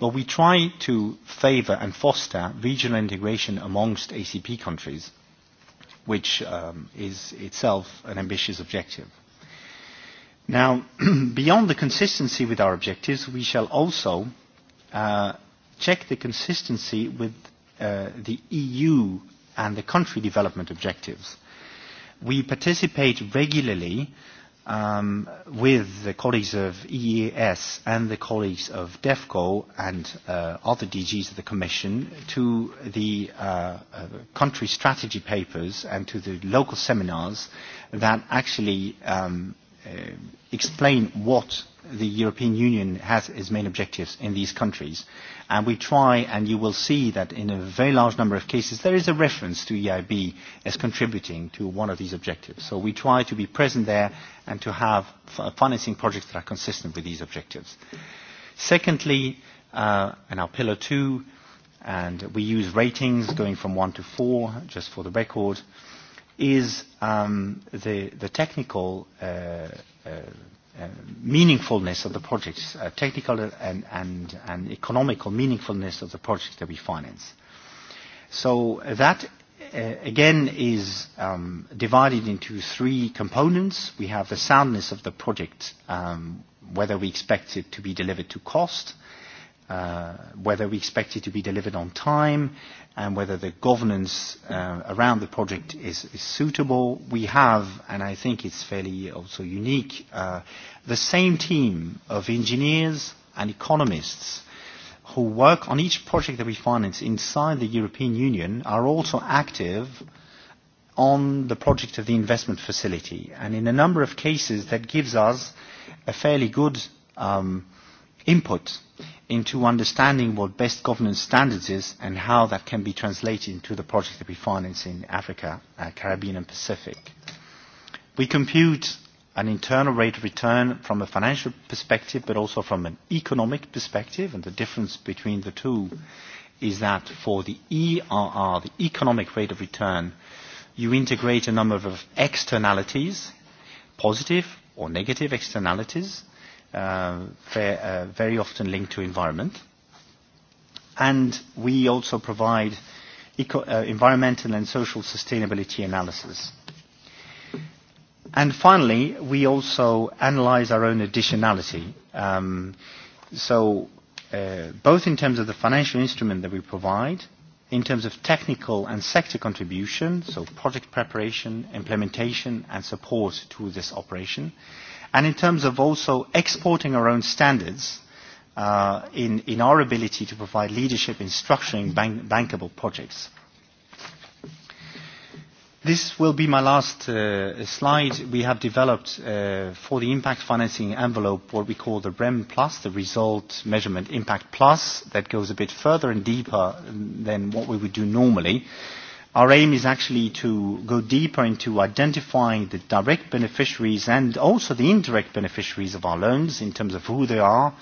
But we try to favour and foster regional integration amongst ACP countries, which um, is itself an ambitious objective. Now, *clears throat* beyond the consistency with our objectives, we shall also uh, check the consistency with uh, the EU and the country development objectives. We participate regularly um, with the colleagues of EES and the colleagues of DEFCO and uh, other DGs of the Commission to the uh, uh, country strategy papers and to the local seminars that actually um, uh, explain what the European Union has its main objectives in these countries. And we try, and you will see that in a very large number of cases, there is a reference to EIB as contributing to one of these objectives. So we try to be present there and to have uh, financing projects that are consistent with these objectives. Secondly, uh, in our pillar two, and we use ratings going from one to four, just for the record, is um, the, the technical uh, uh, Uh, meaningfulness of the projects, uh, technical and, and, and economical meaningfulness of the projects that we finance. So that uh, again is um, divided into three components. We have the soundness of the project, um, whether we expect it to be delivered to cost, uh, whether we expect it to be delivered on time and whether the governance uh, around the project is, is suitable. We have, and I think it's fairly also unique, uh, the same team of engineers and economists who work on each project that we finance inside the European Union are also active on the project of the investment facility. And in a number of cases, that gives us a fairly good um, input into understanding what best governance standards is and how that can be translated into the projects that we finance in Africa, uh, Caribbean and Pacific. We compute an internal rate of return from a financial perspective but also from an economic perspective and the difference between the two is that for the ERR, the economic rate of return, you integrate a number of externalities, positive or negative externalities, Uh, uh, very often linked to environment. And we also provide eco, uh, environmental and social sustainability analysis. And finally, we also analyze our own additionality. Um, so uh, both in terms of the financial instrument that we provide, in terms of technical and sector contribution, so project preparation, implementation and support to this operation, uh, and in terms of also exporting our own standards uh, in, in our ability to provide leadership in structuring bank, bankable projects. This will be my last uh, slide. We have developed uh, for the impact financing envelope what we call the REM Plus, the Result Measurement Impact Plus, that goes a bit further and deeper than what we would do normally. Uh, Our aim is actually to go deeper into identifying the direct beneficiaries and also the indirect beneficiaries of our loans in terms of who they are,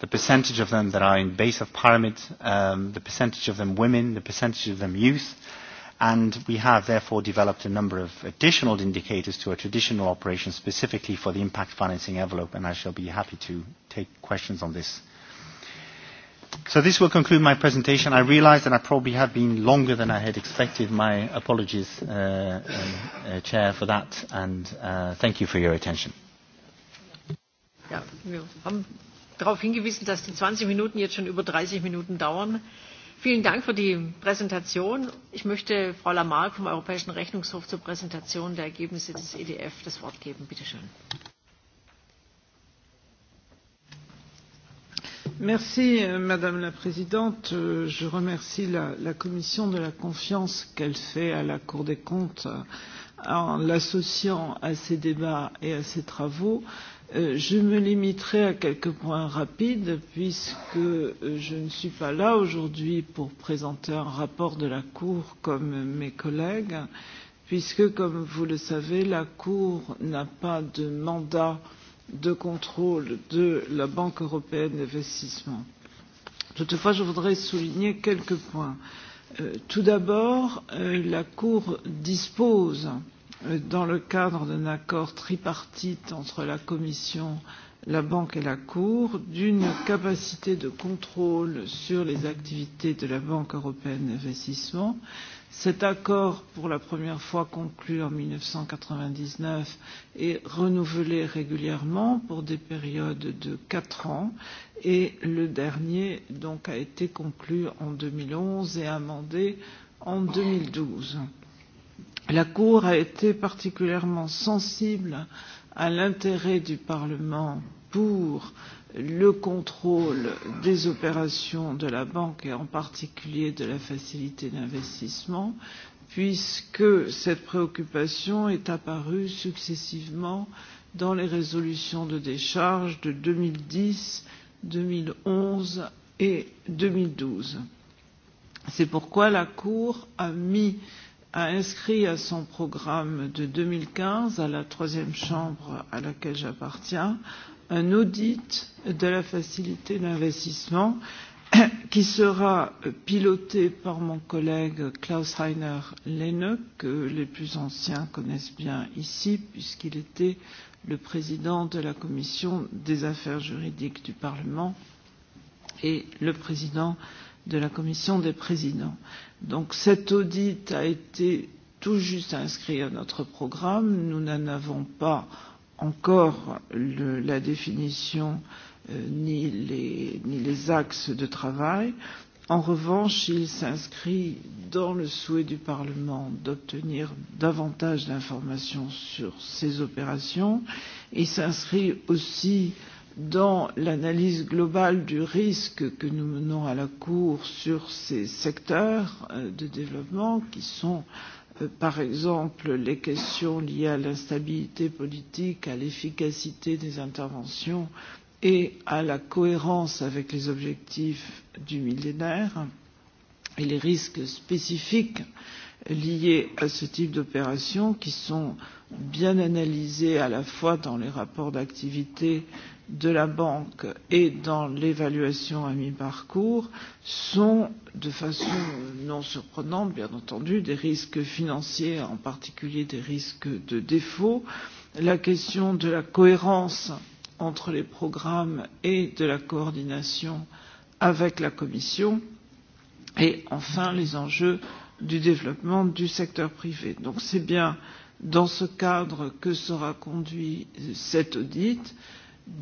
the percentage of them that are in base of pyramid, um, the percentage of them women, the percentage of them youth, and we have therefore developed a number of additional indicators to a traditional operation specifically for the impact financing envelope, and I shall be happy to take questions on this so this will conclude my presentation. I realize that I probably have been longer than I had expected. My apologies, uh, um, uh, Chair, for that, and uh, thank you for your attention. Ja, wir haben darauf hingewiesen, dass die 20 Minuten jetzt schon über 30 Minuten dauern. Vielen Dank für die Präsentation. Ich möchte Frau Lamarck vom Europäischen Rechnungshof zur Präsentation der Ergebnisse des EDF das Wort geben. Bitte schön. Merci Madame la Présidente. Je remercie la, la Commission de la confiance qu'elle fait à la Cour des comptes en l'associant à ces débats et à ces travaux. Euh, je me limiterai à quelques points rapides puisque euh, je ne suis pas là aujourd'hui pour présenter un rapport de la Cour comme mes collègues, puisque, comme vous le savez, la Cour n'a pas de mandat euh, de contrôle de la Banque européenne d'investissement. Toutefois, je voudrais souligner quelques points. Euh, tout d'abord, euh, la Cour dispose, euh, dans le cadre d'un accord tripartite entre la Commission, la Banque et la Cour, d'une capacité de contrôle sur les activités de la Banque européenne d'investissement Cet accord, pour la première fois conclu en 1999, est renouvelé régulièrement pour des périodes de quatre ans et le dernier donc a été conclu en 2011 et amendé en 2012. La Cour a été particulièrement sensible à l'intérêt du Parlement pour euh, le contrôle des opérations de la banque et en particulier de la facilité d'investissement, puisque cette préoccupation est apparue successivement dans les résolutions de décharge de 2010, 2011 et 2012. C'est pourquoi la Cour a mis a inscrit à son programme de 2015, à la troisième chambre à laquelle j'appartiens, un audit de la facilité d'investissement *coughs* qui sera piloté par mon collègue Klaus Heiner Lehne, que les plus anciens connaissent bien ici, puisqu'il était le président de la commission des affaires juridiques du Parlement et le président de la commission des présidents. Donc cet audit a été tout juste inscrit à notre programme. Nous n'en avons pas euh, encore le, la définition euh, ni, les, ni les axes de travail. En revanche, il s'inscrit dans le souhait du Parlement d'obtenir davantage d'informations sur ces opérations Il s'inscrit aussi dans l'analyse globale du risque que nous menons à la Cour sur ces secteurs euh, de développement qui sont euh, Euh, par exemple les questions liées à l'instabilité politique, à l'efficacité des interventions et à la cohérence avec les objectifs du millénaire et les risques spécifiques liés à ce type d'opération qui sont bien analysés à la fois dans les rapports d'activité de la banque et dans l'évaluation à mi-parcours sont, de façon non surprenante, bien entendu, des risques financiers, en particulier des risques de défaut, la question de la cohérence entre les programmes et de la coordination avec la Commission, et enfin les enjeux du développement du secteur privé. Donc c'est bien dans ce cadre que sera conduit cet audit. Euh,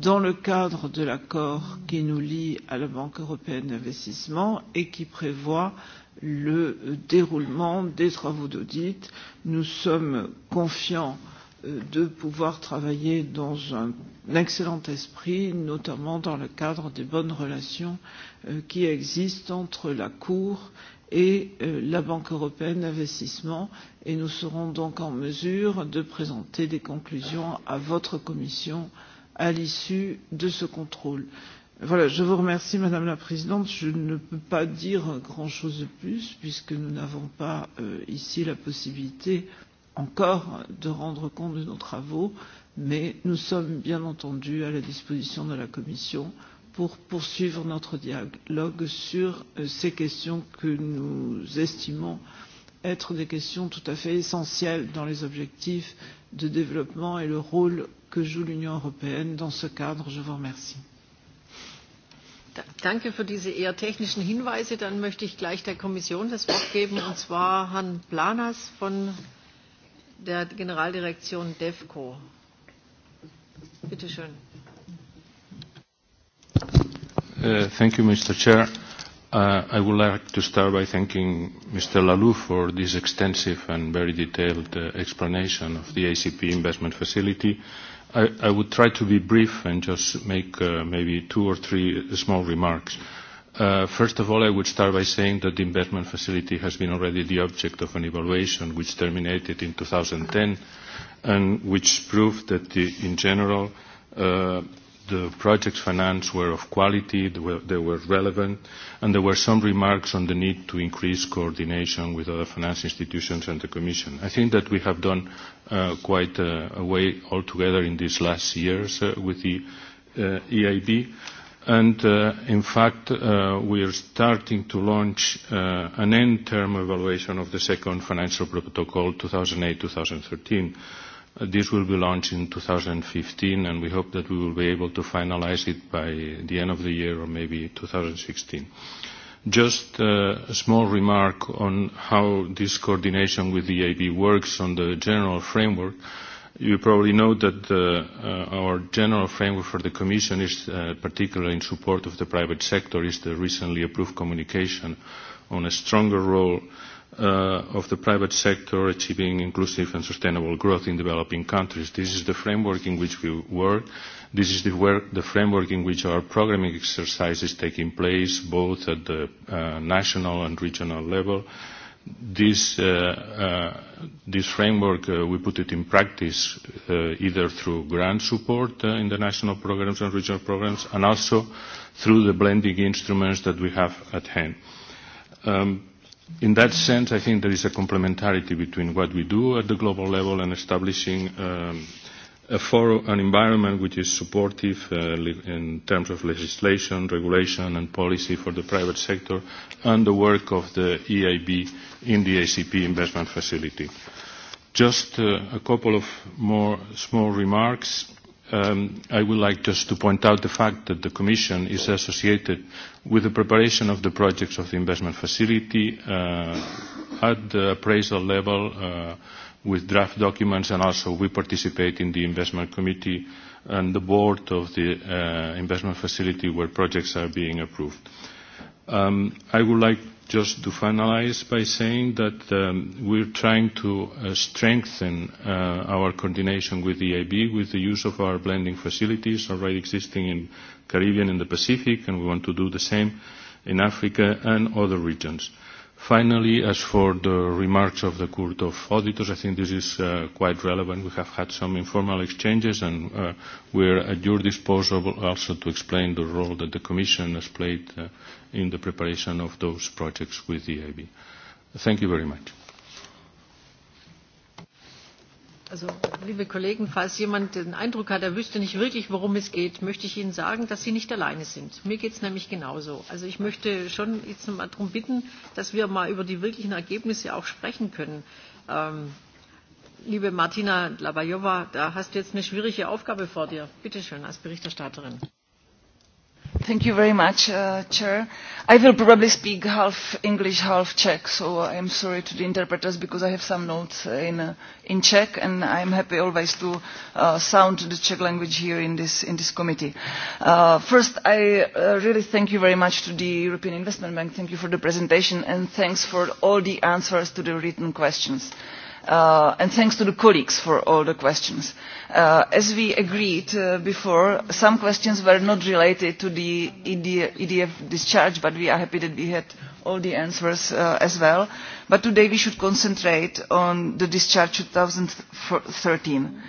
dans le cadre de l'accord qui nous lie à la Banque européenne d'investissement et qui prévoit le déroulement des travaux d'audit. Nous sommes confiants euh, de pouvoir travailler dans un excellent esprit, notamment dans le cadre des bonnes relations euh, qui existent entre la Cour et euh, la Banque européenne d'investissement et nous serons donc en mesure de présenter des conclusions à votre commission à l'issue de ce contrôle. Voilà, je vous remercie, Madame la Présidente. Je ne peux pas dire grand-chose de plus, puisque nous n'avons pas euh, ici la possibilité encore de rendre compte de nos travaux, mais nous sommes bien entendu à la disposition de la Commission pour poursuivre notre dialogue sur euh, ces questions que nous estimons être des questions tout à fait essentielles dans les objectifs de développement et le rôle que joue l'Union européenne dans ce cadre. Je vous remercie. Danke für diese eher technischen Hinweise. Dann möchte ich gleich der Kommission das Wort geben, und zwar Herrn Planas von der Generaldirektion DEFCO. Bitte schön. Uh, thank you, Mr. Chair. Uh, I would like to start by thanking Mr. Lalou for this extensive and very detailed uh, explanation of the ACP investment facility. I, I would try to be brief and just make uh, maybe two or three small remarks. Uh, first of all, I would start by saying that the investment facility has been already the object of an evaluation which terminated in 2010 and which proved that the, in general uh, the projects financed were of quality, they were, they were relevant, and there were some remarks on the need to increase coordination with other finance institutions and the Commission. I think that we have done uh, quite a, a way altogether in these last years uh, with the uh, EIB. And uh, in fact, uh, we are starting to launch uh, an end-term evaluation of the second financial protocol 2008-2013 This will be launched in 2015, and we hope that we will be able to finalize it by the end of the year or maybe 2016. Just uh, a small remark on how this coordination with the EIB works on the general framework. You probably know that uh, uh, our general framework for the Commission is uh, particularly in support of the private sector, is the recently approved communication on a stronger role uh, of the private sector achieving inclusive and sustainable growth in developing countries. This is the framework in which we work. This is the, work, the framework in which our programming exercise is taking place, both at the uh, national and regional level. This, uh, uh, this framework, uh, we put it in practice uh, either through grant support uh, in the national programs and regional programs, and also through the blending instruments that we have at hand. Um, in that sense, I think there is a complementarity between what we do at the global level and establishing um, a for an environment which is supportive uh, in terms of legislation, regulation and policy for the private sector and the work of the EIB in the ACP investment facility. Just uh, a couple of more small remarks um, I would like just to point out the fact that the Commission is associated with the preparation of the projects of the investment facility uh, at the appraisal level uh, with draft documents and also we participate in the investment committee and the board of the uh, investment facility where projects are being approved. Um, I would like just to finalize by saying that um, we're trying to uh, strengthen uh, our coordination with the EIB with the use of our blending facilities already existing in Caribbean and the Pacific, and we want to do the same in Africa and other regions. Finally, as for the remarks of the Court of Auditors, I think this is uh, quite relevant. We have had some informal exchanges, and uh, we're at your disposal also to explain the role that the Commission has played uh, in the preparation of those projects with the EIB. Thank you very much. Also, liebe Kollegen, falls jemand den Eindruck hat, er wüsste nicht wirklich, worum es geht, möchte ich Ihnen sagen, dass Sie nicht alleine sind. Mir geht es nämlich genauso. Also ich möchte schon jetzt mal darum bitten, dass wir mal über die wirklichen Ergebnisse auch sprechen können. Ähm, liebe Martina Labajova, da hast du jetzt eine schwierige Aufgabe vor dir. Bitte schön, als Berichterstatterin. Thank you very much, uh, I will probably speak half English, half Czech, so I am sorry to the interpreters because I have some notes in, uh, Czech, and I am happy always to uh, sound the Czech language here in this, committee. first, I really thank you very much to the European Investment Bank. Thank you for the presentation, and thanks for all the answers to the written questions. Uh, and thanks to the colleagues for all the questions. Uh, as we agreed uh, before, some questions were not related to the EDF, e EDF discharge, but we are happy that we had all the answers uh, as well. But today we should concentrate on the discharge 2013.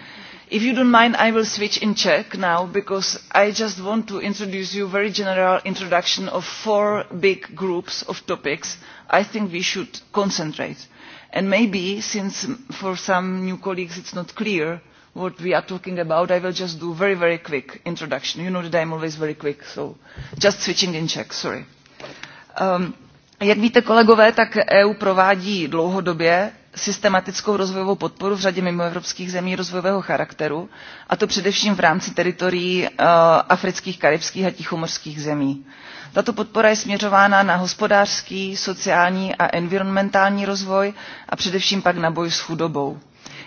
If you don't mind, I will switch in Czech now because I just want to introduce you a very general introduction of four big groups of topics I think we should concentrate on and maybe since for some new colleagues it is not clear what we are talking about i will just do a very very quick introduction. you know that i am always very quick so just switching in czech sorry. Um, jak víte kolegové tak eu provádí dlouhodobě systematickou rozvojovou podporu v řadě mimoevropských zemí rozvojového charakteru a to především v rámci teritorií uh, afrických karibských a tichomořských zemí. Tato podpora je směřována na hospodářský, sociální a environmentální rozvoj a především pak na boj s chudobou.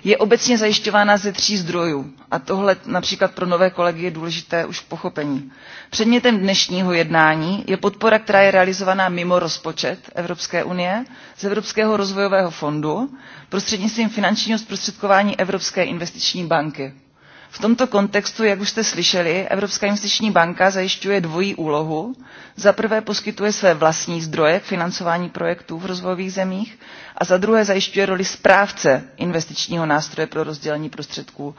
Je obecně zajišťována ze tří zdrojů a tohle například pro nové kolegy je důležité už pochopení. Předmětem dnešního jednání je podpora, která je realizovaná mimo rozpočet Evropské unie z Evropského rozvojového fondu prostřednictvím finančního zprostředkování Evropské investiční banky v tomto kontextu, jak už jste slyšeli, Evropská investiční banka zajišťuje dvojí úlohu. Za prvé poskytuje své vlastní zdroje k financování projektů v rozvojových zemích a za druhé zajišťuje roli správce investičního nástroje pro rozdělení prostředků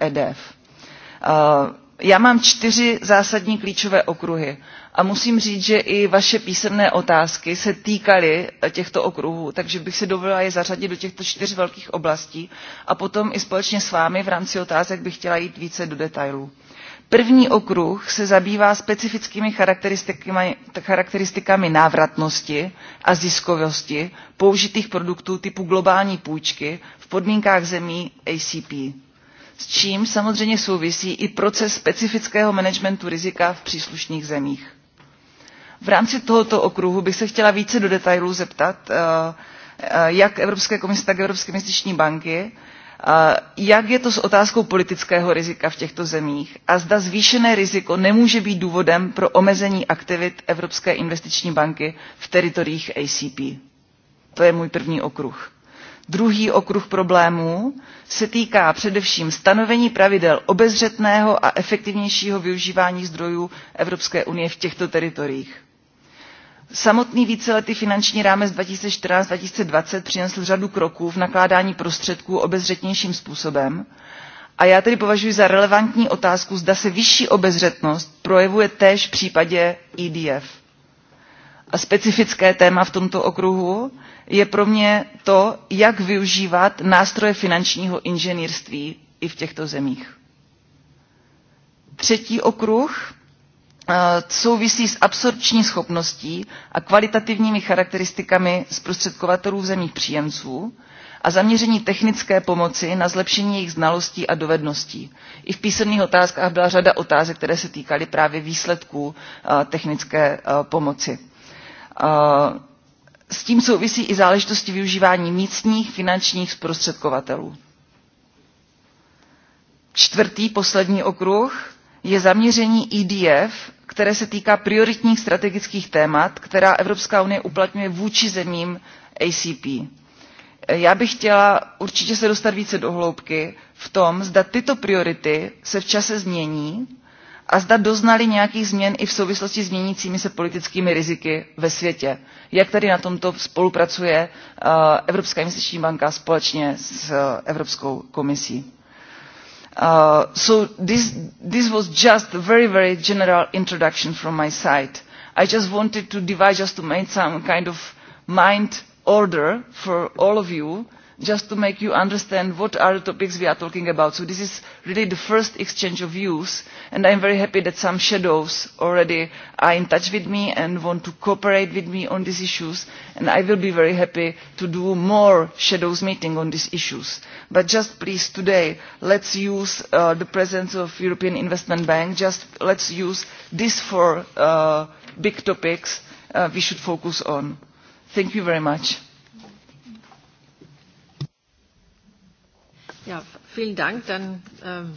EDF eh, e eh, já mám čtyři zásadní klíčové okruhy a musím říct že i vaše písemné otázky se týkaly eh, těchto okruhů takže bych si dovolila je zařadit do těchto čtyř velkých oblastí a potom i společně s vámi v rámci otázek bych chtěla jít více do detailů. První okruh se zabývá specifickými charakteristikami, charakteristikami návratnosti a ziskovosti použitých produktů typu globální půjčky v podmínkách zemí ACP s čím samozřejmě souvisí i proces specifického managementu rizika v příslušných zemích. V rámci tohoto okruhu bych se chtěla více do detailů zeptat, eh, eh, jak Evropské komise, tak Evropské investiční banky, eh, jak je to s otázkou politického rizika v těchto zemích a zda zvýšené riziko nemůže být důvodem pro omezení aktivit Evropské investiční banky v teritoriích ACP. To je můj první okruh. Druhý okruh problémů se týká především stanovení pravidel obezřetného a efektivnějšího využívání zdrojů Evropské unie v těchto teritoriích. Samotný víceletý finanční rámec 2014-2020 přinesl řadu kroků v nakládání prostředků obezřetnějším způsobem a já tedy považuji za relevantní otázku, zda se vyšší obezřetnost projevuje též v případě EDF specifické téma v tomto okruhu je pro mě to, jak využívat nástroje finančního inženýrství i v těchto zemích. Třetí okruh eh, souvisí s absorpční schopností a kvalitativními charakteristikami zprostředkovatelů v zemích příjemců a zaměření technické pomoci na zlepšení jejich znalostí a dovedností. I v písemných otázkách byla řada otázek, které se týkaly právě výsledků eh, technické eh, pomoci. S tím souvisí i záležitosti využívání místních finančních zprostředkovatelů. Čtvrtý, poslední okruh je zaměření EDF, které se týká prioritních strategických témat, která Evropská unie uplatňuje vůči zemím ACP. Já bych chtěla určitě se dostat více do hloubky v tom, zda tyto priority se v čase změní a zda doznali nějakých změn i v souvislosti s měnícími se politickými riziky ve světě. Jak tady na tomto spolupracuje eh, Evropská investiční banka společně s eh, Evropskou komisí? Uh, so this, this was just a very, very general introduction from my side. I just wanted to divide, just to make some kind of mind order for all of you just to make you understand what are the topics we are talking about. So this is really the first exchange of views, and I'm very happy that some shadows already are in touch with me and want to cooperate with me on these issues, and I will be very happy to do more shadows meeting on these issues. But just please today, let's use uh, the presence of European Investment Bank, just let's use these four uh, big topics uh, we should focus on. Thank you very much. Ja, vielen Dank. Dann, ähm,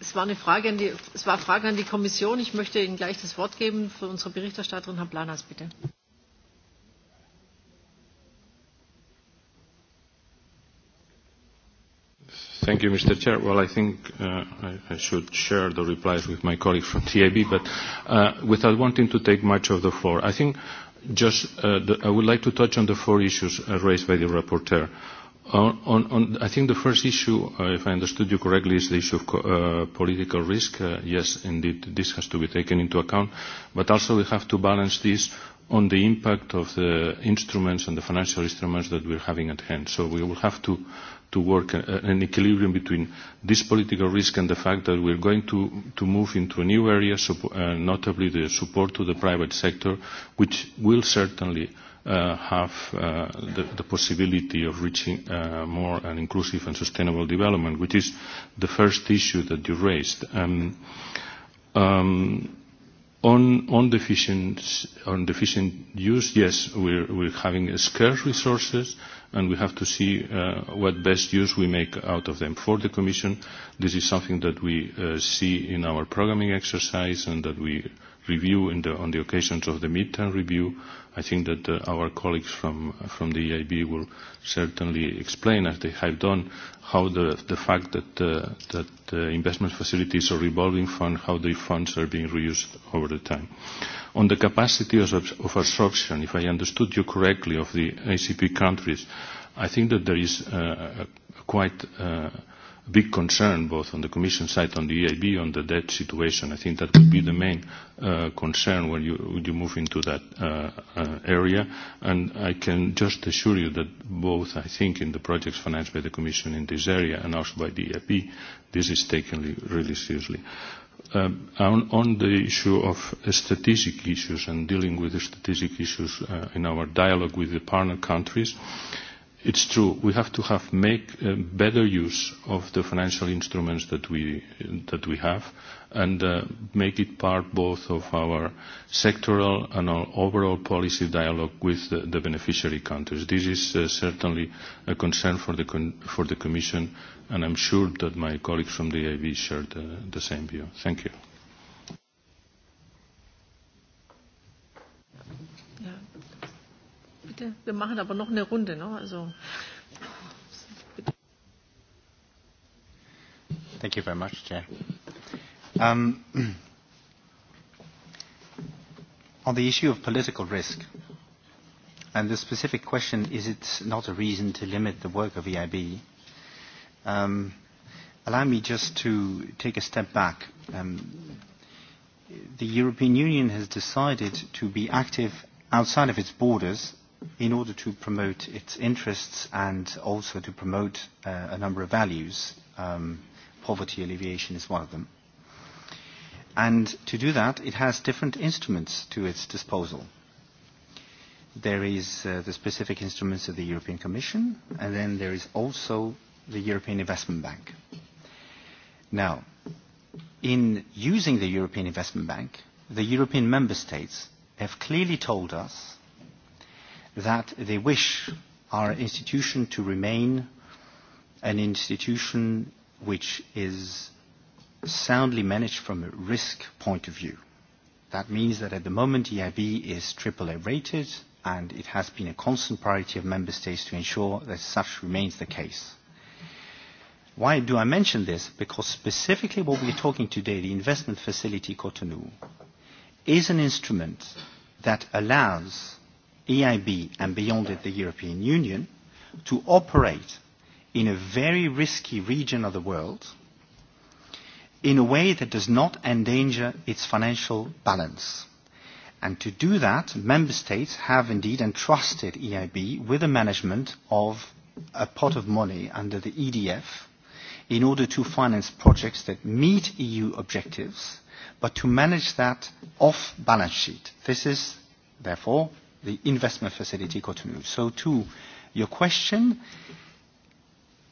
es, war eine Frage an die, es war eine Frage an die Kommission. Ich möchte Ihnen gleich das Wort geben für unsere Berichterstatterin, Herr Planas, bitte. Thank you, Mr. Chair. Well, I think uh, I, I should share the replies with my colleague from TAB, but uh, without wanting to take much of the floor, I think just uh, the, I would like to touch on the four issues uh, raised by the rapporteur. Uh, on, on, on, I think the first issue, uh, if I understood you correctly, is the issue of co uh, political risk. Uh, yes, indeed, this has to be taken into account. But also we have to balance this on the impact of the instruments and the financial instruments that we're having at hand. So we will have to, to work uh, an equilibrium between this political risk and the fact that we're going to, to move into a new area, uh, notably the support to the private sector, which will certainly uh, have uh, the, the possibility of reaching uh, more an inclusive and sustainable development, which is the first issue that you raised. Um, um, on, on, deficient, on deficient use, yes, we're, we're having scarce resources and we have to see uh, what best use we make out of them. For the Commission, this is something that we uh, see in our programming exercise and that we review in the, on the occasions of the midterm review i think that uh, our colleagues from, from the EIB will certainly explain, as they have done, how the, the fact that, uh, that uh, investment facilities are revolving fund, how the funds are being reused over the time. On the capacity of, of absorption, if I understood you correctly, of the ACP countries, I think that there is uh, a quite uh, big concern both on the Commission side, on the EIB, on the debt situation. I think that would be the main uh, concern when you, when you move into that uh, uh, area. And I can just assure you that both, I think, in the projects financed by the Commission in this area and also by the EIB, this is taken really seriously. Um, on, on the issue of strategic issues and dealing with the strategic issues uh, in our dialogue with the partner countries, uh, It's true, we have to have make uh, better use of the financial instruments that we, that we have and uh, make it part both of our sectoral and our overall policy dialogue with the, the beneficiary countries. This is uh, certainly a concern for the, con for the Commission and I'm sure that my colleagues from the EIB share the, uh, the same view. Thank you. bitte. Wir machen aber noch eine Runde, ne? Also. Bitte. Thank you very much, Chair. Um, *clears throat* on the issue of political risk, and the specific question is it not a reason to limit the work of EIB? Um, allow me just to take a step back. Um, the European Union has decided to be active outside of its borders in order to promote its interests and also to promote uh, a number of values. Um, poverty alleviation is one of them. And to do that, it has different instruments to its disposal. There is uh, the specific instruments of the European Commission, and then there is also the European Investment Bank. Now, in using the European Investment Bank, the European member states have clearly told us that they wish our institution to remain an institution which is soundly managed from a risk point of view. That means that at the moment EIB is AAA rated and it has been a constant priority of member states to ensure that such remains the case. Why do I mention this? Because specifically what we're talking today, the investment facility Cotonou, is an instrument that allows EIB and beyond it the European Union to operate in a very risky region of the world in a way that does not endanger its financial balance. And to do that, member states have indeed entrusted EIB with the management of a pot of money under the EDF in order to finance projects that meet EU objectives, but to manage that off balance sheet. This is, therefore, the investment facility Cotonou. So to your question,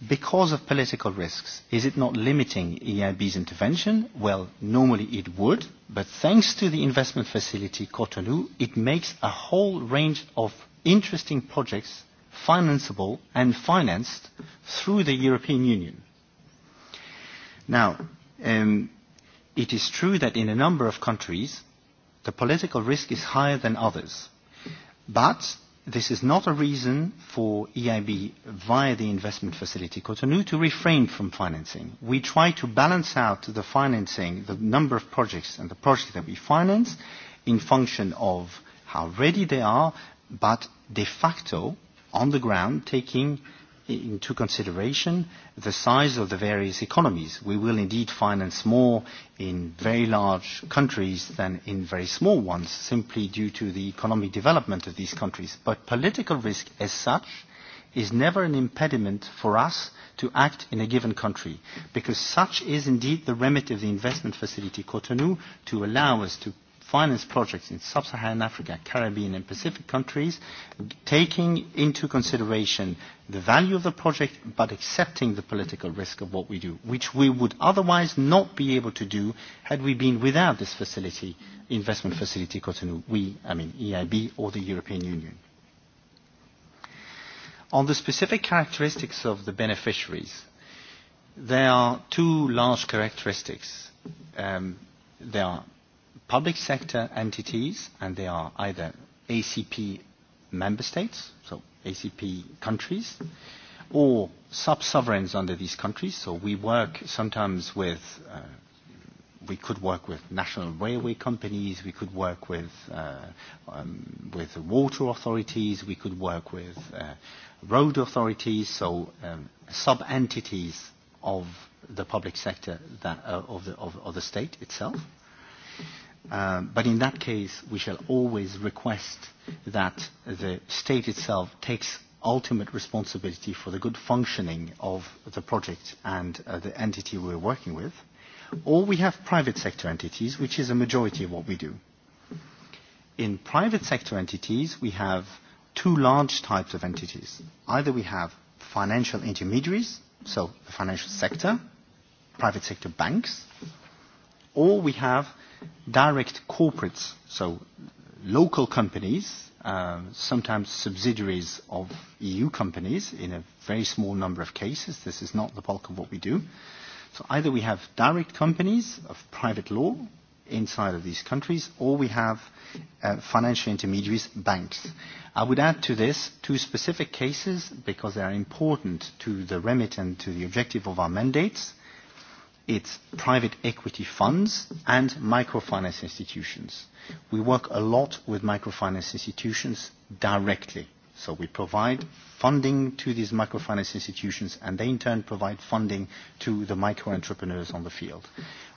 because of political risks, is it not limiting EIB's intervention? Well, normally it would, but thanks to the investment facility Cotonou, it makes a whole range of interesting projects financeable and financed through the European Union. Now, um, it is true that in a number of countries, the political risk is higher than others. But this is not a reason for EIB via the investment facility Cotonou to refrain from financing. We try to balance out the financing, the number of projects and the projects that we finance in function of how ready they are, but de facto on the ground taking into consideration the size of the various economies. We will indeed finance more in very large countries than in very small ones, simply due to the economic development of these countries. But political risk as such is never an impediment for us to act in a given country, because such is indeed the remit of the investment facility Cotonou to allow us to finance projects in sub-Saharan Africa, Caribbean and Pacific countries, taking into consideration the value of the project but accepting the political risk of what we do, which we would otherwise not be able to do had we been without this facility, investment facility Cotonou, we, I mean EIB or the European Union. On the specific characteristics of the beneficiaries, there are two large characteristics. Um, there are public sector entities, and they are either ACP member states, so ACP countries, or sub-sovereigns under these countries. So we work sometimes with, uh, we could work with national railway companies, we could work with, uh, um, with water authorities, we could work with uh, road authorities, so um, sub-entities of the public sector that, uh, of, the, of, of the state itself. Uh, but in that case, we shall always request that the state itself takes ultimate responsibility for the good functioning of the project and uh, the entity we're working with. Or we have private sector entities, which is a majority of what we do. In private sector entities, we have two large types of entities. Either we have financial intermediaries, so the financial sector, private sector banks, or we have direct corporates, so local companies, uh, sometimes subsidiaries of EU companies in a very small number of cases. This is not the bulk of what we do. So either we have direct companies of private law inside of these countries, or we have uh, financial intermediaries, banks. I would add to this two specific cases because they are important to the remit and to the objective of our mandates it's private equity funds and microfinance institutions. We work a lot with microfinance institutions directly. So we provide funding to these microfinance institutions and they in turn provide funding to the micro entrepreneurs on the field.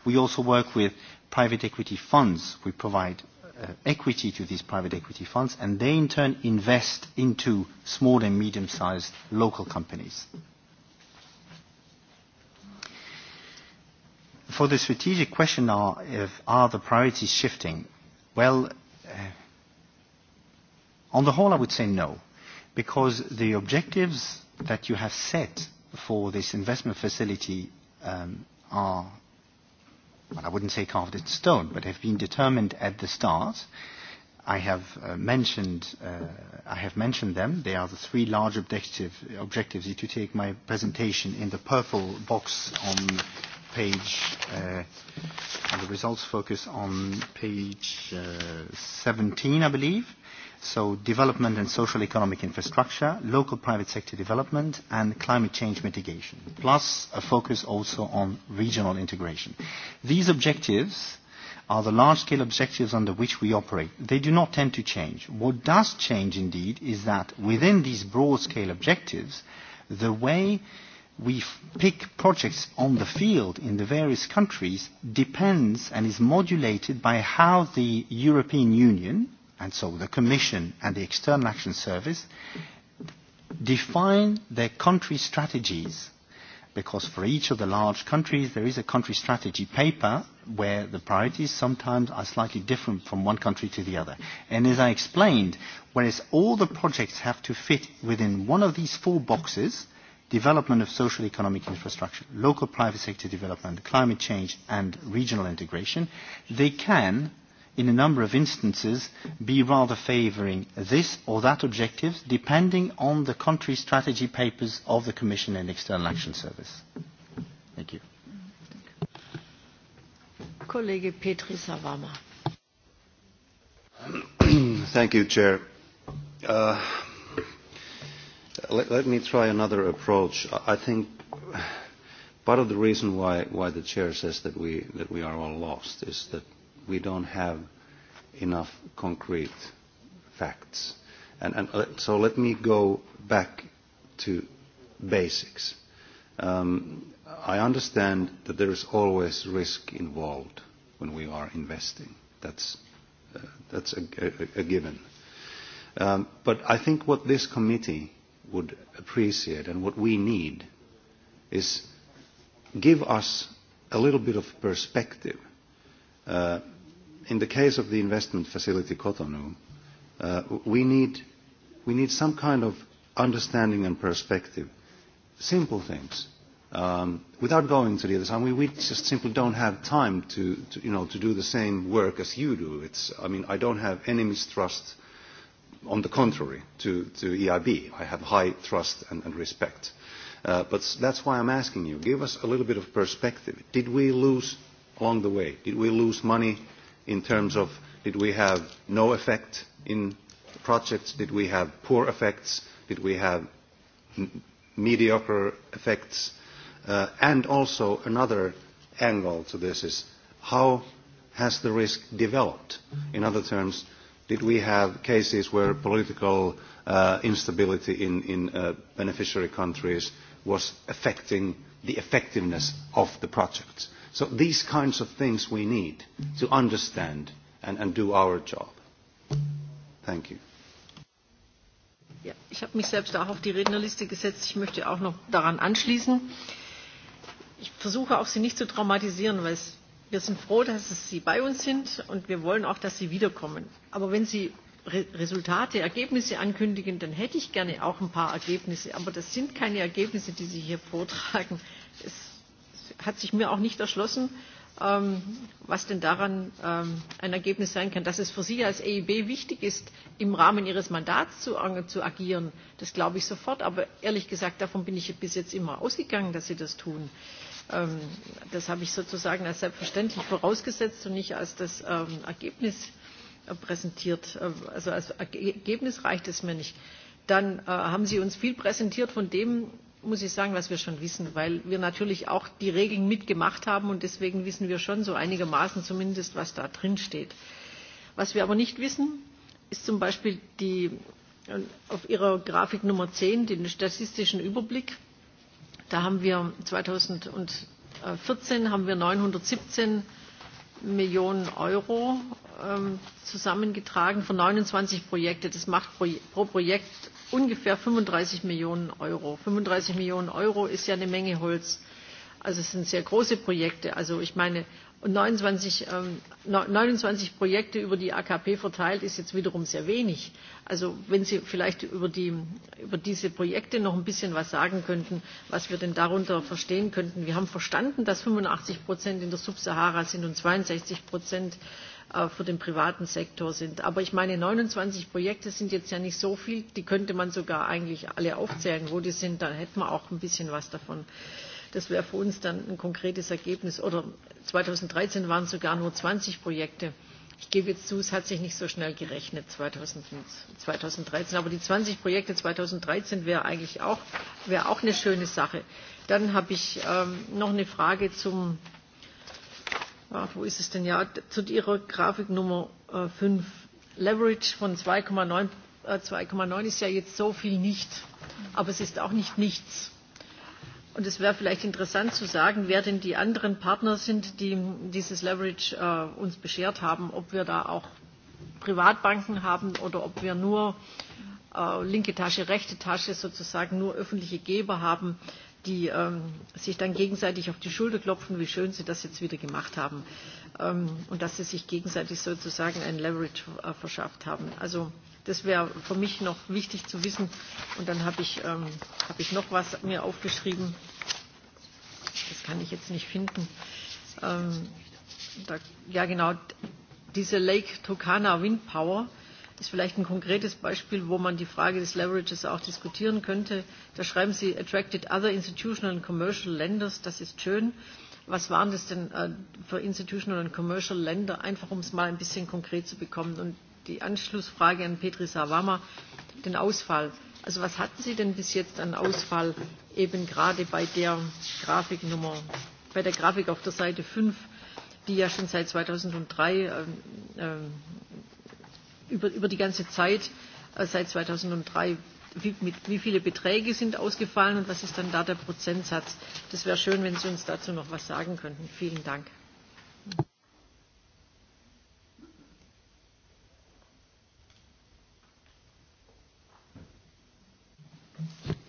We also work with private equity funds. We provide uh, equity to these private equity funds and they in turn invest into small and medium sized local companies. for the strategic question are, if, are the priorities shifting? Well, uh, on the whole, I would say no, because the objectives that you have set for this investment facility um, are, well, I wouldn't say carved in stone, but have been determined at the start. I have uh, mentioned uh, I have mentioned them. They are the three large objective, objectives. If you take my presentation in the purple box on page, uh, and the results focus on page uh, 17, I believe. So development and social economic infrastructure, local private sector development, and climate change mitigation, plus a focus also on regional integration. These objectives are the large-scale objectives under which we operate. They do not tend to change. What does change, indeed, is that within these broad-scale objectives, the way we pick projects on the field in the various countries depends and is modulated by how the European Union, and so the Commission and the External Action Service, define their country strategies. Because for each of the large countries, there is a country strategy paper where the priorities sometimes are slightly different from one country to the other. And as I explained, whereas all the projects have to fit within one of these four boxes, development of social economic infrastructure, local private sector development, climate change and regional integration, they can, in a number of instances, be rather favouring this or that objective depending on the country strategy papers of the Commission and External Action Service. Thank you. Colleague Petri Savama. Thank you, Chair. Uh, let, let me try another approach. I think part of the reason why, why the chair says that we, that we are all lost is that we don't have enough concrete facts. And, and uh, so let me go back to basics. Um, I understand that there is always risk involved when we are investing. That's, uh, that's a, a, a given. Um, but I think what this committee would appreciate and what we need is give us a little bit of perspective. Uh, in the case of the investment facility Cotonou, uh, we, need, we need some kind of understanding and perspective. Simple things. Um, without going to the other side, we, we just simply don't have time to, to, you know, to do the same work as you do. It's, I mean, I don't have any mistrust on the contrary to, to EIB. I have high trust and, and respect. Uh, but that's why I'm asking you, give us a little bit of perspective. Did we lose along the way? Did we lose money in terms of did we have no effect in projects? Did we have poor effects? Did we have m mediocre effects? Uh, and also another angle to this is how has the risk developed? In other terms, did we have cases where political uh, instability in, in uh, beneficiary countries was affecting the effectiveness of the projects. So these kinds of things we need to understand and, and do our job. Thank you. Ja, ich habe mich selbst auch auf die Rednerliste gesetzt. Ich möchte auch noch daran anschließen. Ich versuche auch, Sie nicht zu traumatisieren, weil es Wir sind froh, dass Sie bei uns sind und wir wollen auch, dass Sie wiederkommen. Aber wenn Sie Resultate, Ergebnisse ankündigen, dann hätte ich gerne auch ein paar Ergebnisse. Aber das sind keine Ergebnisse, die Sie hier vortragen. Es hat sich mir auch nicht erschlossen, ähm, was denn daran ähm, ein Ergebnis sein kann. Dass es für Sie als EIB wichtig ist, im Rahmen Ihres Mandats zu, agieren, das glaube ich sofort. Aber ehrlich gesagt, davon bin ich bis jetzt immer ausgegangen, dass Sie das tun. Ähm, das habe ich sozusagen als selbstverständlich vorausgesetzt und nicht als das ähm, Ergebnis äh, präsentiert. Ähm, also als Ergebnis reicht es mir nicht. Dann äh, haben Sie uns viel präsentiert von dem, muss ich sagen, was wir schon wissen, weil wir natürlich auch die Regeln mitgemacht haben und deswegen wissen wir schon so einigermaßen zumindest, was da drin steht. Was wir aber nicht wissen, ist zum Beispiel die, äh, auf Ihrer Grafik Nummer 10 den statistischen Überblick Da haben wir 2014 haben wir 917 Millionen Euro ähm, zusammengetragen für 29 Projekte. Das macht pro, pro Projekt ungefähr 35 Millionen Euro. 35 Millionen Euro ist ja eine Menge Holz. Also es sind sehr große Projekte. Also ich meine, Und 29, ähm, 29 Projekte über die AKP verteilt ist jetzt wiederum sehr wenig. Also wenn Sie vielleicht über, die, über diese Projekte noch ein bisschen was sagen könnten, was wir denn darunter verstehen könnten. Wir haben verstanden, dass 85 Prozent in der Subsahara sind und 62 Prozent äh, für den privaten Sektor sind. Aber ich meine, 29 Projekte sind jetzt ja nicht so viel. Die könnte man sogar eigentlich alle aufzählen, wo die sind. Dann hätten wir auch ein bisschen was davon. Das wäre für uns dann ein konkretes Ergebnis. Oder 2013 waren sogar nur 20 Projekte. Ich gebe jetzt zu, es hat sich nicht so schnell gerechnet 2013. Aber die 20 Projekte 2013 wäre eigentlich auch, wäre auch eine schöne Sache. Dann habe ich ähm, noch eine Frage zum, ach, wo ist es denn ja, zu Ihrer Grafik Nummer äh, 5. Leverage von 2,9 äh, 2,9 ist ja jetzt so viel nicht, aber es ist auch nicht nichts. Und es wäre vielleicht interessant zu sagen, wer denn die anderen Partner sind, die dieses Leverage äh, uns beschert haben, ob wir da auch Privatbanken haben oder ob wir nur äh, linke Tasche, rechte Tasche sozusagen nur öffentliche Geber haben, die ähm, sich dann gegenseitig auf die Schulter klopfen, wie schön sie das jetzt wieder gemacht haben ähm, und dass sie sich gegenseitig sozusagen ein Leverage äh, verschafft haben. Also Das wäre für mich noch wichtig zu wissen. Und dann habe ich, ähm, hab ich noch was mir aufgeschrieben. Das kann ich jetzt nicht finden. Ähm, da, ja, genau. Diese Lake Tokana Wind Power ist vielleicht ein konkretes Beispiel, wo man die Frage des Leverages auch diskutieren könnte. Da schreiben Sie, attracted other institutional and commercial lenders. Das ist schön. Was waren das denn äh, für institutional und commercial Länder? Einfach um es mal ein bisschen konkret zu bekommen. Und die Anschlussfrage an Petri Savama, den Ausfall. Also was hatten Sie denn bis jetzt an Ausfall eben gerade bei der Grafiknummer, bei der Grafik auf der Seite 5, die ja schon seit 2003 äh, ähm, über, über die ganze Zeit äh, seit 2003 wie, mit, wie viele Beträge sind ausgefallen und was ist dann da der Prozentsatz? Das wäre schön, wenn Sie uns dazu noch was sagen könnten. Vielen Dank.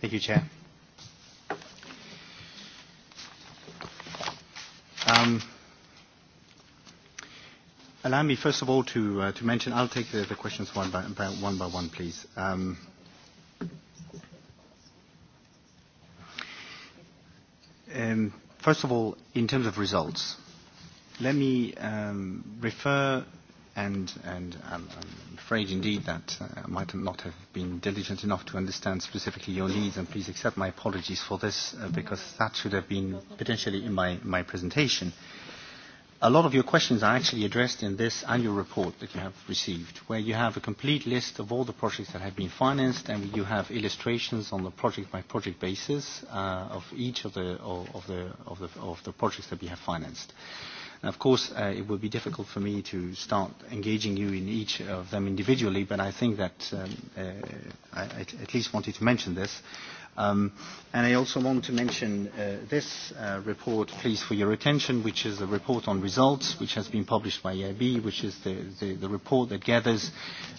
Thank you, Chair. Um, allow me first of all to, uh, to mention, I'll take the, the questions one by, by one by one, please. Um, um, first of all, in terms of results, let me um, refer and, and um, um, afraid indeed that uh, I might not have been diligent enough to understand specifically your needs, and please accept my apologies for this, uh, because that should have been potentially in my, my presentation. A lot of your questions are actually addressed in this annual report that you have received, where you have a complete list of all the projects that have been financed, and you have illustrations on the project-by-project -project basis uh, of each of the, of, the, of, the, of the projects that we have financed. Uh, And of course, uh, it would be difficult for me to start engaging you in each of them individually, but I think that um, uh, I, I at least wanted to mention this. Um, and I also want to mention uh, this uh, report, please, for your attention, which is a report on results, which has been published by EIB, which is the, the, the report that gathers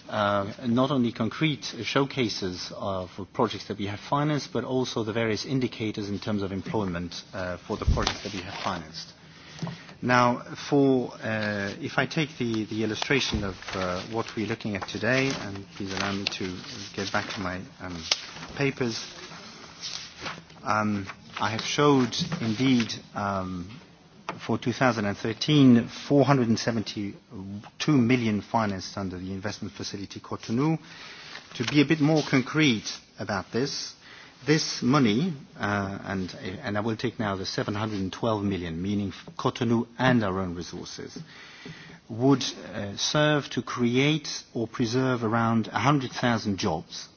uh, not only concrete showcases of projects that we have financed, but also the various indicators in terms of employment uh, for the projects that we have financed. Now, for, uh, if I take the, the illustration of uh, what we're looking at today, and please allow me to get back to my um, papers, um, I have showed indeed um, for 2013 472 million financed under the investment facility Cotonou. To be a bit more concrete about this, This money, uh, and, and I will take now the 712 million, meaning Cotonou and our own resources, would uh, serve to create or preserve around 100,000 jobs,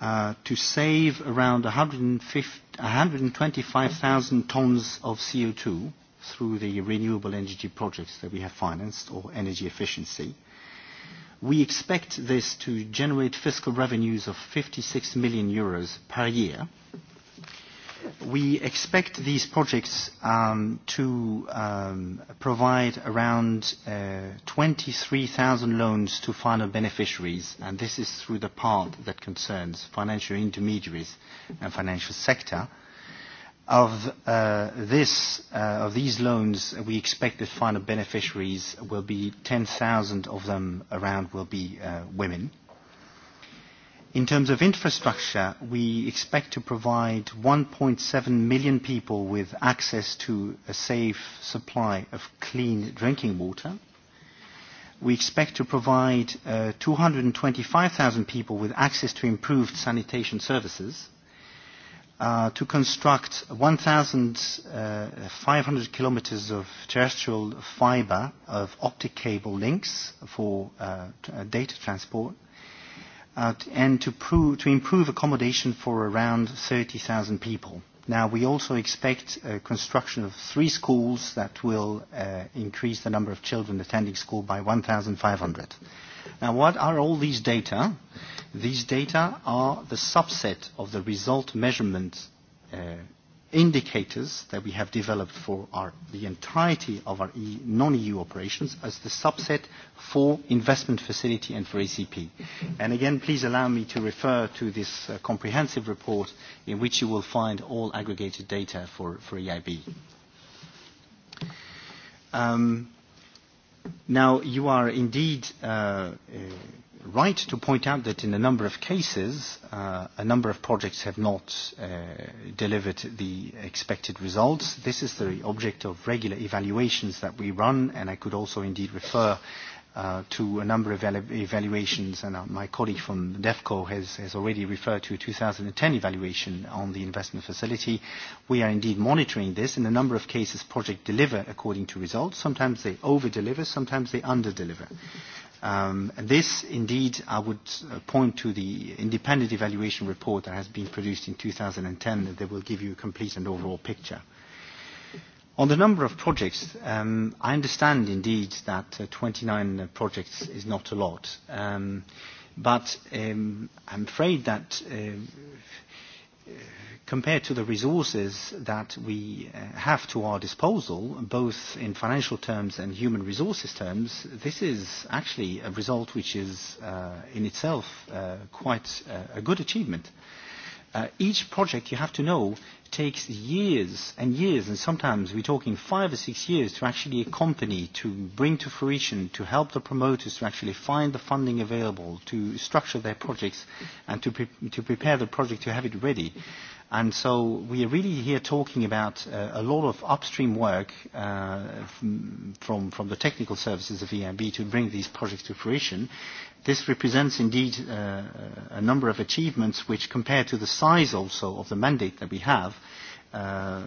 uh, to save around 125,000 tons of CO2 through the renewable energy projects that we have financed or energy efficiency, uh, We expect this to generate fiscal revenues of 56 million euros per year. We expect these projects um, to um, provide around uh, 23,000 loans to final beneficiaries, and this is through the part that concerns financial intermediaries and financial sector Of, uh, this, uh, of these loans, we expect that final beneficiaries will be 10,000 of them around will be uh, women. In terms of infrastructure, we expect to provide 1.7 million people with access to a safe supply of clean drinking water. We expect to provide uh, 225,000 people with access to improved sanitation services uh, to construct 1,500 uh, kilometers of terrestrial fiber of optic cable links for uh, uh data transport uh, and to, prove, to improve accommodation for around 30,000 people. Now, we also expect uh, construction of three schools that will uh, increase the number of children attending school by 1,500. Now, what are all these data? These data are the subset of the result measurement uh, indicators that we have developed for our, the entirety of our e, non-EU operations as the subset for investment facility and for ACP. And again, please allow me to refer to this uh, comprehensive report in which you will find all aggregated data for, for EIB. Um, Now, you are indeed uh, uh, right to point out that in a number of cases, uh, a number of projects have not uh, delivered the expected results. This is the object of regular evaluations that we run, and I could also indeed refer uh, to a number of evalu evaluations, and uh, my colleague from DEFCO has, has already referred to a 2010 evaluation on the investment facility. We are indeed monitoring this. In a number of cases, projects deliver according to results. Sometimes they over-deliver, sometimes they under-deliver. Um, and this, indeed, I would uh, point to the independent evaluation report that has been produced in 2010 that will give you a complete and overall picture. On the number of projects, um, I understand indeed that uh, 29 uh, projects is not a lot. Um, but um, I'm afraid that uh, uh, compared to the resources that we uh, have to our disposal, both in financial terms and human resources terms, this is actually a result which is uh, in itself uh, quite uh, a good achievement. Uh, Uh, each project, you have to know, takes years and years, and sometimes we're talking five or six years to actually accompany, to bring to fruition, to help the promoters to actually find the funding available, to structure their projects, and to, pre- to prepare the project to have it ready. And so we are really here talking about uh, a lot of upstream work uh, from, from the technical services of EIB to bring these projects to fruition. This represents indeed uh, a number of achievements which, compared to the size also of the mandate that we have, uh,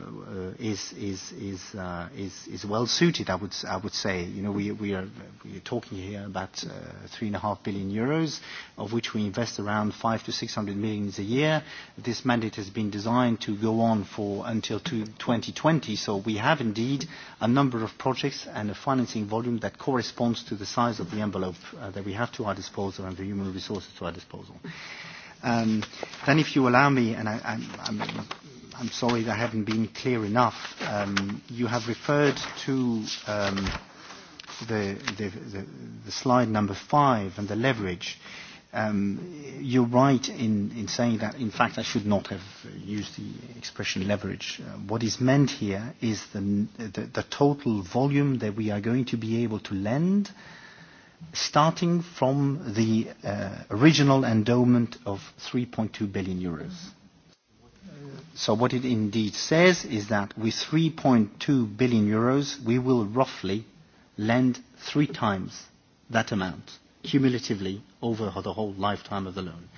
is, is, is, uh, is, is well suited, I would, I would say. You know, we, we, are, we are talking here about uh, three and a half billion euros, of which we invest around five to six hundred million a year. This mandate has been designed to go on for until 2020, so we have indeed a number of projects and a financing volume that corresponds to the size of the envelope uh, that we have to our disposal and the human resources to our disposal. Um, then if you allow me, and I, I'm, I'm I'm sorry that I haven't been clear enough. Um, you have referred to um, the, the, the, the slide number five and the leverage. Um, you're right in, in saying that, in fact, I should not have used the expression leverage. Uh, what is meant here is the, the, the total volume that we are going to be able to lend starting from the uh, original endowment of 3.2 billion euros. Mm-hmm. So what it indeed says is that with 3.2 billion euros, we will roughly lend three times that amount cumulatively over the whole lifetime of the loan.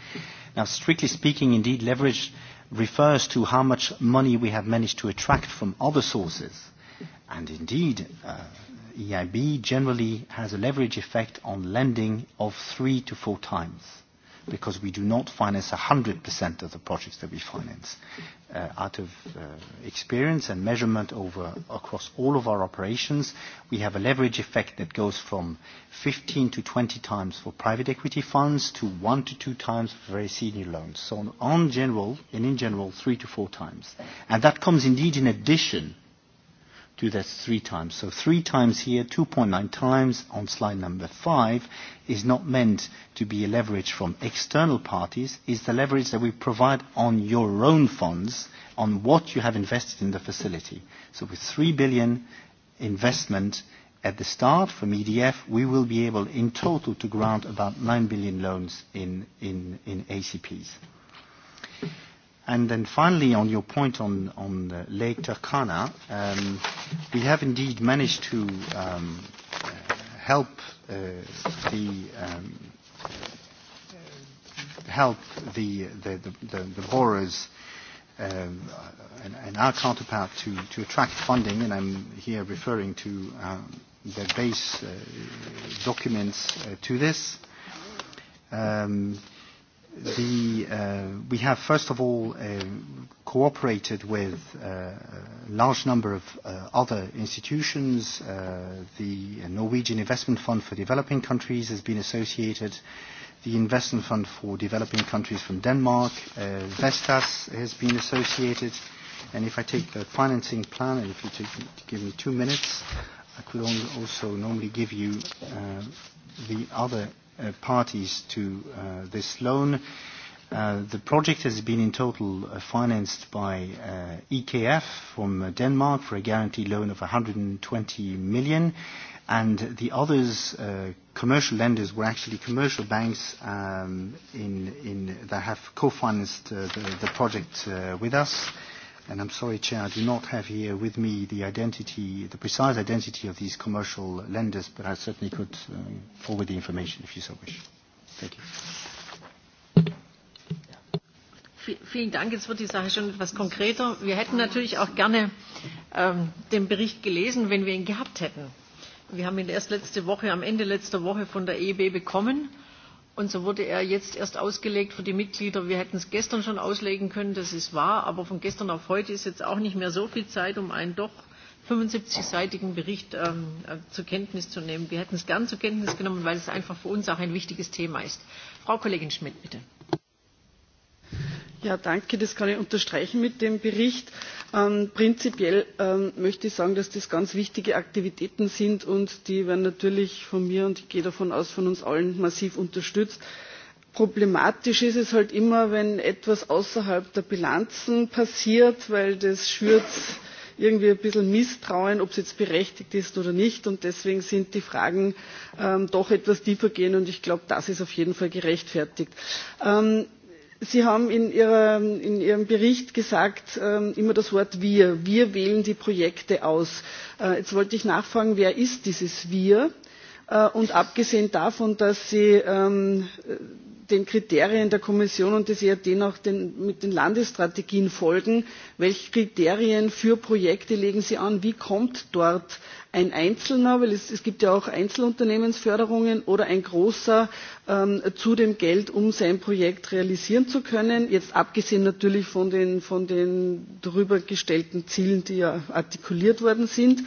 Now, strictly speaking, indeed, leverage refers to how much money we have managed to attract from other sources. And indeed, uh, EIB generally has a leverage effect on lending of three to four times because we do not finance 100% of the projects that we finance. Uh, out of uh, experience and measurement over across all of our operations, we have a leverage effect that goes from 15 to 20 times for private equity funds to one to two times for very senior loans. So on, on general, and in general, three to four times. And that comes indeed in addition do that three times. So three times here, 2.9 times on slide number five is not meant to be a leverage from external parties, is the leverage that we provide on your own funds, on what you have invested in the facility. So with 3 billion investment at the start from EDF, we will be able in total to grant about 9 billion loans in, in, in ACPs. And then finally, on your point on, on Lake Turkana, um, we have indeed managed to um, uh, help uh, the um, help the, the, the, the, the borrowers um, and, and our counterpart to, to attract funding, and I'm here referring to um, the base uh, documents uh, to this. Um, the, uh, we have first of all uh cooperated with uh, a large number of uh, other institutions. Uh, the Norwegian Investment Fund for Developing Countries has been associated. The Investment Fund for Developing Countries from Denmark, uh, Vestas, has been associated. And if I take the financing plan, and if you take, give me two minutes, I could also normally give you uh, the other Uh, parties to uh, this loan. Uh, the project has been in total uh, financed by uh, EKF from uh, Denmark for a guaranteed loan of 120 million, and the others, uh, commercial lenders, were actually commercial banks um, in, in, that have co-financed uh, the, the project uh, with us. Uh, and I'm sorry, Chair, I do not have here with me the identity, the precise identity of these commercial lenders, but I certainly could um, forward the information if you so wish. Thank you. Vielen Dank. Jetzt wird die Sache schon etwas konkreter. Wir hätten natürlich auch gerne ähm, den Bericht gelesen, wenn wir ihn gehabt hätten. Wir haben ihn erst letzte Woche, am Ende letzter Woche von der EIB e bekommen. Und so wurde er jetzt erst ausgelegt für die Mitglieder. Wir hätten es gestern schon auslegen können, das ist wahr, aber von gestern auf heute ist jetzt auch nicht mehr so viel Zeit, um einen doch 75-seitigen Bericht ähm, äh, zur Kenntnis zu nehmen. Wir hätten es gern zur Kenntnis genommen, weil es einfach für uns auch ein wichtiges Thema ist. Frau Kollegin Schmidt, bitte danke, das kann ich unterstreichen mit dem Bericht. Ähm, prinzipiell ähm, möchte ich sagen, dass das ganz wichtige Aktivitäten sind und die werden natürlich von mir und ich gehe davon aus, von uns allen massiv unterstützt. Problematisch ist es halt immer, wenn etwas außerhalb der Bilanzen passiert, weil das schürt irgendwie ein bisschen misstrauen ob es jetzt berechtigt ist oder nicht und deswegen sind die fragen ähm, doch etwas tiefer gehen, und ich glaube das ist auf jeden fall gerechtfertigt. Sie haben in, Ihrer, in Ihrem Bericht gesagt, äh, immer das Wort wir. Wir wählen die Projekte aus. Äh, jetzt wollte ich nachfragen, wer ist dieses wir? Äh, und abgesehen davon, dass Sie ähm, den kriterien der kommission und des ead auch mit den landesstrategien folgen welche kriterien für projekte legen sie an wie kommt dort ein einzelner denn es, gibt ja auch einzelunternehmensförderungen oder ein großer ähm, zu dem geld um sein projekt realisieren zu können jetzt abgesehen natürlich von den, von den darüber gestellten zielen die ja artikuliert worden sind?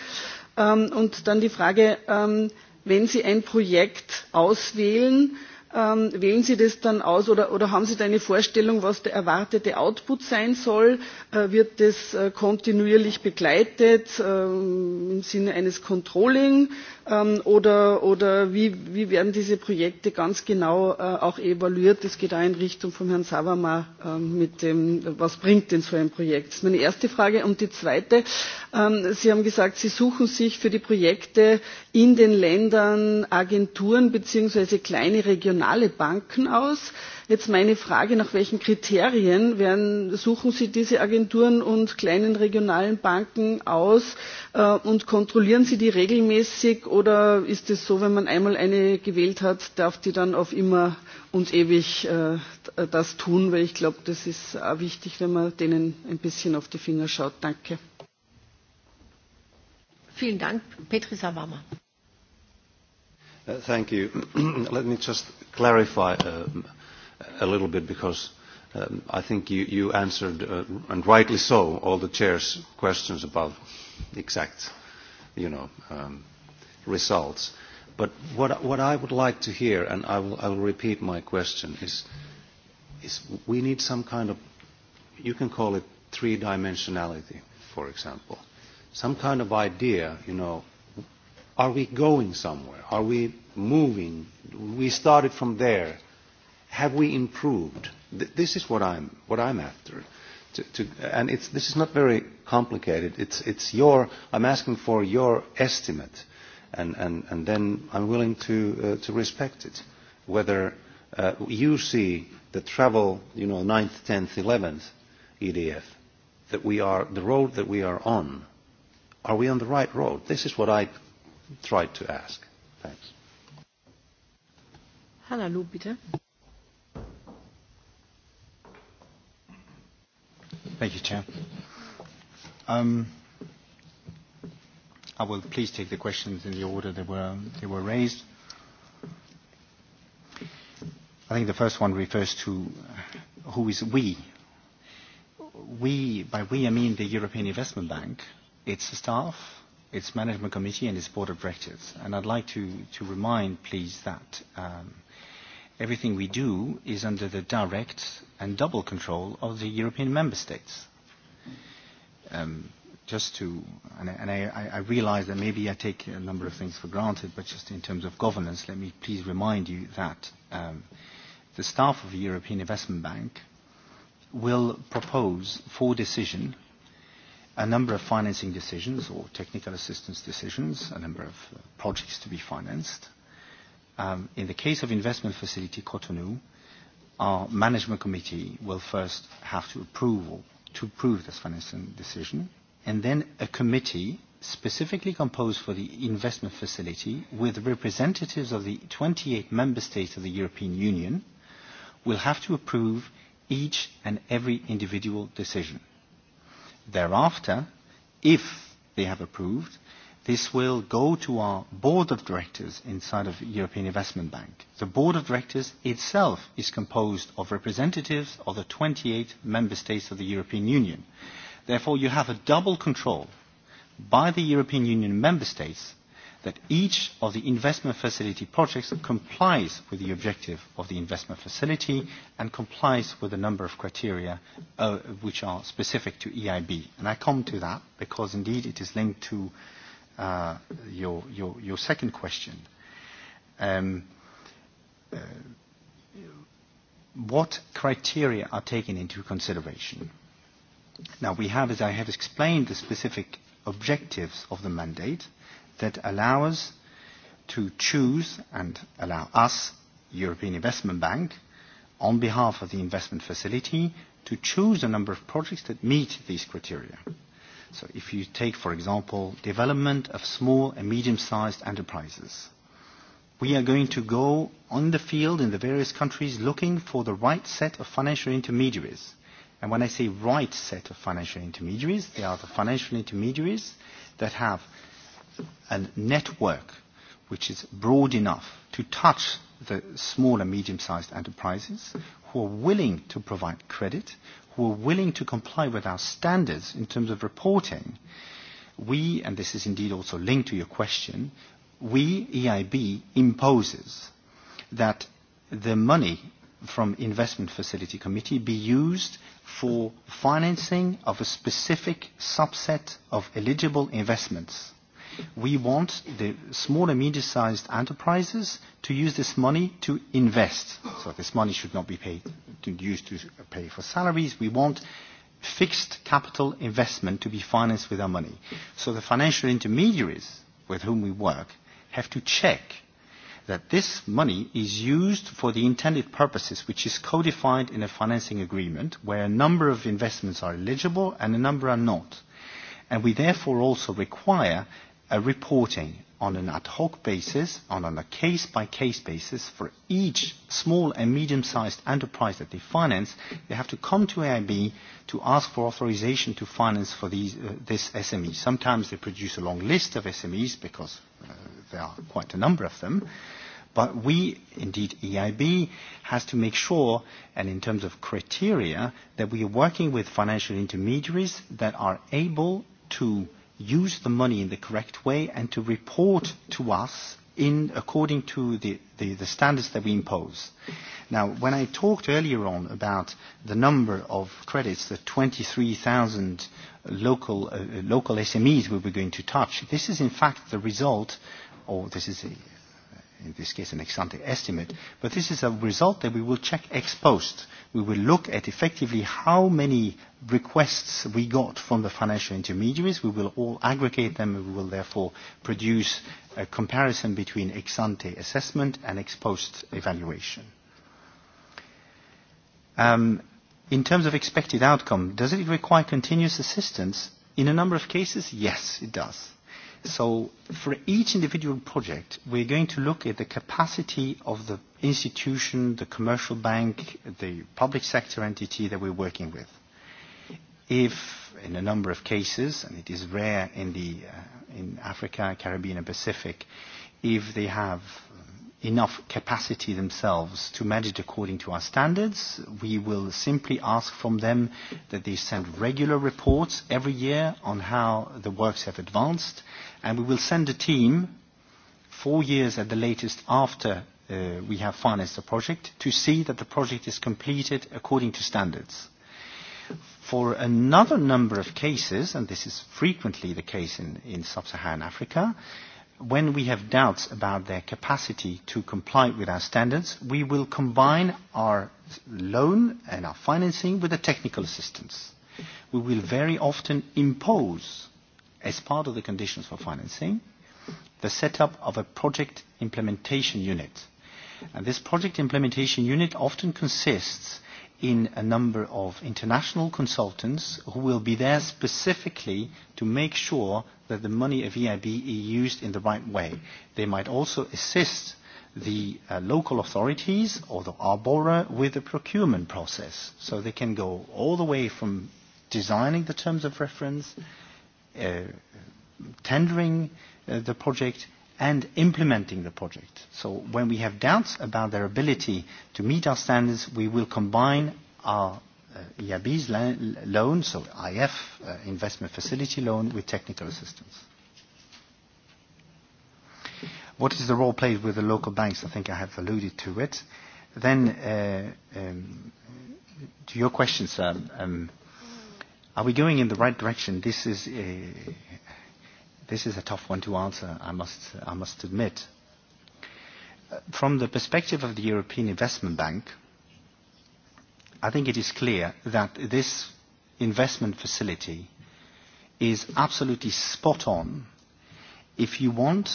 Ähm, und dann die frage ähm, wenn sie ein projekt auswählen Ähm, wählen Sie das dann aus oder, oder haben Sie da eine Vorstellung, was der erwartete Output sein soll? Äh, wird das äh, kontinuierlich begleitet ähm, im Sinne eines Controlling ähm, oder, oder wie, wie werden diese Projekte ganz genau äh, auch evaluiert? Das geht auch in Richtung von Herrn Savama mit dem, was bringt denn so ein Projekt? Das ist meine erste Frage. Und die zweite, Ähm, Sie haben gesagt, Sie suchen sich für die Projekte in den Ländern Agenturen bzw. kleine regionale Banken aus. Jetzt meine Frage, nach welchen Kriterien werden, suchen Sie diese Agenturen und kleinen regionalen Banken aus äh, und kontrollieren Sie die regelmäßig oder ist es so, wenn man einmal eine gewählt hat, darf die dann auf immer und ewig äh, das tun? Weil ich glaube, das ist auch äh, wichtig, wenn man denen ein bisschen auf die Finger schaut. Danke. Vielen Dank, Petri Savama. Uh, thank you. *clears throat* Let me just clarify uh, a little bit because um, I think you, you answered, uh, and rightly so, all the chair's questions about exact, you know, um, results. But what, what I would like to hear, and I will, I will repeat my question, is, is we need some kind of, you can call it three-dimensionality, for example some kind of idea, you know, are we going somewhere? Are we moving? We started from there. Have we improved? Th this is what I'm, what I'm after. To, to, and it's, this is not very complicated. It's, it's your, I'm asking for your estimate, and, and, and then I'm willing to, uh, to respect it. Whether uh, you see the travel, you know, 9th, 10th, 11th EDF, that we are, the road that we are on, Are we on the right road? This is what I tried to ask. Thanks. Hannah Lu, bitte. Thank you, Chair. Um, I will please take the questions in the order they were, they were raised. I think the first one refers to who is we. We, by we I mean the European Investment Bank, its staff, its management committee, and its board of directors. And I'd like to, to remind, please, that um, everything we do is under the direct and double control of the European member states. Um, just to, and, I, and I, I realize that maybe I take a number of things for granted, but just in terms of governance, let me please remind you that um, the staff of the European Investment Bank will propose for decision a number of financing decisions or technical assistance decisions, a number of uh, projects to be financed. Um, in the case of investment facility Cotonou, our management committee will first have to approve or to approve this financing decision, and then a committee specifically composed for the investment facility with representatives of the 28 member states of the European Union will have to approve each and every individual decision thereafter, if they have approved, this will go to our board of directors inside of European Investment Bank. The board of directors itself is composed of representatives of the 28 member states of the European Union. Therefore, you have a double control by the European Union member states that each of the investment facility projects complies with the objective of the investment facility and complies with a number of criteria uh, which are specific to EIB. And I come to that because indeed it is linked to uh, your, your, your second question. Um, uh, what criteria are taken into consideration? Now we have, as I have explained, the specific objectives of the mandate, that allow us to choose and allow us, European Investment Bank, on behalf of the investment facility, to choose a number of projects that meet these criteria. So if you take, for example, development of small and medium-sized enterprises, we are going to go on the field in the various countries looking for the right set of financial intermediaries. And when I say right set of financial intermediaries, they are the financial intermediaries that have a network which is broad enough to touch the small and medium-sized enterprises who are willing to provide credit, who are willing to comply with our standards in terms of reporting, we, and this is indeed also linked to your question, we, EIB, imposes that the money from Investment Facility Committee be used for financing of a specific subset of eligible investments We want the small and medium-sized enterprises to use this money to invest. So this money should not be paid to used to pay for salaries. We want fixed capital investment to be financed with our money. So the financial intermediaries with whom we work have to check that this money is used for the intended purposes, which is codified in a financing agreement where a number of investments are eligible and a number are not. And we therefore also require a reporting on an ad hoc basis, on a case-by-case -case basis for each small and medium-sized enterprise that they finance, they have to come to AIB to ask for authorization to finance for these, uh, this SME. Sometimes they produce a long list of SMEs because uh, there are quite a number of them. But we, indeed EIB, has to make sure, and in terms of criteria, that we are working with financial intermediaries that are able to uh, use the money in the correct way and to report to us in according to the, the, the standards that we impose. Now, when I talked earlier on about the number of credits, the 23,000 local, uh, local SMEs we were going to touch, this is in fact the result, or this is a, in this case an ex ante estimate, but this is a result that we will check ex post. We will look at effectively how many requests we got from the financial intermediaries. We will all aggregate them and we will therefore produce a comparison between ex ante assessment and ex post evaluation. Um, in terms of expected outcome, does it require continuous assistance? In a number of cases, yes, it does so for each individual project, we're going to look at the capacity of the institution, the commercial bank, the public sector entity that we're working with. If, in a number of cases, and it is rare in, the, uh, in Africa, Caribbean and Pacific, if they have enough capacity themselves to manage it according to our standards. We will simply ask from them that they send regular reports every year on how the works have advanced and we will send a team four years at the latest after uh, we have financed the project to see that the project is completed according to standards. For another number of cases, and this is frequently the case in, in sub-Saharan Africa, when we have doubts about their capacity to comply with our standards, we will combine our loan and our financing with the technical assistance. We will very often impose as part of the conditions for financing, the setup of a project implementation unit. And this project implementation unit often consists in a number of international consultants who will be there specifically to make sure that the money of EIB is used in the right way. They might also assist the uh, local authorities or the arbora with the procurement process. So they can go all the way from designing the terms of reference uh, tendering uh, the project and implementing the project. So when we have doubts about their ability to meet our standards, we will combine our uh, EIB's loan, so IF, uh, investment facility loan, with technical assistance. What is the role played with the local banks? I think I have alluded to it. Then, uh, um, to your question, sir, um, Are we going in the right direction? This is a, this is a tough one to answer, I must, I must admit. Uh, from the perspective of the European Investment Bank, I think it is clear that this investment facility is absolutely spot on if you want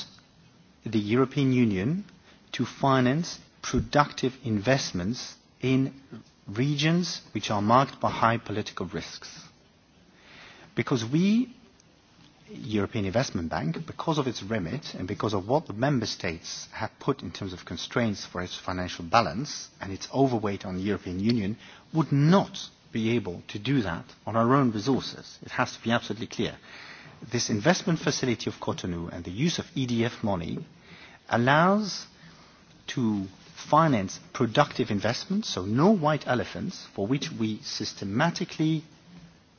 the European Union to finance productive investments in regions which are marked by high political risks. Because we, European Investment Bank, because of its remit and because of what the member states have put in terms of constraints for its financial balance and its overweight on the European Union, would not be able to do that on our own resources. It has to be absolutely clear. This investment facility of Cotonou and the use of EDF money allows to finance productive investments, so no white elephants, for which we systematically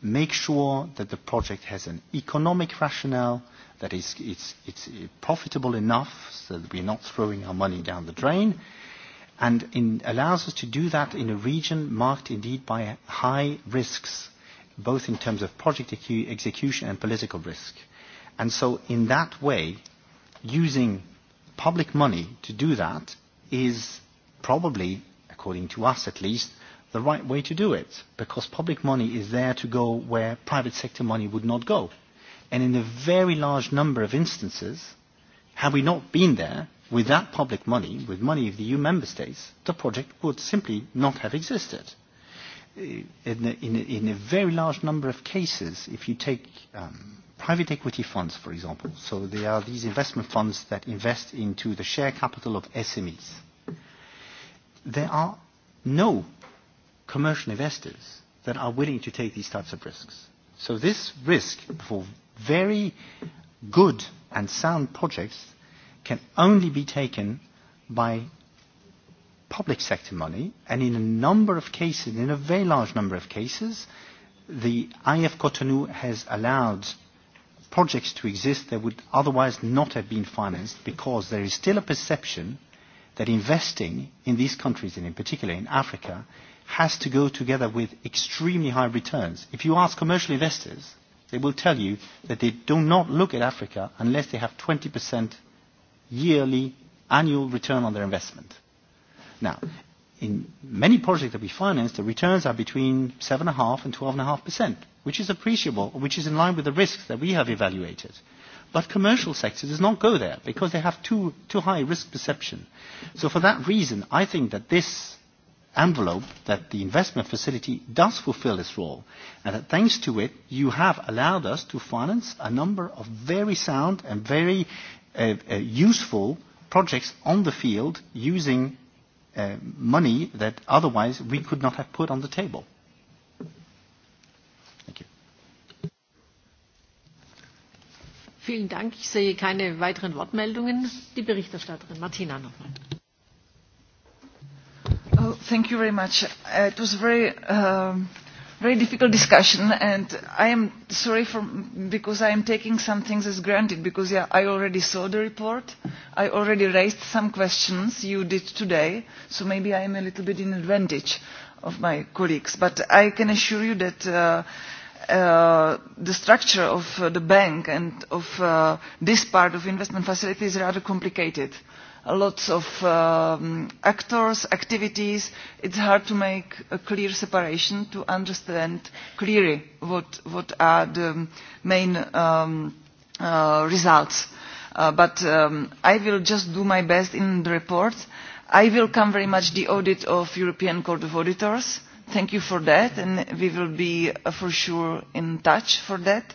make sure that the project has an economic rationale, that is, it's, it's profitable enough so that we're not throwing our money down the drain, and in, allows us to do that in a region marked indeed by high risks, both in terms of project execution and political risk. And so in that way, using public money to do that is probably, according to us at least, the right way to do it because public money is there to go where private sector money would not go. And in a very large number of instances, had we not been there with that public money, with money of the EU member states, the project would simply not have existed. Uh, in a, in a, in a very large number of cases, if you take um, private equity funds, for example, so they are these investment funds that invest into the share capital of SMEs, there are no commercial investors that are willing to take these types of risks. So this risk for very good and sound projects can only be taken by public sector money, and in a number of cases, in a very large number of cases, the IF Cotonou has allowed projects to exist that would otherwise not have been financed because there is still a perception that investing in these countries, and in particular in Africa, has to go together with extremely high returns. If you ask commercial investors, they will tell you that they do not look at Africa unless they have 20% yearly annual return on their investment. Now, in many projects that we finance, the returns are between 7.5% and 12.5%, which is appreciable, which is in line with the risks that we have evaluated. But commercial sector does not go there because they have too, too high risk perception. So for that reason, I think that this envelope that the investment facility does fulfill its role and that thanks to it you have allowed us to finance a number of very sound and very uh, uh, useful projects on the field using uh, money that otherwise we could not have put on the table. Thank you. Vielen Dank. Ich sehe keine weiteren Wortmeldungen. Die Berichterstatterin Martina nochmal. Thank you very much. Uh, it was very, um, very difficult discussion, and I am sorry for, because I am taking some things as granted, because yeah, I already saw the report. I already raised some questions you did today, so maybe I am a little bit in advantage of my colleagues. But I can assure you that uh, Uh, the structure of uh, the bank and of uh, this part of investment facility is rather complicated lots of um, actors, activities, it's hard to make a clear separation to understand clearly what, what are the main um, uh, results. Uh, but um, I will just do my best in the report. I will come very much the audit of European Court of Auditors. Thank you for that, and we will be uh, for sure in touch for that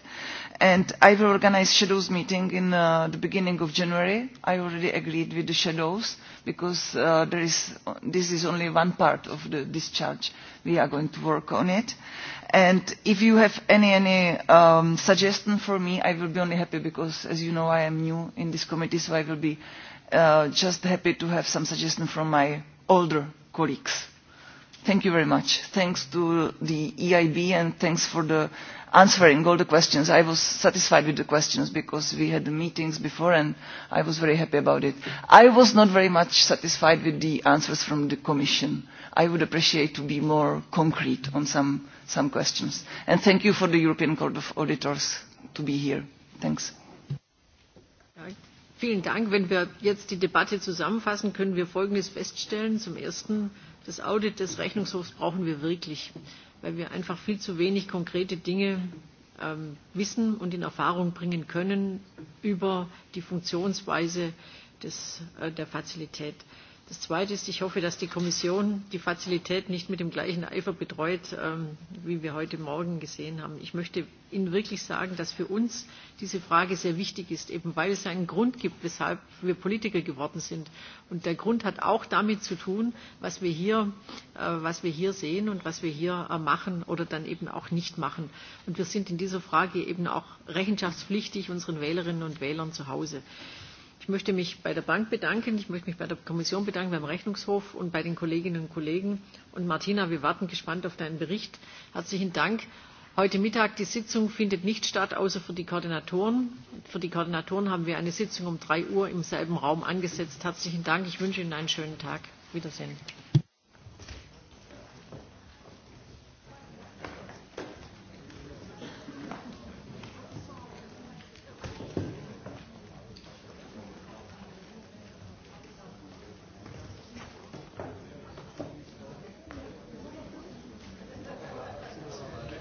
and I will organise shadows meeting in uh, the beginning of January. I already agreed with the shadows because uh, there is, this is only one part of the discharge. We are going to work on it. And if you have any, any um, suggestion for me, I will be only happy because, as you know, I am new in this committee, so I will be uh, just happy to have some suggestion from my older colleagues. Thank you very much. Thanks to the EIB and thanks for the answering all the questions. I was satisfied with the questions because we had the meetings before and I was very happy about it. I was not very much satisfied with the answers from the Commission. I would appreciate to be more concrete on some, some questions. And thank you for the European Court of Auditors to be here. Thanks. Vielen Dank. Wenn wir jetzt die Debatte zusammenfassen, können wir Folgendes feststellen. Zum Ersten das Audit des Rechnungshofs brauchen wir wirklich, weil wir einfach viel zu wenig konkrete Dinge ähm, wissen und in Erfahrung bringen können über die Funktionsweise des, äh, der Fazilität. Das Zweite ist, ich hoffe, dass die Kommission die Fazilität nicht mit dem gleichen Eifer betreut, ähm, wie wir heute Morgen gesehen haben. Ich möchte Ihnen wirklich sagen, dass für uns diese Frage sehr wichtig ist, eben weil es einen Grund gibt, weshalb wir Politiker geworden sind. Und der Grund hat auch damit zu tun, was wir hier, äh, was wir hier sehen und was wir hier äh, machen oder dann eben auch nicht machen. Und wir sind in dieser Frage eben auch rechenschaftspflichtig unseren Wählerinnen und Wählern zu Hause. Ich möchte mich bei der Bank bedanken, ich möchte mich bei der Kommission bedanken, beim Rechnungshof und bei den Kolleginnen und Kollegen. Und Martina, wir warten gespannt auf deinen Bericht. Herzlichen Dank. Heute Mittag die Sitzung findet nicht statt, außer für die Koordinatoren. Für die Koordinatoren haben wir eine Sitzung um drei Uhr im selben Raum angesetzt. Herzlichen Dank. Ich wünsche Ihnen einen schönen Tag. Wiedersehen.